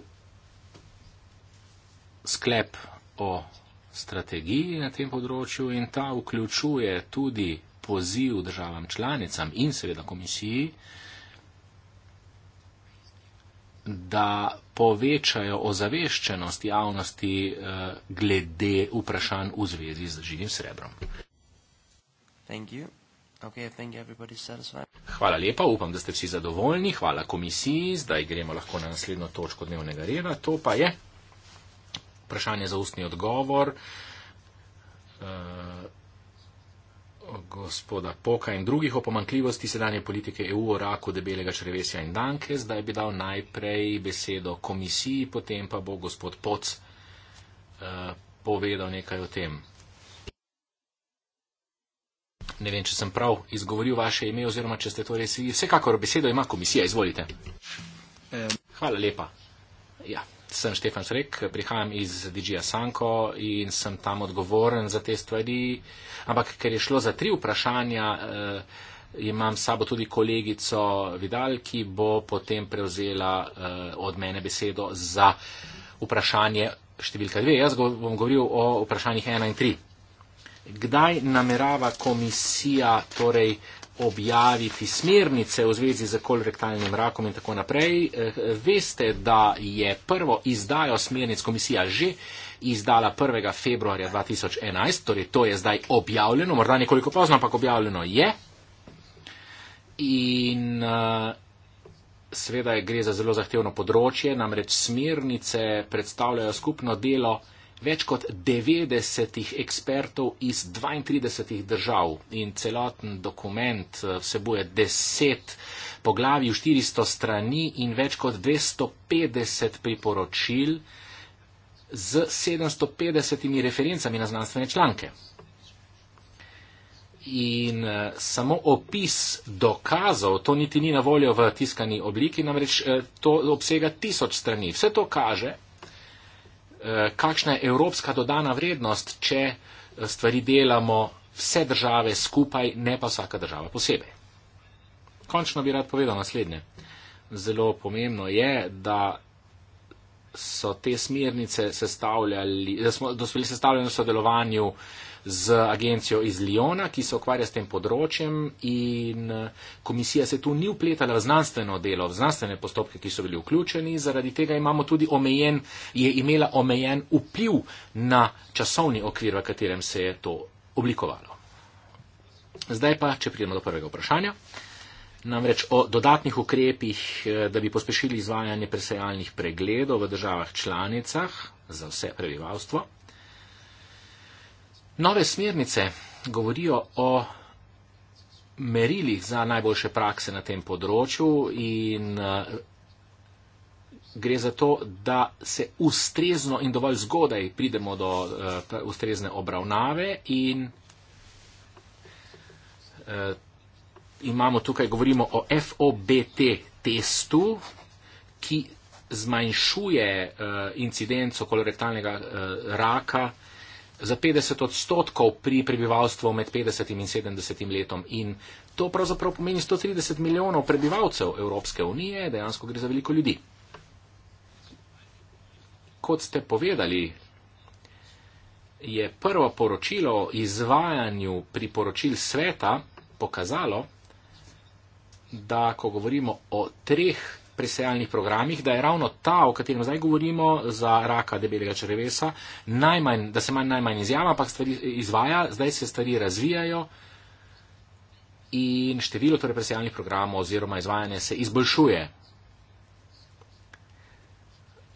sklep o strategiji na tem področju in ta vključuje tudi poziv državam članicam in seveda komisiji, da povečajo ozaveščenost javnosti eh, glede vprašanj v zvezi z živim srebrom. Okay, hvala lepa, upam, da ste vsi zadovoljni, hvala komisiji, zdaj gremo lahko na naslednjo točko dnevnega reda, to pa je vprašanje za ustni odgovor. Uh, gospoda Poka in drugih o pomankljivosti sedanje politike EU o raku debelega črevesja in danke. Zdaj bi dal najprej besedo komisiji, potem pa bo gospod Poc uh, povedal nekaj o tem. Ne vem, če sem prav izgovoril vaše ime oziroma če ste to res vi. Vsekakor besedo ima komisija, izvolite. Hvala lepa. Ja sem Štefan Šrek, prihajam iz Digija Sanko in sem tam odgovoren za te stvari. Ampak ker je šlo za tri vprašanja, eh, imam sabo tudi kolegico Vidal, ki bo potem prevzela eh, od mene besedo za vprašanje številka dve. Jaz go, bom govoril o vprašanjih ena in tri. Kdaj namerava komisija torej objaviti smernice v zvezi z kolorektalnim rakom in tako naprej. Eh, veste, da je prvo izdajo smernic komisija že izdala 1. februarja 2011, torej to je zdaj objavljeno, morda nekoliko pozno, ampak objavljeno je. In uh, seveda gre za zelo zahtevno področje, namreč smernice predstavljajo skupno delo več kot 90 ekspertov iz 32 držav in celoten dokument eh, vsebuje 10 poglavij v 400 strani in več kot 250 priporočil z 750 referencami na znanstvene članke. In eh, samo opis dokazov, to niti ni na voljo v tiskani obliki, namreč eh, to obsega tisoč strani. Vse to kaže, Eh, kakšna je evropska dodana vrednost, če eh, stvari delamo vse države skupaj, ne pa vsaka država posebej. Končno bi rad povedal naslednje. Zelo pomembno je, da so te smernice sestavljali, da smo bili sestavljeni v sodelovanju uh, z agencijo iz Lijona, ki se ukvarja s tem področjem in eh, komisija se tu ni upletala v znanstveno delo, v znanstvene postopke, ki so bili vključeni. Zaradi tega imamo tudi omejen, je imela omejen vpliv na časovni okvir, v katerem se je to oblikovalo. Zdaj pa, če pridemo do prvega vprašanja. Namreč o dodatnih ukrepih, eh, da bi pospešili izvajanje presajalnih pregledov v državah članicah za vse prebivalstvo. Nove smernice govorijo o merilih za najboljše prakse na tem področju in eh, gre za to, da se ustrezno in dovolj zgodaj pridemo do eh, ustrezne obravnave in eh, imamo tukaj, govorimo o FOBT testu, ki zmanjšuje incidenco kolorektalnega raka za 50 odstotkov pri prebivalstvu med 50 in 70 letom. In to pravzaprav pomeni 130 milijonov prebivalcev Evropske unije, dejansko gre za veliko ljudi. Kot ste povedali, je prvo poročilo o izvajanju priporočil sveta pokazalo, da ko govorimo o treh presejalnih programih, da je ravno ta, o katerem zdaj govorimo, za raka debelega črevesa, najmanj, da se manj, najmanj izjava, ampak stvari izvaja, zdaj se stvari razvijajo in število torej presejalnih programov oziroma izvajanje se izboljšuje.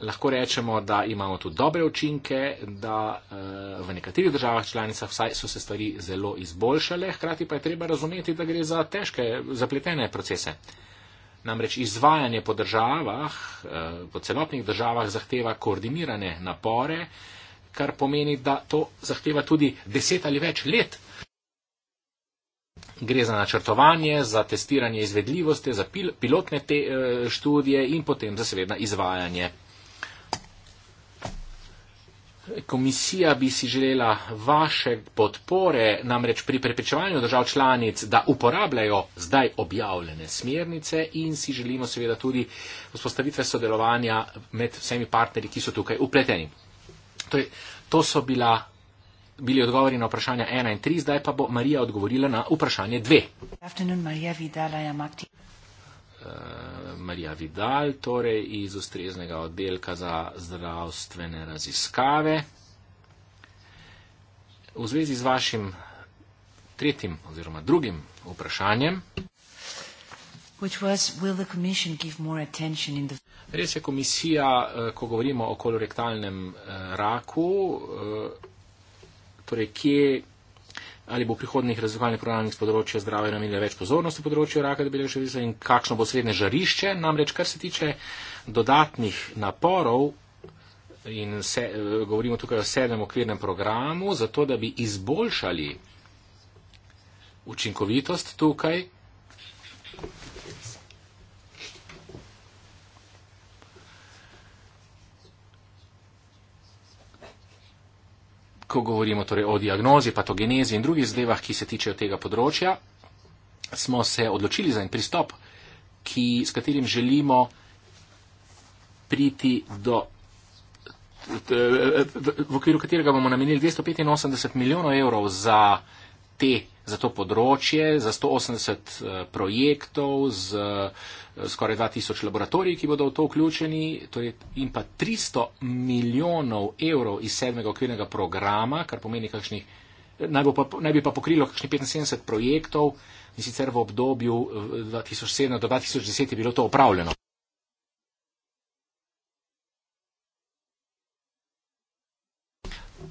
Lahko rečemo, da imamo tudi dobre učinke, da eh, v nekaterih državah članicah vsaj so se stvari zelo izboljšale, hkrati pa je treba razumeti, da gre za težke, zapletene procese. Namreč izvajanje po državah, eh, po celotnih državah zahteva koordinirane napore, kar pomeni, da to zahteva tudi deset ali več let. Gre za načrtovanje, za testiranje izvedljivosti, za pilotne te, eh, študije in potem za seveda izvajanje Komisija bi si želela vaše podpore namreč pri prepričevanju držav članic, da uporabljajo zdaj objavljene smernice in si želimo seveda tudi vzpostavitve sodelovanja med vsemi partnerji, ki so tukaj upleteni. Torej, to so bila, bili odgovori na vprašanja 1 in 3, zdaj pa bo Marija odgovorila na vprašanje 2. Eh, Marija Vidal, torej iz ustreznega oddelka za zdravstvene raziskave. V zvezi z vašim tretjim oziroma drugim vprašanjem. Was, the... Res je komisija, eh, ko govorimo o kolorektalnem eh, raku, torej kje ali bo v prihodnih raziskovalnih programih z področja zdravja namenila več pozornosti področju raka debelega črevesa in kakšno bo srednje žarišče. Namreč, kar se tiče dodatnih naporov, in se, govorimo tukaj o sedmem okvirnem programu, zato da bi izboljšali učinkovitost tukaj, ko govorimo torej o diagnozi, patogenezi in drugih zadevah, ki se tičejo tega področja, smo se odločili za en pristop, ki, s katerim želimo priti do, v okviru katerega bomo namenili 285 milijonov evrov za te za to področje, za 180 eh, projektov, z eh, skoraj 2000 laboratoriji, ki bodo v to vključeni, torej in pa 300 milijonov evrov iz sedmega okvirnega programa, kar pomeni kakšnih, eh, naj, pa, naj bi pa pokrilo kakšnih 75 projektov in sicer v obdobju 2007 do 2010 je bilo to upravljeno.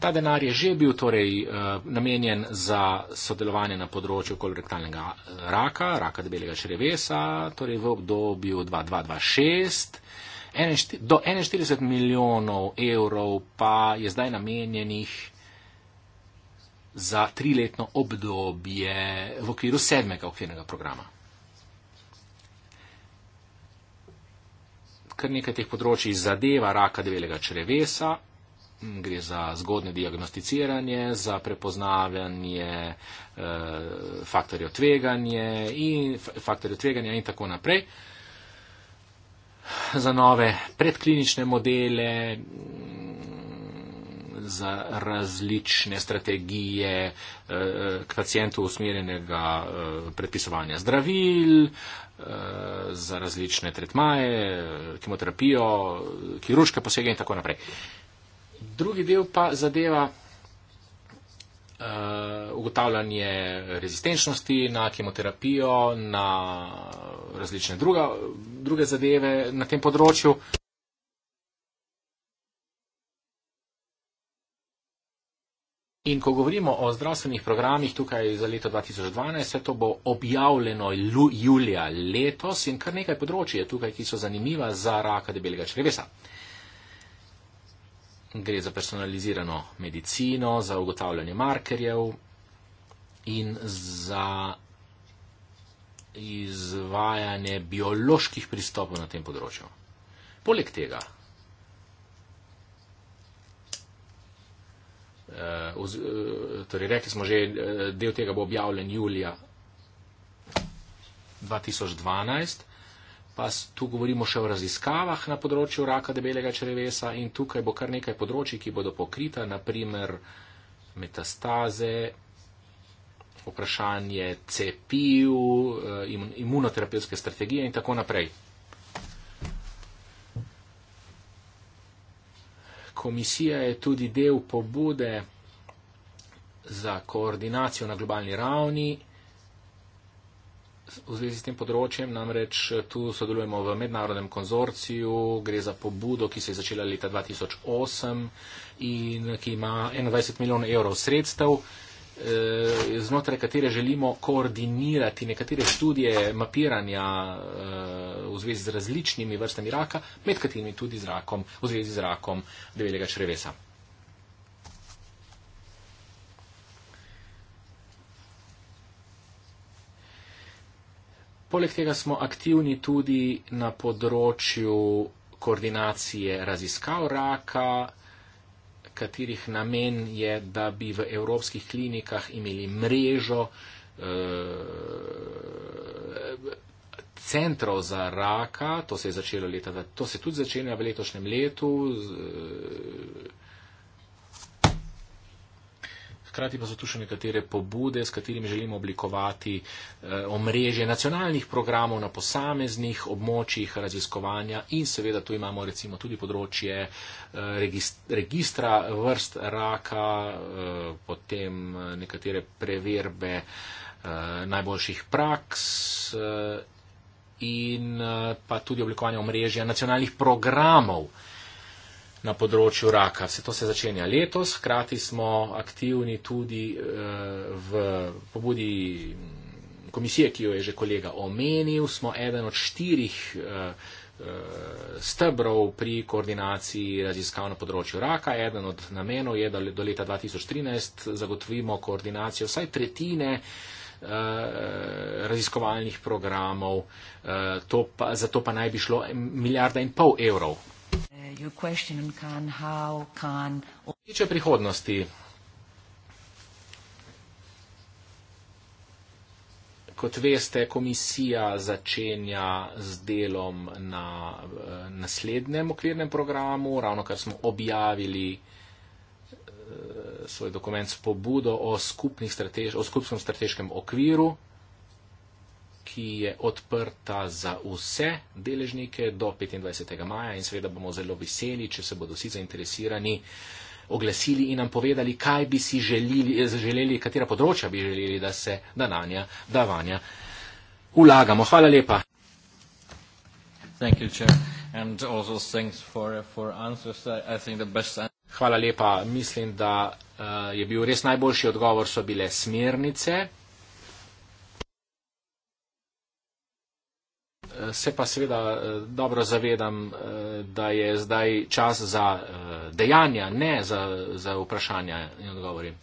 ta denar je že bil torej eh, namenjen za sodelovanje na področju kolorektalnega eh, raka, raka debelega črevesa, torej v obdobju 2026. Do 41 milijonov evrov pa je zdaj namenjenih za triletno obdobje v okviru sedmega okvirnega programa. Kar nekaj teh področji zadeva raka debelega črevesa, gre za zgodne diagnosticiranje, za prepoznavanje eh, faktorjev tveganja in tako naprej. Za nove predklinične modele, za različne strategije eh, k pacijentu usmerjenega eh, predpisovanja zdravil, za različne tretmaje, kemoterapijo, kirurške posege in tako naprej. Drugi del pa zadeva uh, ugotavljanje rezistenčnosti na kemoterapijo, na različne druga, druge zadeve na tem področju. In ko govorimo o zdravstvenih programih tukaj za leto 2012, vse to bo objavljeno julija letos in kar nekaj področji je tukaj, ki so zanimiva za raka debelega črevesa gre za personalizirano medicino, za ugotavljanje markerjev in za izvajanje bioloških pristopov na tem področju. Poleg tega, eh, eh, torej rekli smo že, eh, del tega bo objavljen julija 2012, pa tu govorimo še o raziskavah na področju raka debelega črevesa in tukaj bo kar nekaj področji, ki bodo pokrita, naprimer metastaze, vprašanje cepiv, eh, imunoterapevtske strategije in tako naprej. Komisija je tudi del pobude za koordinacijo na globalni ravni v zvezi s tem področjem, namreč eh, tu sodelujemo v mednarodnem konzorciju, gre za pobudo, ki se je začela leta 2008 in ki ima 21 milijonov evrov sredstev, eh, znotraj katere želimo koordinirati nekatere študije mapiranja eh, v zvezi z različnimi vrstami raka, med katerimi tudi z rakom, v zvezi z rakom debelega črevesa. Poleg tega smo aktivni tudi na področju koordinacije raziskav raka, katerih namen je, da bi v evropskih klinikah imeli mrežo eh, centrov za raka. To se je začelo leta, to se tudi začenja v letošnjem letu. Eh, hkrati pa so tu še nekatere pobude, s katerimi želimo oblikovati eh, omrežje nacionalnih programov na posameznih območjih raziskovanja in seveda tu imamo recimo tudi področje eh, registra vrst raka, eh, potem eh, nekatere preverbe eh, najboljših praks. Eh, in eh, pa tudi oblikovanje omrežja nacionalnih programov eh, na področju raka. Vse to se začenja letos, hkrati smo aktivni tudi eh, v pobudi komisije, ki jo je že kolega omenil. Smo eden od štirih eh, eh, stebrov pri koordinaciji raziskav na področju raka. Eden od namenov je, da do leta 2013 zagotovimo koordinacijo vsaj tretjine raziskovalnih programov, to pa, za to pa naj bi šlo milijarda in pol evrov your question on Cannes, how Cannes... prihodnosti, Kot veste, komisija začenja z delom na eh, naslednjem okvirnem programu. Ravno kar smo objavili eh, svoj dokument s pobudo o, strateš o skupnem strateškem okviru, ki je odprta za vse deležnike do 25. maja in seveda bomo zelo veseli, če se bodo vsi zainteresirani oglasili in nam povedali, kaj bi si želeli, želeli katera področja bi želeli, da se dananja davanja ulagamo. Hvala lepa. Hvala lepa. Mislim, da uh, je bil res najboljši odgovor, so bile smernice. se pa seveda eh, dobro zavedam, eh, da je zdaj čas za eh, dejanja, ne za, za vprašanja in odgovori.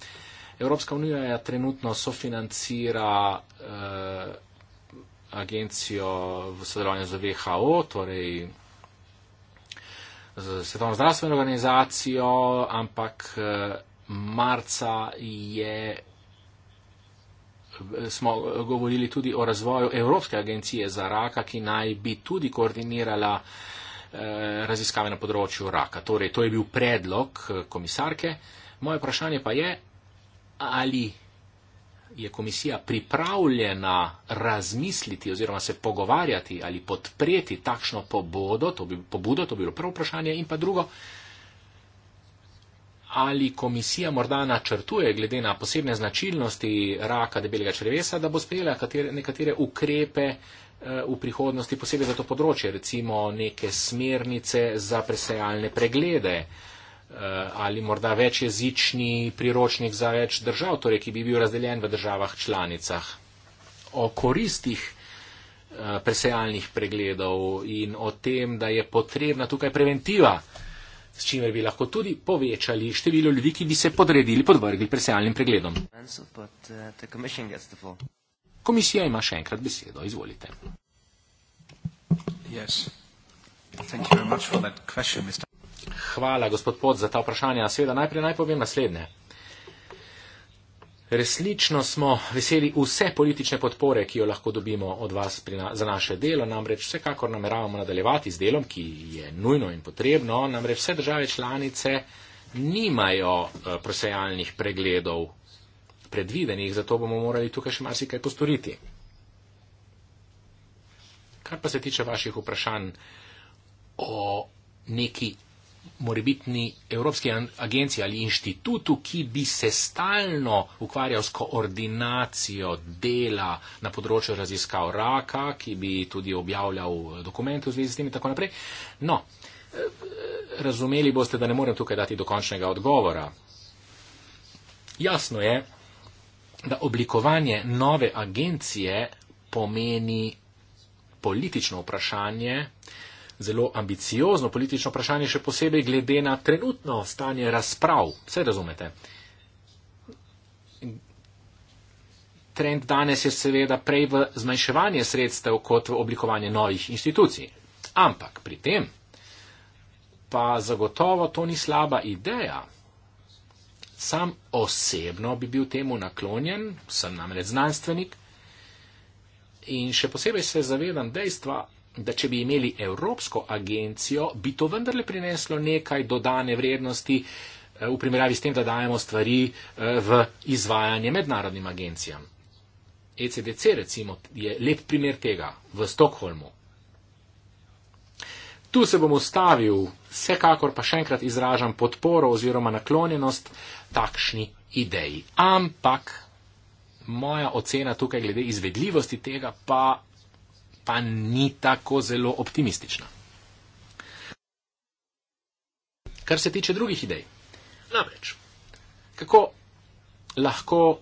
Evropska unija je trenutno sofinancira agencijo v sodelovanju z WHO, torej z Svetovno zdravstveno organizacijo, ampak marca je smo eh, govorili tudi o razvoju Evropske agencije za raka, ki naj bi tudi koordinirala eh, raziskave na področju raka. Torej, to je bil predlog eh, komisarke. Moje vprašanje pa je, ali je komisija pripravljena razmisliti oziroma se pogovarjati ali podpreti takšno pobodo, to bi, pobudo, to bi bilo prvo vprašanje, in pa drugo, ali komisija morda načrtuje, glede na posebne značilnosti raka debelega črevesa, da bo sprejela nekatere ukrepe eh, v prihodnosti, posebej za to področje, recimo neke smernice za presejalne preglede eh, ali morda večjezični priročnik za več držav, torej ki bi bil razdeljen v državah članicah. O koristih eh, presejalnih pregledov in o tem, da je potrebna tukaj preventiva s čimer bi lahko tudi povečali število ljudi, ki bi se podredili podvrgli presejalnim pregledom. Komisija ima še enkrat besedo, izvolite. Yes. Question, Hvala, gospod Pod, za ta vprašanja. Seveda najprej naj povem naslednje. Resnično smo veseli vse politične podpore, ki jo lahko dobimo od vas na, za naše delo, namreč vsekakor nameravamo nadaljevati z delom, ki je nujno in potrebno, namreč vse države članice nimajo eh, prosejalnih pregledov predvidenih, zato bomo morali tukaj še marsikaj postoriti. Kar pa se tiče vaših vprašanj o neki morebitni Evropski agenciji ali inštitutu, ki bi se stalno ukvarjal s koordinacijo dela na področju raziskav raka, ki bi tudi objavljal eh, dokumente v zvezi s tem in tako naprej. No, eh, razumeli boste, da ne morem tukaj dati dokončnega odgovora. Jasno je, da oblikovanje nove agencije pomeni politično vprašanje, zelo ambiciozno politično vprašanje, še posebej glede na trenutno stanje razprav. Vse razumete. Trend danes je seveda prej v zmanjševanje sredstev kot v oblikovanje novih institucij. Ampak pri tem pa zagotovo to ni slaba ideja. Sam osebno bi bil temu naklonjen, sem namreč znanstvenik in še posebej se zavedam dejstva, da če bi imeli Evropsko agencijo, bi to vendarle prineslo nekaj dodane vrednosti eh, v primerjavi s tem, da dajemo stvari eh, v izvajanje mednarodnim agencijam. ECDC recimo je lep primer tega v Stokholmu. Tu se bom ustavil, vsekakor pa še enkrat izražam podporo oziroma naklonjenost takšni ideji. Ampak moja ocena tukaj glede izvedljivosti tega pa pa ni tako zelo optimistična. Kar se tiče drugih idej. Namreč, kako lahko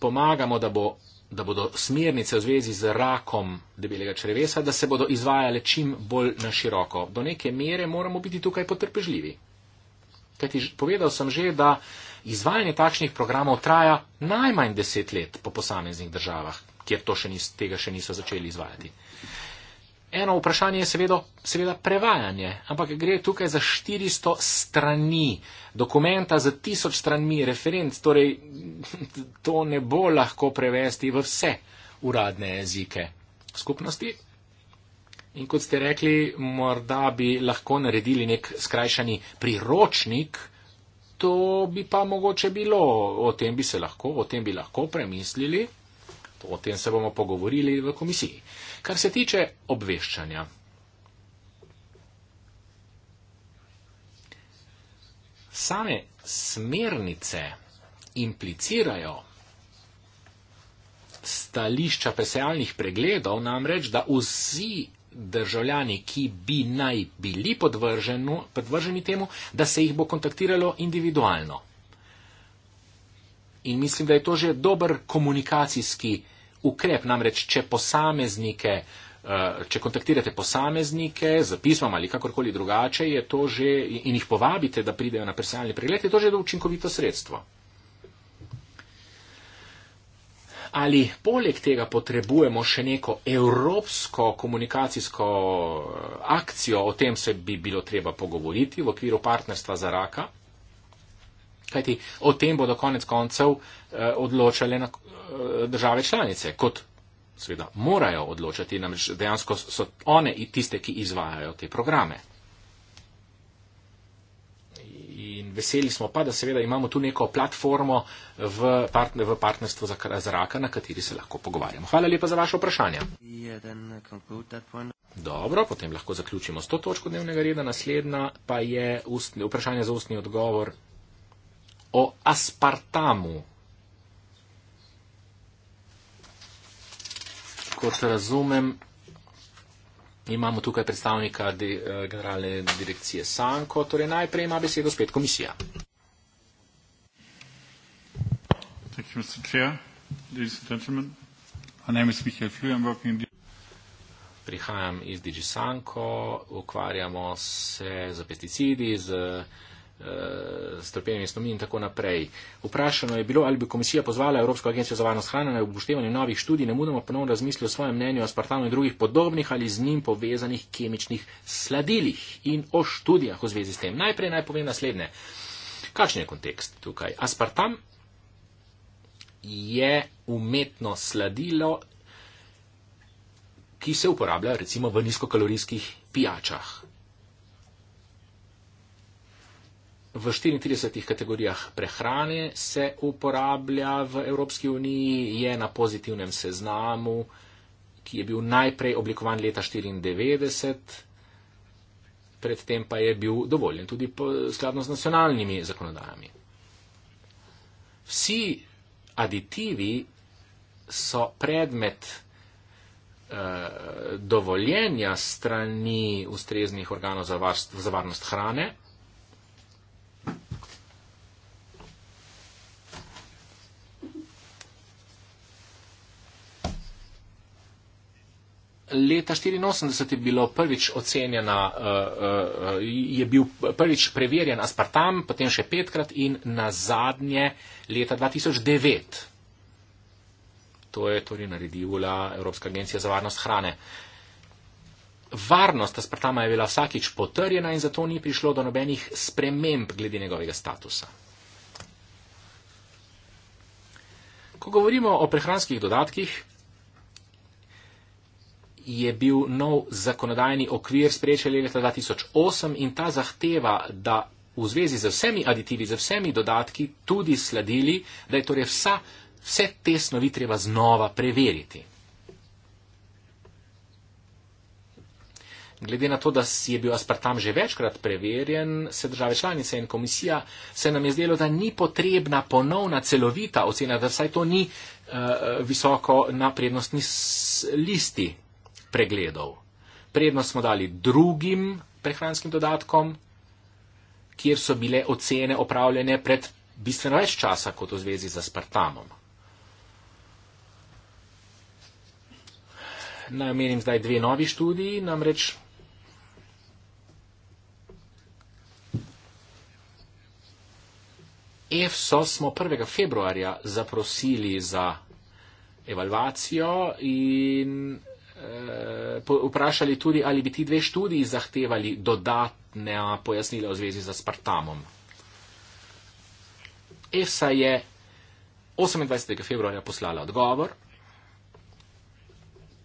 pomagamo, da, bo, da bodo smernice v zvezi z rakom debelega črevesa, da se bodo izvajale čim bolj na široko. Do neke mere moramo biti tukaj potrpežljivi. Kajti povedal sem že, da izvajanje takšnih programov traja najmanj deset let po posameznih državah kjer še ni, tega še niso začeli izvajati. Eno vprašanje je seveda, seveda prevajanje, ampak gre tukaj za 400 strani dokumenta, za 1000 strani referent, torej to ne bo lahko prevesti v vse uradne jezike skupnosti. In kot ste rekli, morda bi lahko naredili nek skrajšani priročnik, to bi pa mogoče bilo, o tem bi se lahko, o tem bi lahko premislili. To o tem se bomo pogovorili v komisiji. Kar se tiče obveščanja. Same smernice implicirajo stališča pesejalnih pregledov, namreč, da vsi državljani, ki bi naj bili podvrženi temu, da se jih bo kontaktiralo individualno. In mislim, da je to že dober komunikacijski ukrep. Namreč, če posameznike, eh, če kontaktirate posameznike z pismom ali kakorkoli drugače, je to že in jih povabite, da pridejo na personalni pregled, je to že učinkovito sredstvo. Ali poleg tega potrebujemo še neko evropsko komunikacijsko eh, akcijo, o tem se bi bilo treba pogovoriti v okviru partnerstva za raka. Kajti o tem bodo konec koncev eh, odločale eh, države članice, kot seveda morajo odločati, namreč dejansko so one tiste, ki izvajajo te programe. In veseli smo pa, da seveda imamo tu neko platformo v, partne, v partnerstvu za zraka, na kateri se lahko pogovarjamo. Hvala lepa za vaše vprašanje. Dobro, potem lahko zaključimo s to točko dnevnega reda. Naslednja pa je ustni, vprašanje za ustni odgovor o aspartamu. Kot razumem, imamo tukaj predstavnika de, eh, generalne direkcije Sanko, torej najprej ima besedo spet komisija. Thank you, Mr. Chair, ladies and gentlemen. My name is Michael Flew, I'm working in the... Prihajam iz DG Sanko, ukvarjamo se z pesticidi, z uh, Eh, strpljenimi snovmi in tako naprej. Vprašano je bilo, ali bi komisija pozvala Evropsko agencijo za varnost hrane na upoštevanje novih študij, ne mudamo ponovno razmisliti o svojem mnenju o aspartamu in drugih podobnih ali z njim povezanih kemičnih sladilih in o študijah v zvezi s tem. Najprej naj povem naslednje. Kakšen je kontekst tukaj? Aspartam je umetno sladilo, ki se uporablja recimo v nizkokalorijskih pijačah. v 34 kategorijah prehrane se uporablja v Evropski uniji, je na pozitivnem seznamu, ki je bil najprej oblikovan leta 1994, predtem pa je bil dovoljen tudi skladno z nacionalnimi zakonodajami. Vsi aditivi so predmet eh, dovoljenja strani ustreznih organov za, varst, za varnost hrane. leta 84 je bilo prvič ocenjena, eh, eh, je bil prvič preverjen aspartam, potem še petkrat in na zadnje leta 2009. To je torej naredila Evropska agencija za varnost hrane. Varnost aspartama je bila vsakič potrjena in zato ni prišlo do nobenih sprememb glede njegovega statusa. Ko govorimo o prehranskih dodatkih, je bil nov zakonodajni okvir sprejčen leta 2008 in ta zahteva, da v zvezi z vsemi aditivi, z vsemi dodatki tudi sledili, da je torej vsa, vse te snovi treba znova preveriti. Glede na to, da je bil aspartam že večkrat preverjen, se države članice in komisija, se nam je zdelo, da ni potrebna ponovna celovita ocena, da vsaj to ni uh, visoko na prednostni listi pregledov. Prednost smo dali drugim prehranskim dodatkom, kjer so bile ocene opravljene pred bistveno več časa kot v zvezi z aspartamom. Naj omenim zdaj dve novi študiji, namreč EFSO smo 1. februarja zaprosili za evalvacijo in Eh, vprašali tudi, ali bi ti dve študiji zahtevali dodatne pojasnile v zvezi z Spartamom. EFSA je 28. februarja poslala odgovor,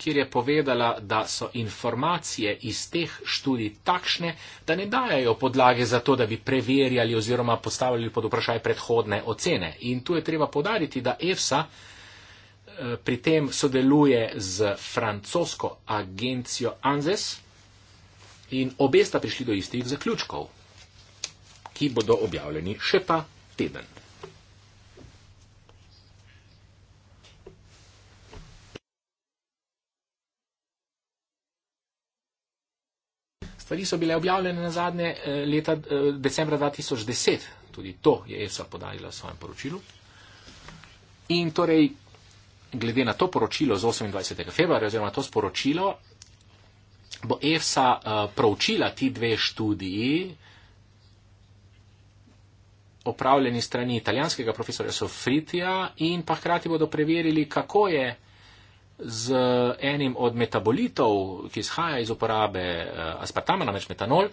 kjer je povedala, da so informacije iz teh študij takšne, da ne dajajo podlage za to, da bi preverjali oziroma postavili pod vprašaj predhodne ocene. In tu je treba podariti, da EFSA Eh, pri tem sodeluje z francosko agencijo ANZES in obe sta prišli do istih zaključkov, ki bodo objavljeni še pa teden. Stvari so bile objavljene na zadnje eh, leta eh, decembra 2010, tudi to je ESA podarila v svojem poročilu. In torej glede na to poročilo z 28. februarja oziroma to sporočilo, bo EFSA uh, proučila ti dve študiji opravljeni strani italijanskega profesorja Sofritija in pa hkrati bodo preverili, kako je z enim od metabolitov, ki izhaja iz uporabe eh, aspartama, namreč metanol,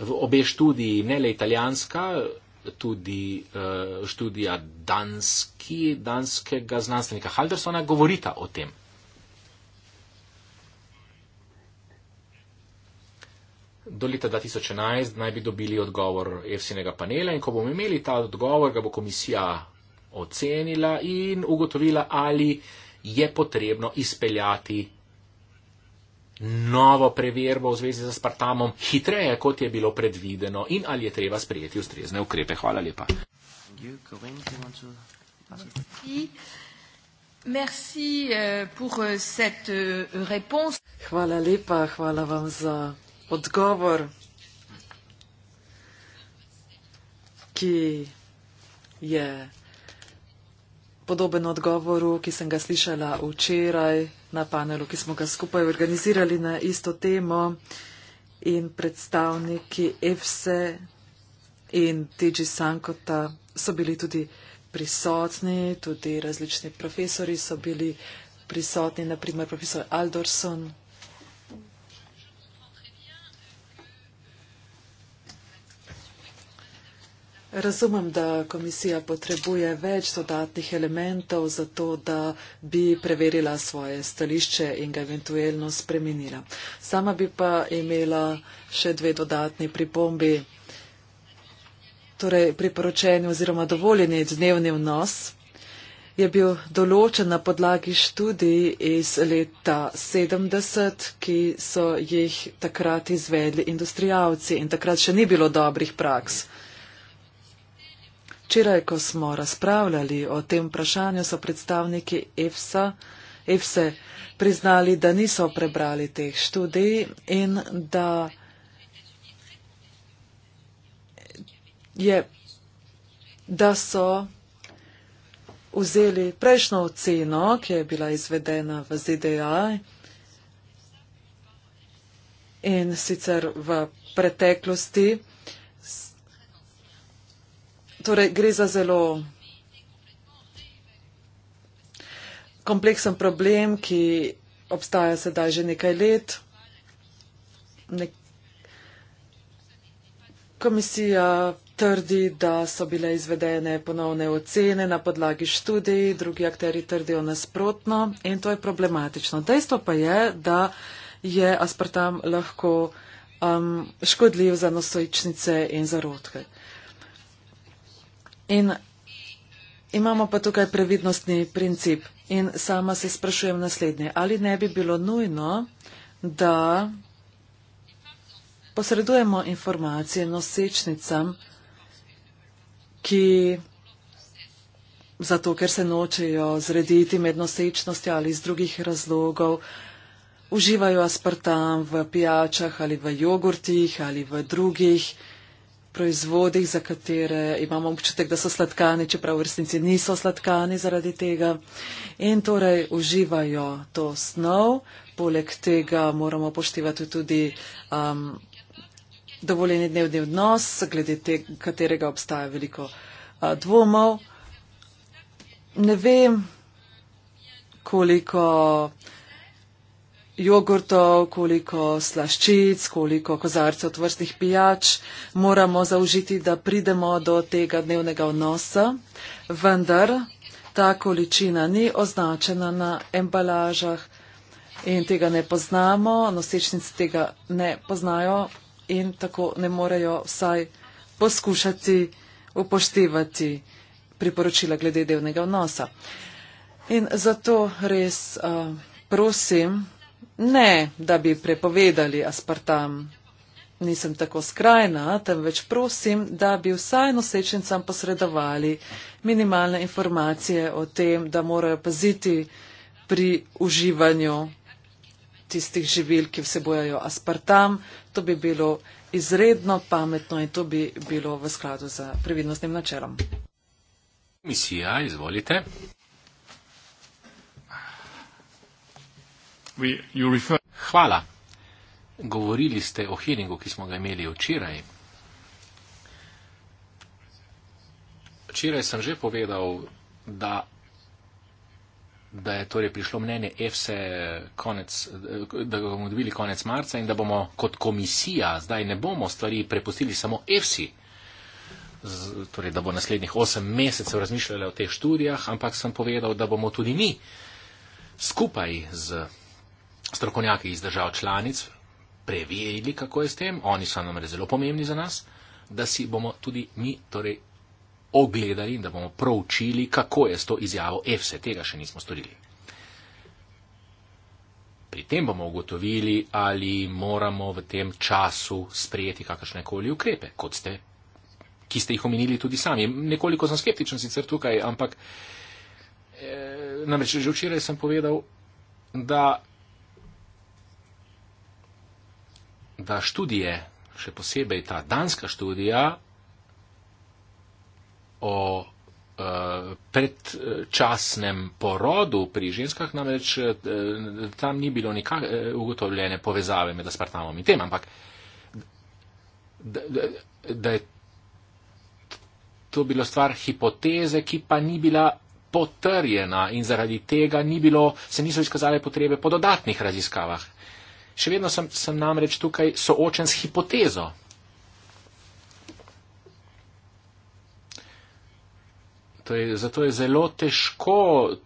v obe študiji, ne le italijanska, tudi eh, študija danski, danskega znanstvenika Haldersona, govorita o tem. Do leta 2011 naj bi dobili odgovor EFSI-nega panela in ko bomo imeli ta odgovor, ga bo komisija ocenila in ugotovila, ali je potrebno izpeljati novo preverbo v zvezi z aspartamom hitreje, kot je bilo predvideno in ali je treba sprejeti ustrezne ukrepe. Hvala lepa. Euh, euh, euh, hvala lepa, hvala vam za odgovor, ki je podoben odgovoru, ki sem ga slišala včeraj na panelu, ki smo ga skupaj organizirali na isto temo in predstavniki EFSE in TG Sankota so bili tudi prisotni, tudi različni profesori so bili prisotni, naprimer profesor Aldorson, Razumem, da komisija potrebuje več dodatnih elementov za to, da bi preverila svoje stališče in ga eventuelno spremenila. Sama bi pa imela še dve dodatni pripombi. Torej, priporočeni oziroma dovoljeni dnevni vnos je bil določen na podlagi študij iz leta 70, ki so jih takrat izvedli industrijalci in takrat še ni bilo dobrih praks. Včeraj, ko smo razpravljali o tem vprašanju, so predstavniki EFSA, EFSE priznali, da niso prebrali teh študij in da je, da so vzeli prejšnjo oceno, ki je bila izvedena v ZDA in sicer v preteklosti. Torej, gre za zelo kompleksen problem, ki obstaja sedaj že nekaj let. Ne Komisija trdi, da so bile izvedene ponovne ocene na podlagi študij, drugi akteri trdijo nasprotno in to je problematično. Dejstvo pa je, da je aspartam lahko um, škodljiv za nosojčnice in zarodke. In imamo pa tukaj previdnostni princip. In sama se sprašujem naslednje, ali ne bi bilo nujno, da posredujemo informacije nosečnicam, ki zato, ker se nočejo zrediti med nosečnostjo ali iz drugih razlogov, uživajo aspartam v pijačah ali v jogurtih ali v drugih proizvodih, za katere imamo občutek, da so sladkani, čeprav v resnici niso sladkani zaradi tega. In torej uživajo to snov, poleg tega moramo poštivati tudi um, dovoljeni dnevni odnos, glede tega, katerega obstaja veliko uh, dvomov. Ne vem, koliko jogurtov, koliko slaščic, koliko kozarcev od vrstnih pijač moramo zaužiti, da pridemo do tega dnevnega odnosa, vendar ta količina ni označena na embalažah in tega ne poznamo, nosečnice tega ne poznajo in tako ne morejo vsaj poskušati upoštevati priporočila glede dnevnega odnosa. In zato res uh, prosim, Ne, da bi prepovedali aspartam. Nisem tako skrajna, temveč prosim, da bi vsaj nosečnicam posredovali minimalne informacije o tem, da morajo paziti pri uživanju tistih živil, ki vsebojajo aspartam. To bi bilo izredno pametno in to bi bilo v skladu z previdnostnim načelom. Misija, izvolite. Hvala. Govorili ste o hearingu, ki smo ga imeli včeraj. Včeraj sem že povedal, da, da je torej prišlo mnenje EFSE, konec, da ga bomo dobili konec marca in da bomo kot komisija zdaj ne bomo stvari prepustili samo EFSI, torej da bo naslednjih 8 mesecev razmišljala o teh študijah, ampak sem povedal, da bomo tudi mi skupaj z strokovnjaki iz držav članic preverili, kako je s tem, oni so namreč zelo pomembni za nas, da si bomo tudi mi torej ogledali in da bomo proučili, kako je s to izjavo EFSE. Tega še nismo storili. Pri tem bomo ugotovili, ali moramo v tem času sprejeti kakršne koli ukrepe, kot ste, ki ste jih omenili tudi sami. Nekoliko sem skeptičen sicer tukaj, ampak eh, namreč že včeraj sem povedal, da da študije, še posebej ta danska študija o eh, predčasnem porodu pri ženskah, namreč eh, tam ni bilo nikak eh, ugotovljene povezave med aspartamom in tem, ampak da, da, da je to bilo stvar hipoteze, ki pa ni bila potrjena in zaradi tega ni bilo, se niso izkazale potrebe po dodatnih raziskavah. Še vedno sem, sem namreč tukaj soočen s hipotezo. To je, zato je zelo težko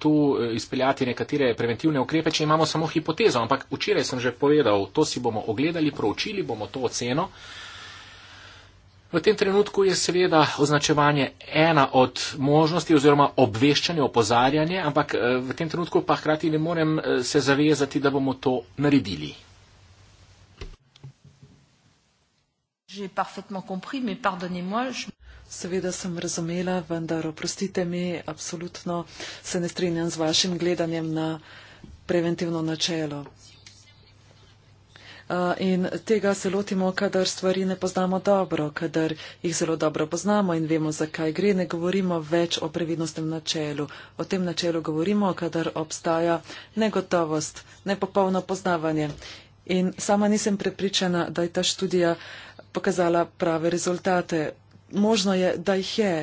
tu eh, izpeljati nekatere preventivne ukrepe, če imamo samo hipotezo. Ampak včeraj sem že povedal, to si bomo ogledali, proučili bomo to oceno. V tem trenutku je seveda označevanje ena od možnosti oziroma obveščanje, opozarjanje, ampak eh, v tem trenutku pa hkrati ne morem eh, se zavezati, da bomo to naredili. že parfaitement compris, mais pardonnez-moi. Je... Seveda sem razumela, vendar oprostite mi, absolutno se ne strinjam z vašim gledanjem na preventivno načelo. In tega se lotimo, kadar stvari ne poznamo dobro, kadar jih zelo dobro poznamo in vemo, zakaj gre. Ne govorimo več o previdnostnem načelu. O tem načelu govorimo, kadar obstaja negotovost, nepopolno poznavanje. In sama nisem prepričana, da je ta študija uh, pokazala prave rezultate. Možno je, da jih je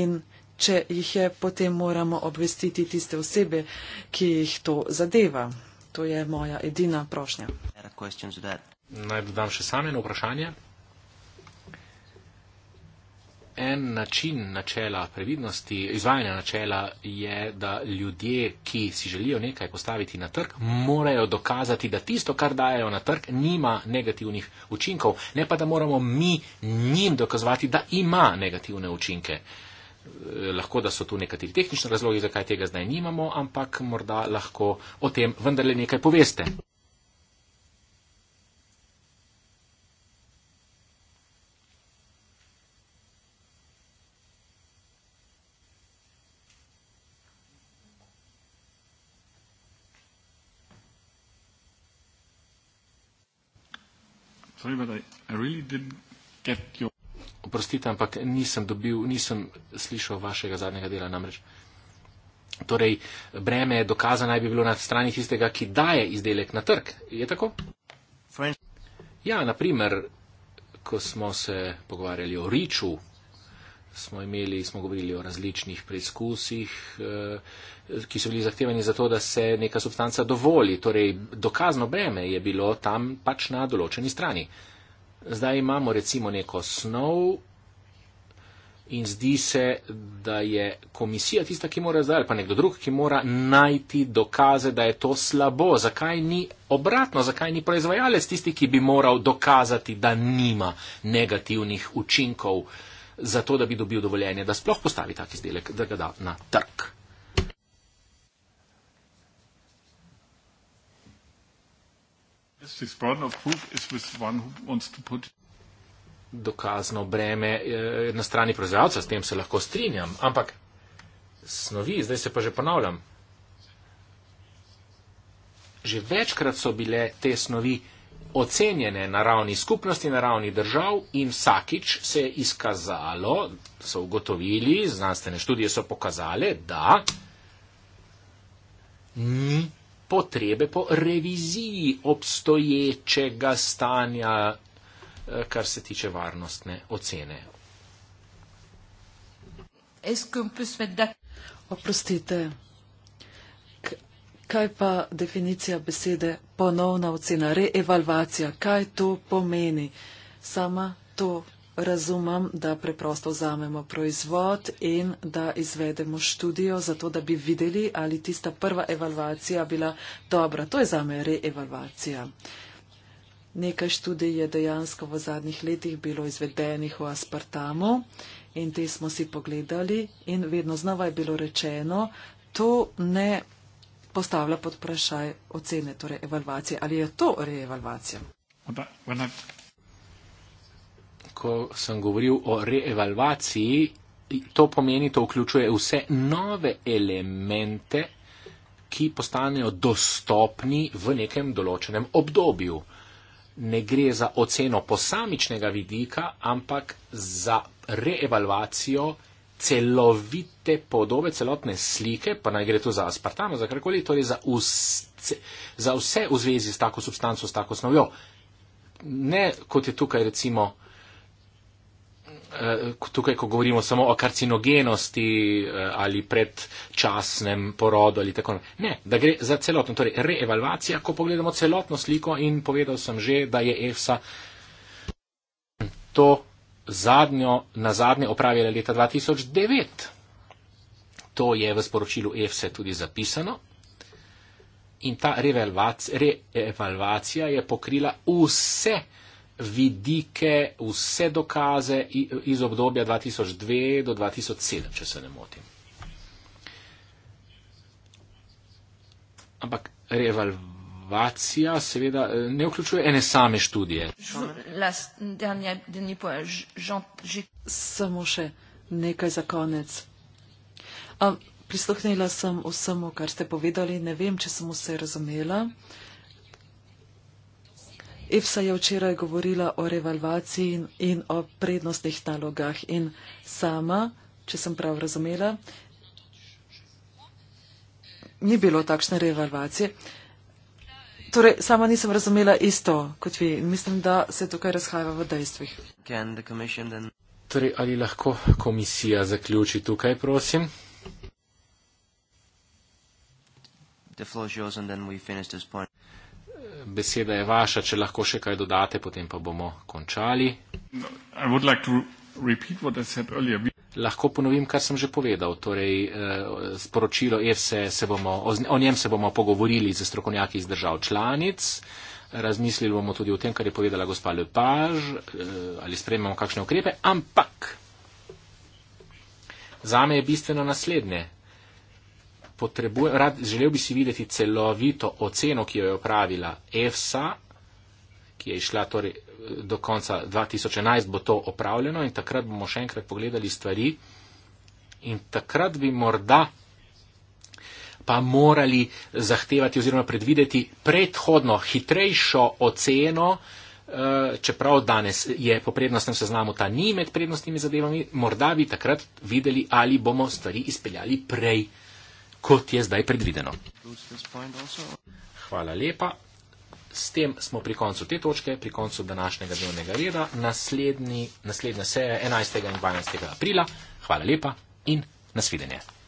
in če jih je, potem moramo obvestiti tiste osebe, ki jih to zadeva. To je moja edina prošnja. Naj dodam še samo eno vprašanje en način načela previdnosti, izvajanja načela je, da ljudje, ki si želijo nekaj postaviti na trg, morajo dokazati, da tisto, kar dajo na trg, nima negativnih učinkov, ne pa da moramo mi njim dokazovati, da ima negativne učinke. Eh, lahko, da so tu nekateri tehnični razlogi, zakaj tega zdaj nimamo, ampak morda lahko o tem vendarle nekaj poveste. Oprostite, ampak nisem dobil, nisem slišal vašega zadnjega dela namreč. Torej, breme dokaza naj bi bilo na strani tistega, ki daje izdelek na trg. Je tako? Ja, naprimer, ko smo se pogovarjali o riču, smo imeli, smo govorili o različnih preizkusih, eh, ki so bili zahtevani za to, da se neka substanca dovoli. Torej, dokazno breme je bilo tam pač na določeni strani. Zdaj imamo recimo neko snov in zdi se, da je komisija tista, ki mora zdaj, ali pa nekdo drug, ki mora najti dokaze, da je to slabo. Zakaj ni obratno, zakaj ni proizvajalec tisti, ki bi moral dokazati, da nima negativnih učinkov, zato da bi dobil dovoljenje, da sploh postavi tak izdelek, da ga da na trg. This burden of proof is with one who wants to put. Dokazno breme eh, na strani proizvajalca, s tem se lahko strinjam, ampak snovi, zdaj se pa že ponavljam. Že večkrat so bile te snovi ocenjene na ravni skupnosti, na ravni držav in vsakič se je izkazalo, so ugotovili, znanstvene študije so pokazale, da ni potrebe po reviziji obstoječega stanja, eh, kar se tiče varnostne ocene. Oprostite, kaj pa definicija besede ponovna ocena, reevalvacija, kaj to pomeni? Sama to razumem, da preprosto vzamemo proizvod in da izvedemo študijo, zato da bi videli, ali tista prva evalvacija bila dobra. To je zame reevalvacija. Nekaj študij je dejansko v zadnjih letih bilo izvedenih v aspartamu in te smo si pogledali in vedno znova je bilo rečeno, to ne postavlja pod vprašaj ocene, torej evalvacije. Ali je to reevalvacija? ko sem govoril o reevalvaciji, to pomeni, da vključuje vse nove elemente, ki postanejo dostopni v nekem določenem obdobju. Ne gre za oceno posamičnega vidika, ampak za reevalvacijo celovite podobe, celotne slike, pa naj gre to za aspartano, za karkoli, torej za, za vse v zvezi s tako substancijo, s tako snovjo. Ne kot je tukaj recimo Eh, tukaj, ko govorimo samo o karcinogenosti eh, ali predčasnem porodu ali tako naprej. Ne, da gre za celotno, torej reevalvacija, ko pogledamo celotno sliko in povedal sem že, da je EFSA to zadnjo, na zadnje opravila leta 2009. To je v sporočilu EFSA tudi zapisano. In ta reevalvacija je pokrila vse vidike, vse dokaze iz obdobja 2002 do 2007, če se ne motim. Ampak revalvacija seveda eh, ne vključuje ene same študije. Samo še nekaj za konec. Um, prisluhnila sem vsemu, kar ste povedali. Ne vem, če sem vse razumela. IFSA je včeraj govorila o revalvaciji in, in o prednostnih nalogah in sama, če sem prav razumela, ni bilo takšne revalvacije. Torej, sama nisem razumela isto kot vi in mislim, da se tukaj razhaja v dejstvih. Then... Torej, ali lahko komisija zaključi tukaj, prosim? The floor is yours and then we finish this point beseda je vaša, če lahko še kaj dodate, potem pa bomo končali. Lahko ponovim, kar sem že povedal. Torej, eh, sporočilo EFSE, o njem se bomo pogovorili z strokovnjaki iz držav članic. Razmislili bomo tudi o tem, kar je povedala gospa Lepaž, eh, ali sprejmemo kakšne ukrepe. Ampak, zame je bistveno naslednje potrebuje, rad, želel bi si videti celovito oceno, ki jo je opravila EFSA, ki je išla torej eh, do konca 2011, bo to opravljeno in takrat bomo še enkrat pogledali stvari in takrat bi morda pa morali zahtevati oziroma predvideti predhodno hitrejšo oceno, eh, čeprav danes je po prednostnem seznamu ta ni med prednostnimi zadevami, morda bi takrat videli, ali bomo stvari izpeljali prej kot je zdaj predvideno. Hvala lepa. S tem smo pri koncu te točke, pri koncu današnjega dnevnega reda. Naslednji, naslednja seja je 11. in 12. aprila. Hvala lepa in nasvidenje.